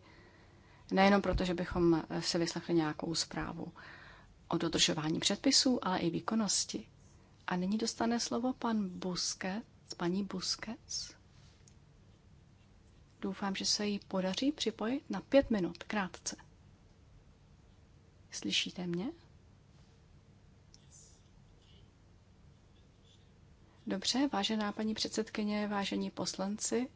nejenom proto, že bychom se vyslechli nějakou zprávu o dodržování předpisů, ale i výkonnosti. A nyní dostane slovo pan Busquets, paní Busquets. Doufám, že se jí podaří připojit na pět minut, krátce. Slyšíte mě? Dobře, vážená paní předsedkyně, vážení poslanci,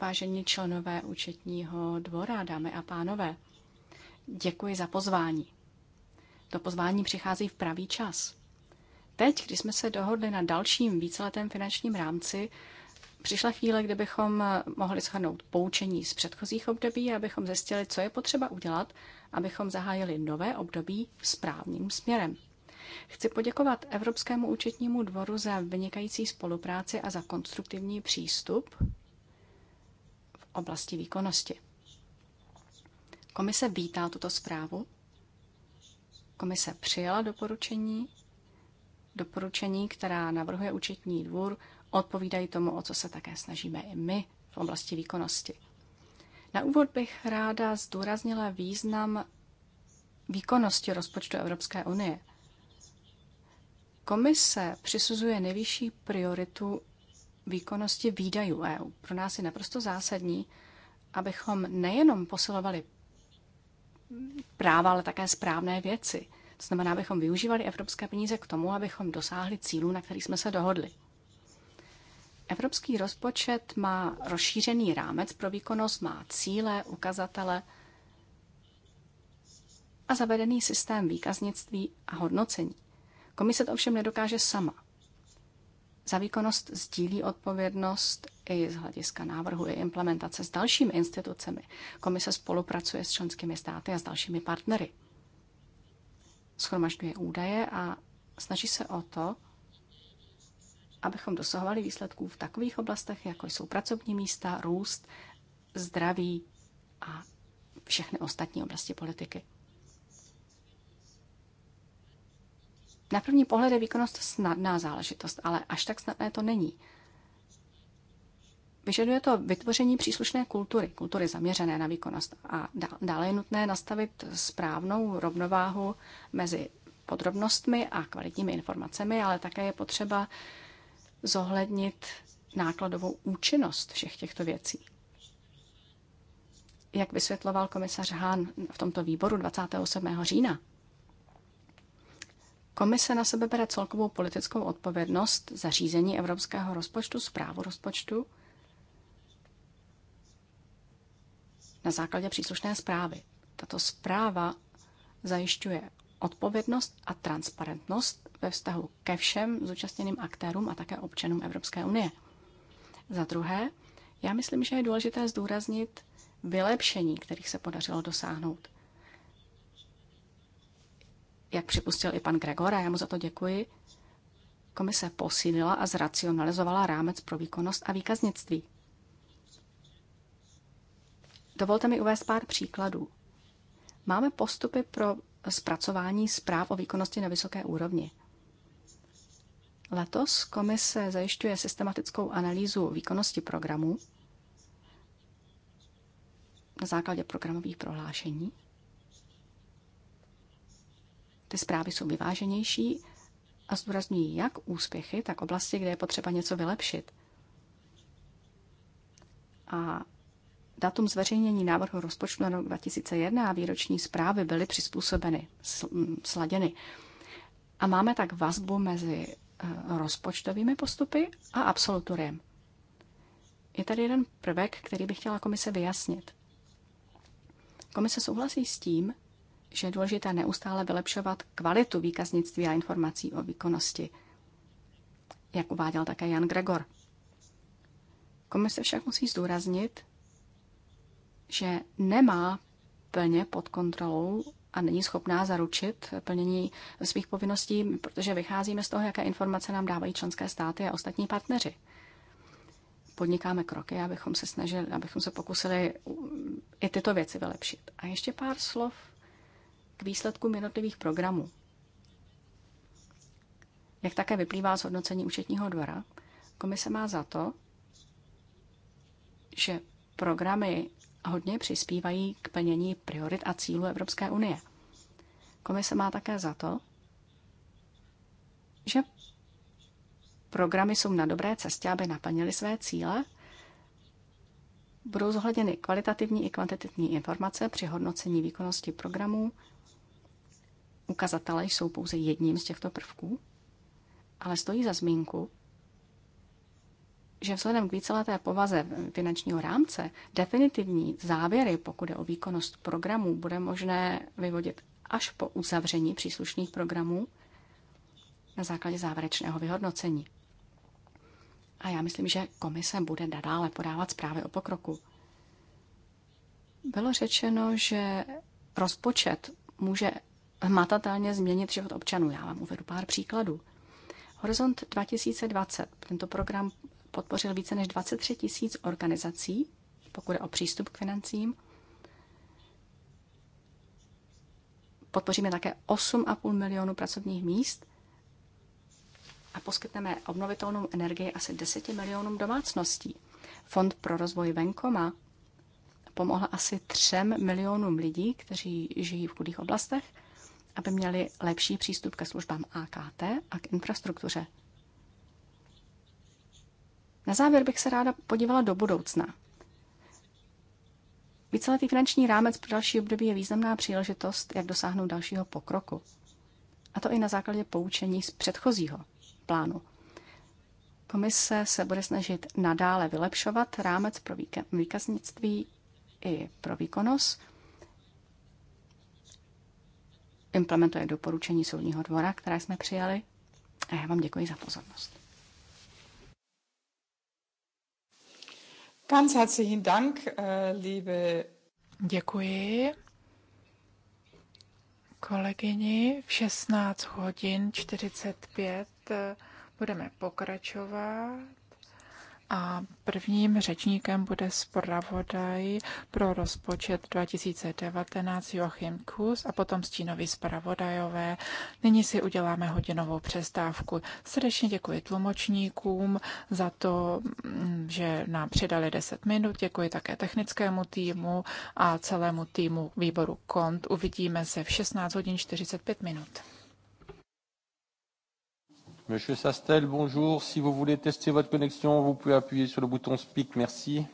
vážení členové účetního dvora, dámy a pánové, děkuji za pozvání. To pozvání přichází v pravý čas. Teď, když jsme se dohodli na dalším víceletém finančním rámci, Přišla chvíle, bychom eh, mohli shrnout poučení z předchozích období, abychom zjistili, co je potřeba udělat, abychom zahájili nové období správným směrem. Chci poděkovat Evropskému účetnímu dvoru za vynikající spolupráci a za konstruktivní přístup v oblasti výkonnosti. Komise vítá tuto zprávu. Komise přijala doporučení, doporučení, která navrhuje účetní dvůr odpovídají tomu, o co se také snažíme i my v oblasti výkonnosti. Na úvod bych ráda zdůraznila význam výkonnosti rozpočtu Evropské unie. Komise přisuzuje nejvyšší prioritu výkonnosti výdajů EU. Pro nás je naprosto zásadní, abychom nejenom posilovali práva, ale také správné věci. To znamená, abychom využívali evropské peníze k tomu, abychom dosáhli cílů, na kterých jsme se dohodli. Evropský rozpočet má rozšířený rámec pro výkonnost, má cíle, ukazatele a zavedený systém výkaznictví a hodnocení. Komise to ovšem nedokáže sama. Za výkonnost sdílí odpovědnost i z hlediska návrhu i implementace s dalšími institucemi. Komise spolupracuje s členskými státy a s dalšími partnery. Schromažďuje údaje a snaží se o to, abychom dosahovali výsledků v takových oblastech, jako jsou pracovní místa, růst, zdraví a všechny ostatní oblasti politiky. Na první pohled je výkonnost snadná záležitost, ale až tak snadné to není. Vyžaduje to vytvoření příslušné kultury, kultury zaměřené na výkonnost. A dále je nutné nastavit správnou rovnováhu mezi podrobnostmi a kvalitními informacemi, ale také je potřeba zohlednit nákladovou účinnost všech těchto věcí. Jak vysvětloval komisař Hahn v tomto výboru 27. října, Komise na sebe bere celkovou politickou odpovědnost za řízení evropského rozpočtu, zprávu rozpočtu na základě příslušné zprávy. Tato zpráva zajišťuje odpovědnost a transparentnost ve vztahu ke všem zúčastněným aktérům a také občanům Evropské unie. Za druhé, já myslím, že je důležité zdůraznit vylepšení, kterých se podařilo dosáhnout. Jak připustil i pan Gregor, a já mu za to děkuji, komise posílila a zracionalizovala rámec pro výkonnost a výkaznictví. Dovolte mi uvést pár příkladů. Máme postupy pro zpracování zpráv o výkonnosti na vysoké úrovni. Letos komise zajišťuje systematickou analýzu výkonnosti programů na základě programových prohlášení. Ty zprávy jsou vyváženější a zdůrazňují jak úspěchy, tak oblasti, kde je potřeba něco vylepšit. A datum zveřejnění návrhu rozpočtu na rok 2001 a výroční zprávy byly přizpůsobeny, mm, sladěny. A máme tak vazbu mezi eh, rozpočtovými postupy a absolutoriem. Je tady jeden prvek, který bych chtěla komise vyjasnit. Komise souhlasí s tím, že je důležité neustále vylepšovat kvalitu výkaznictví a informací o výkonnosti, jak uváděl také Jan Gregor. Komise však musí zdůraznit, že nemá plně pod kontrolou a není schopná zaručit plnění svých povinností, protože vycházíme z toho, jaké informace nám dávají členské státy a ostatní partneři. Podnikáme kroky, abychom se snažili, abychom se pokusili i tyto věci vylepšit. A ještě pár slov k výsledkům jednotlivých programů. Jak také vyplývá z hodnocení účetního dvora, komise má za to, že programy hodně přispívají k plnění priorit a cílů Evropské unie. Komise má také za to, že programy jsou na dobré cestě, aby naplnili své cíle. Budou zohledněny kvalitativní i kvantitativní informace při hodnocení výkonnosti programů. Ukazatele jsou pouze jedním z těchto prvků, ale stojí za zmínku, že vzhledem k víceleté povaze finančního rámce definitivní závěry, pokud je o výkonnost programů, bude možné vyvodit až po uzavření příslušných programů na základě závěrečného vyhodnocení. A já myslím, že komise bude nadále podávat zprávy o pokroku. Bylo řečeno, že rozpočet může hmatatelně změnit život občanů. Já vám uvedu pár příkladů. Horizont 2020, tento program podpořil více než 23 tisíc organizací, pokud je o přístup k financím. Podpoříme také 8,5 milionů pracovních míst a poskytneme obnovitelnou energii asi 10 milionům domácností. Fond pro rozvoj venkoma pomohl asi 3 milionům lidí, kteří žijí v chudých oblastech, aby měli lepší přístup ke službám AKT a k infrastruktuře. Na závěr bych se ráda podívala do budoucna. Víceletý finanční rámec pro další období je významná příležitost, jak dosáhnout dalšího pokroku. A to i na základě poučení z předchozího plánu. Komise se bude snažit nadále vylepšovat rámec pro výkaznictví i pro výkonnost. Implementuje doporučení soudního dvora, které jsme přijali. A já vám děkuji za pozornost. Ganz herzlichen Dank, äh, liebe. Děkuji kolegyni. V 16 hodin 45 äh, budeme pokračovat a prvním řečníkem bude zpravodaj pro rozpočet 2019 Joachim Kus a potom stínový zpravodajové. Nyní si uděláme hodinovou přestávku. Srdečně děkuji tlumočníkům za to, že nám přidali 10 minut. Děkuji také technickému týmu a celému týmu výboru KONT. Uvidíme se v 16 hodin 45 minut. Monsieur Sastel, bonjour. Si vous voulez tester votre connexion, vous pouvez appuyer sur le bouton speak. Merci.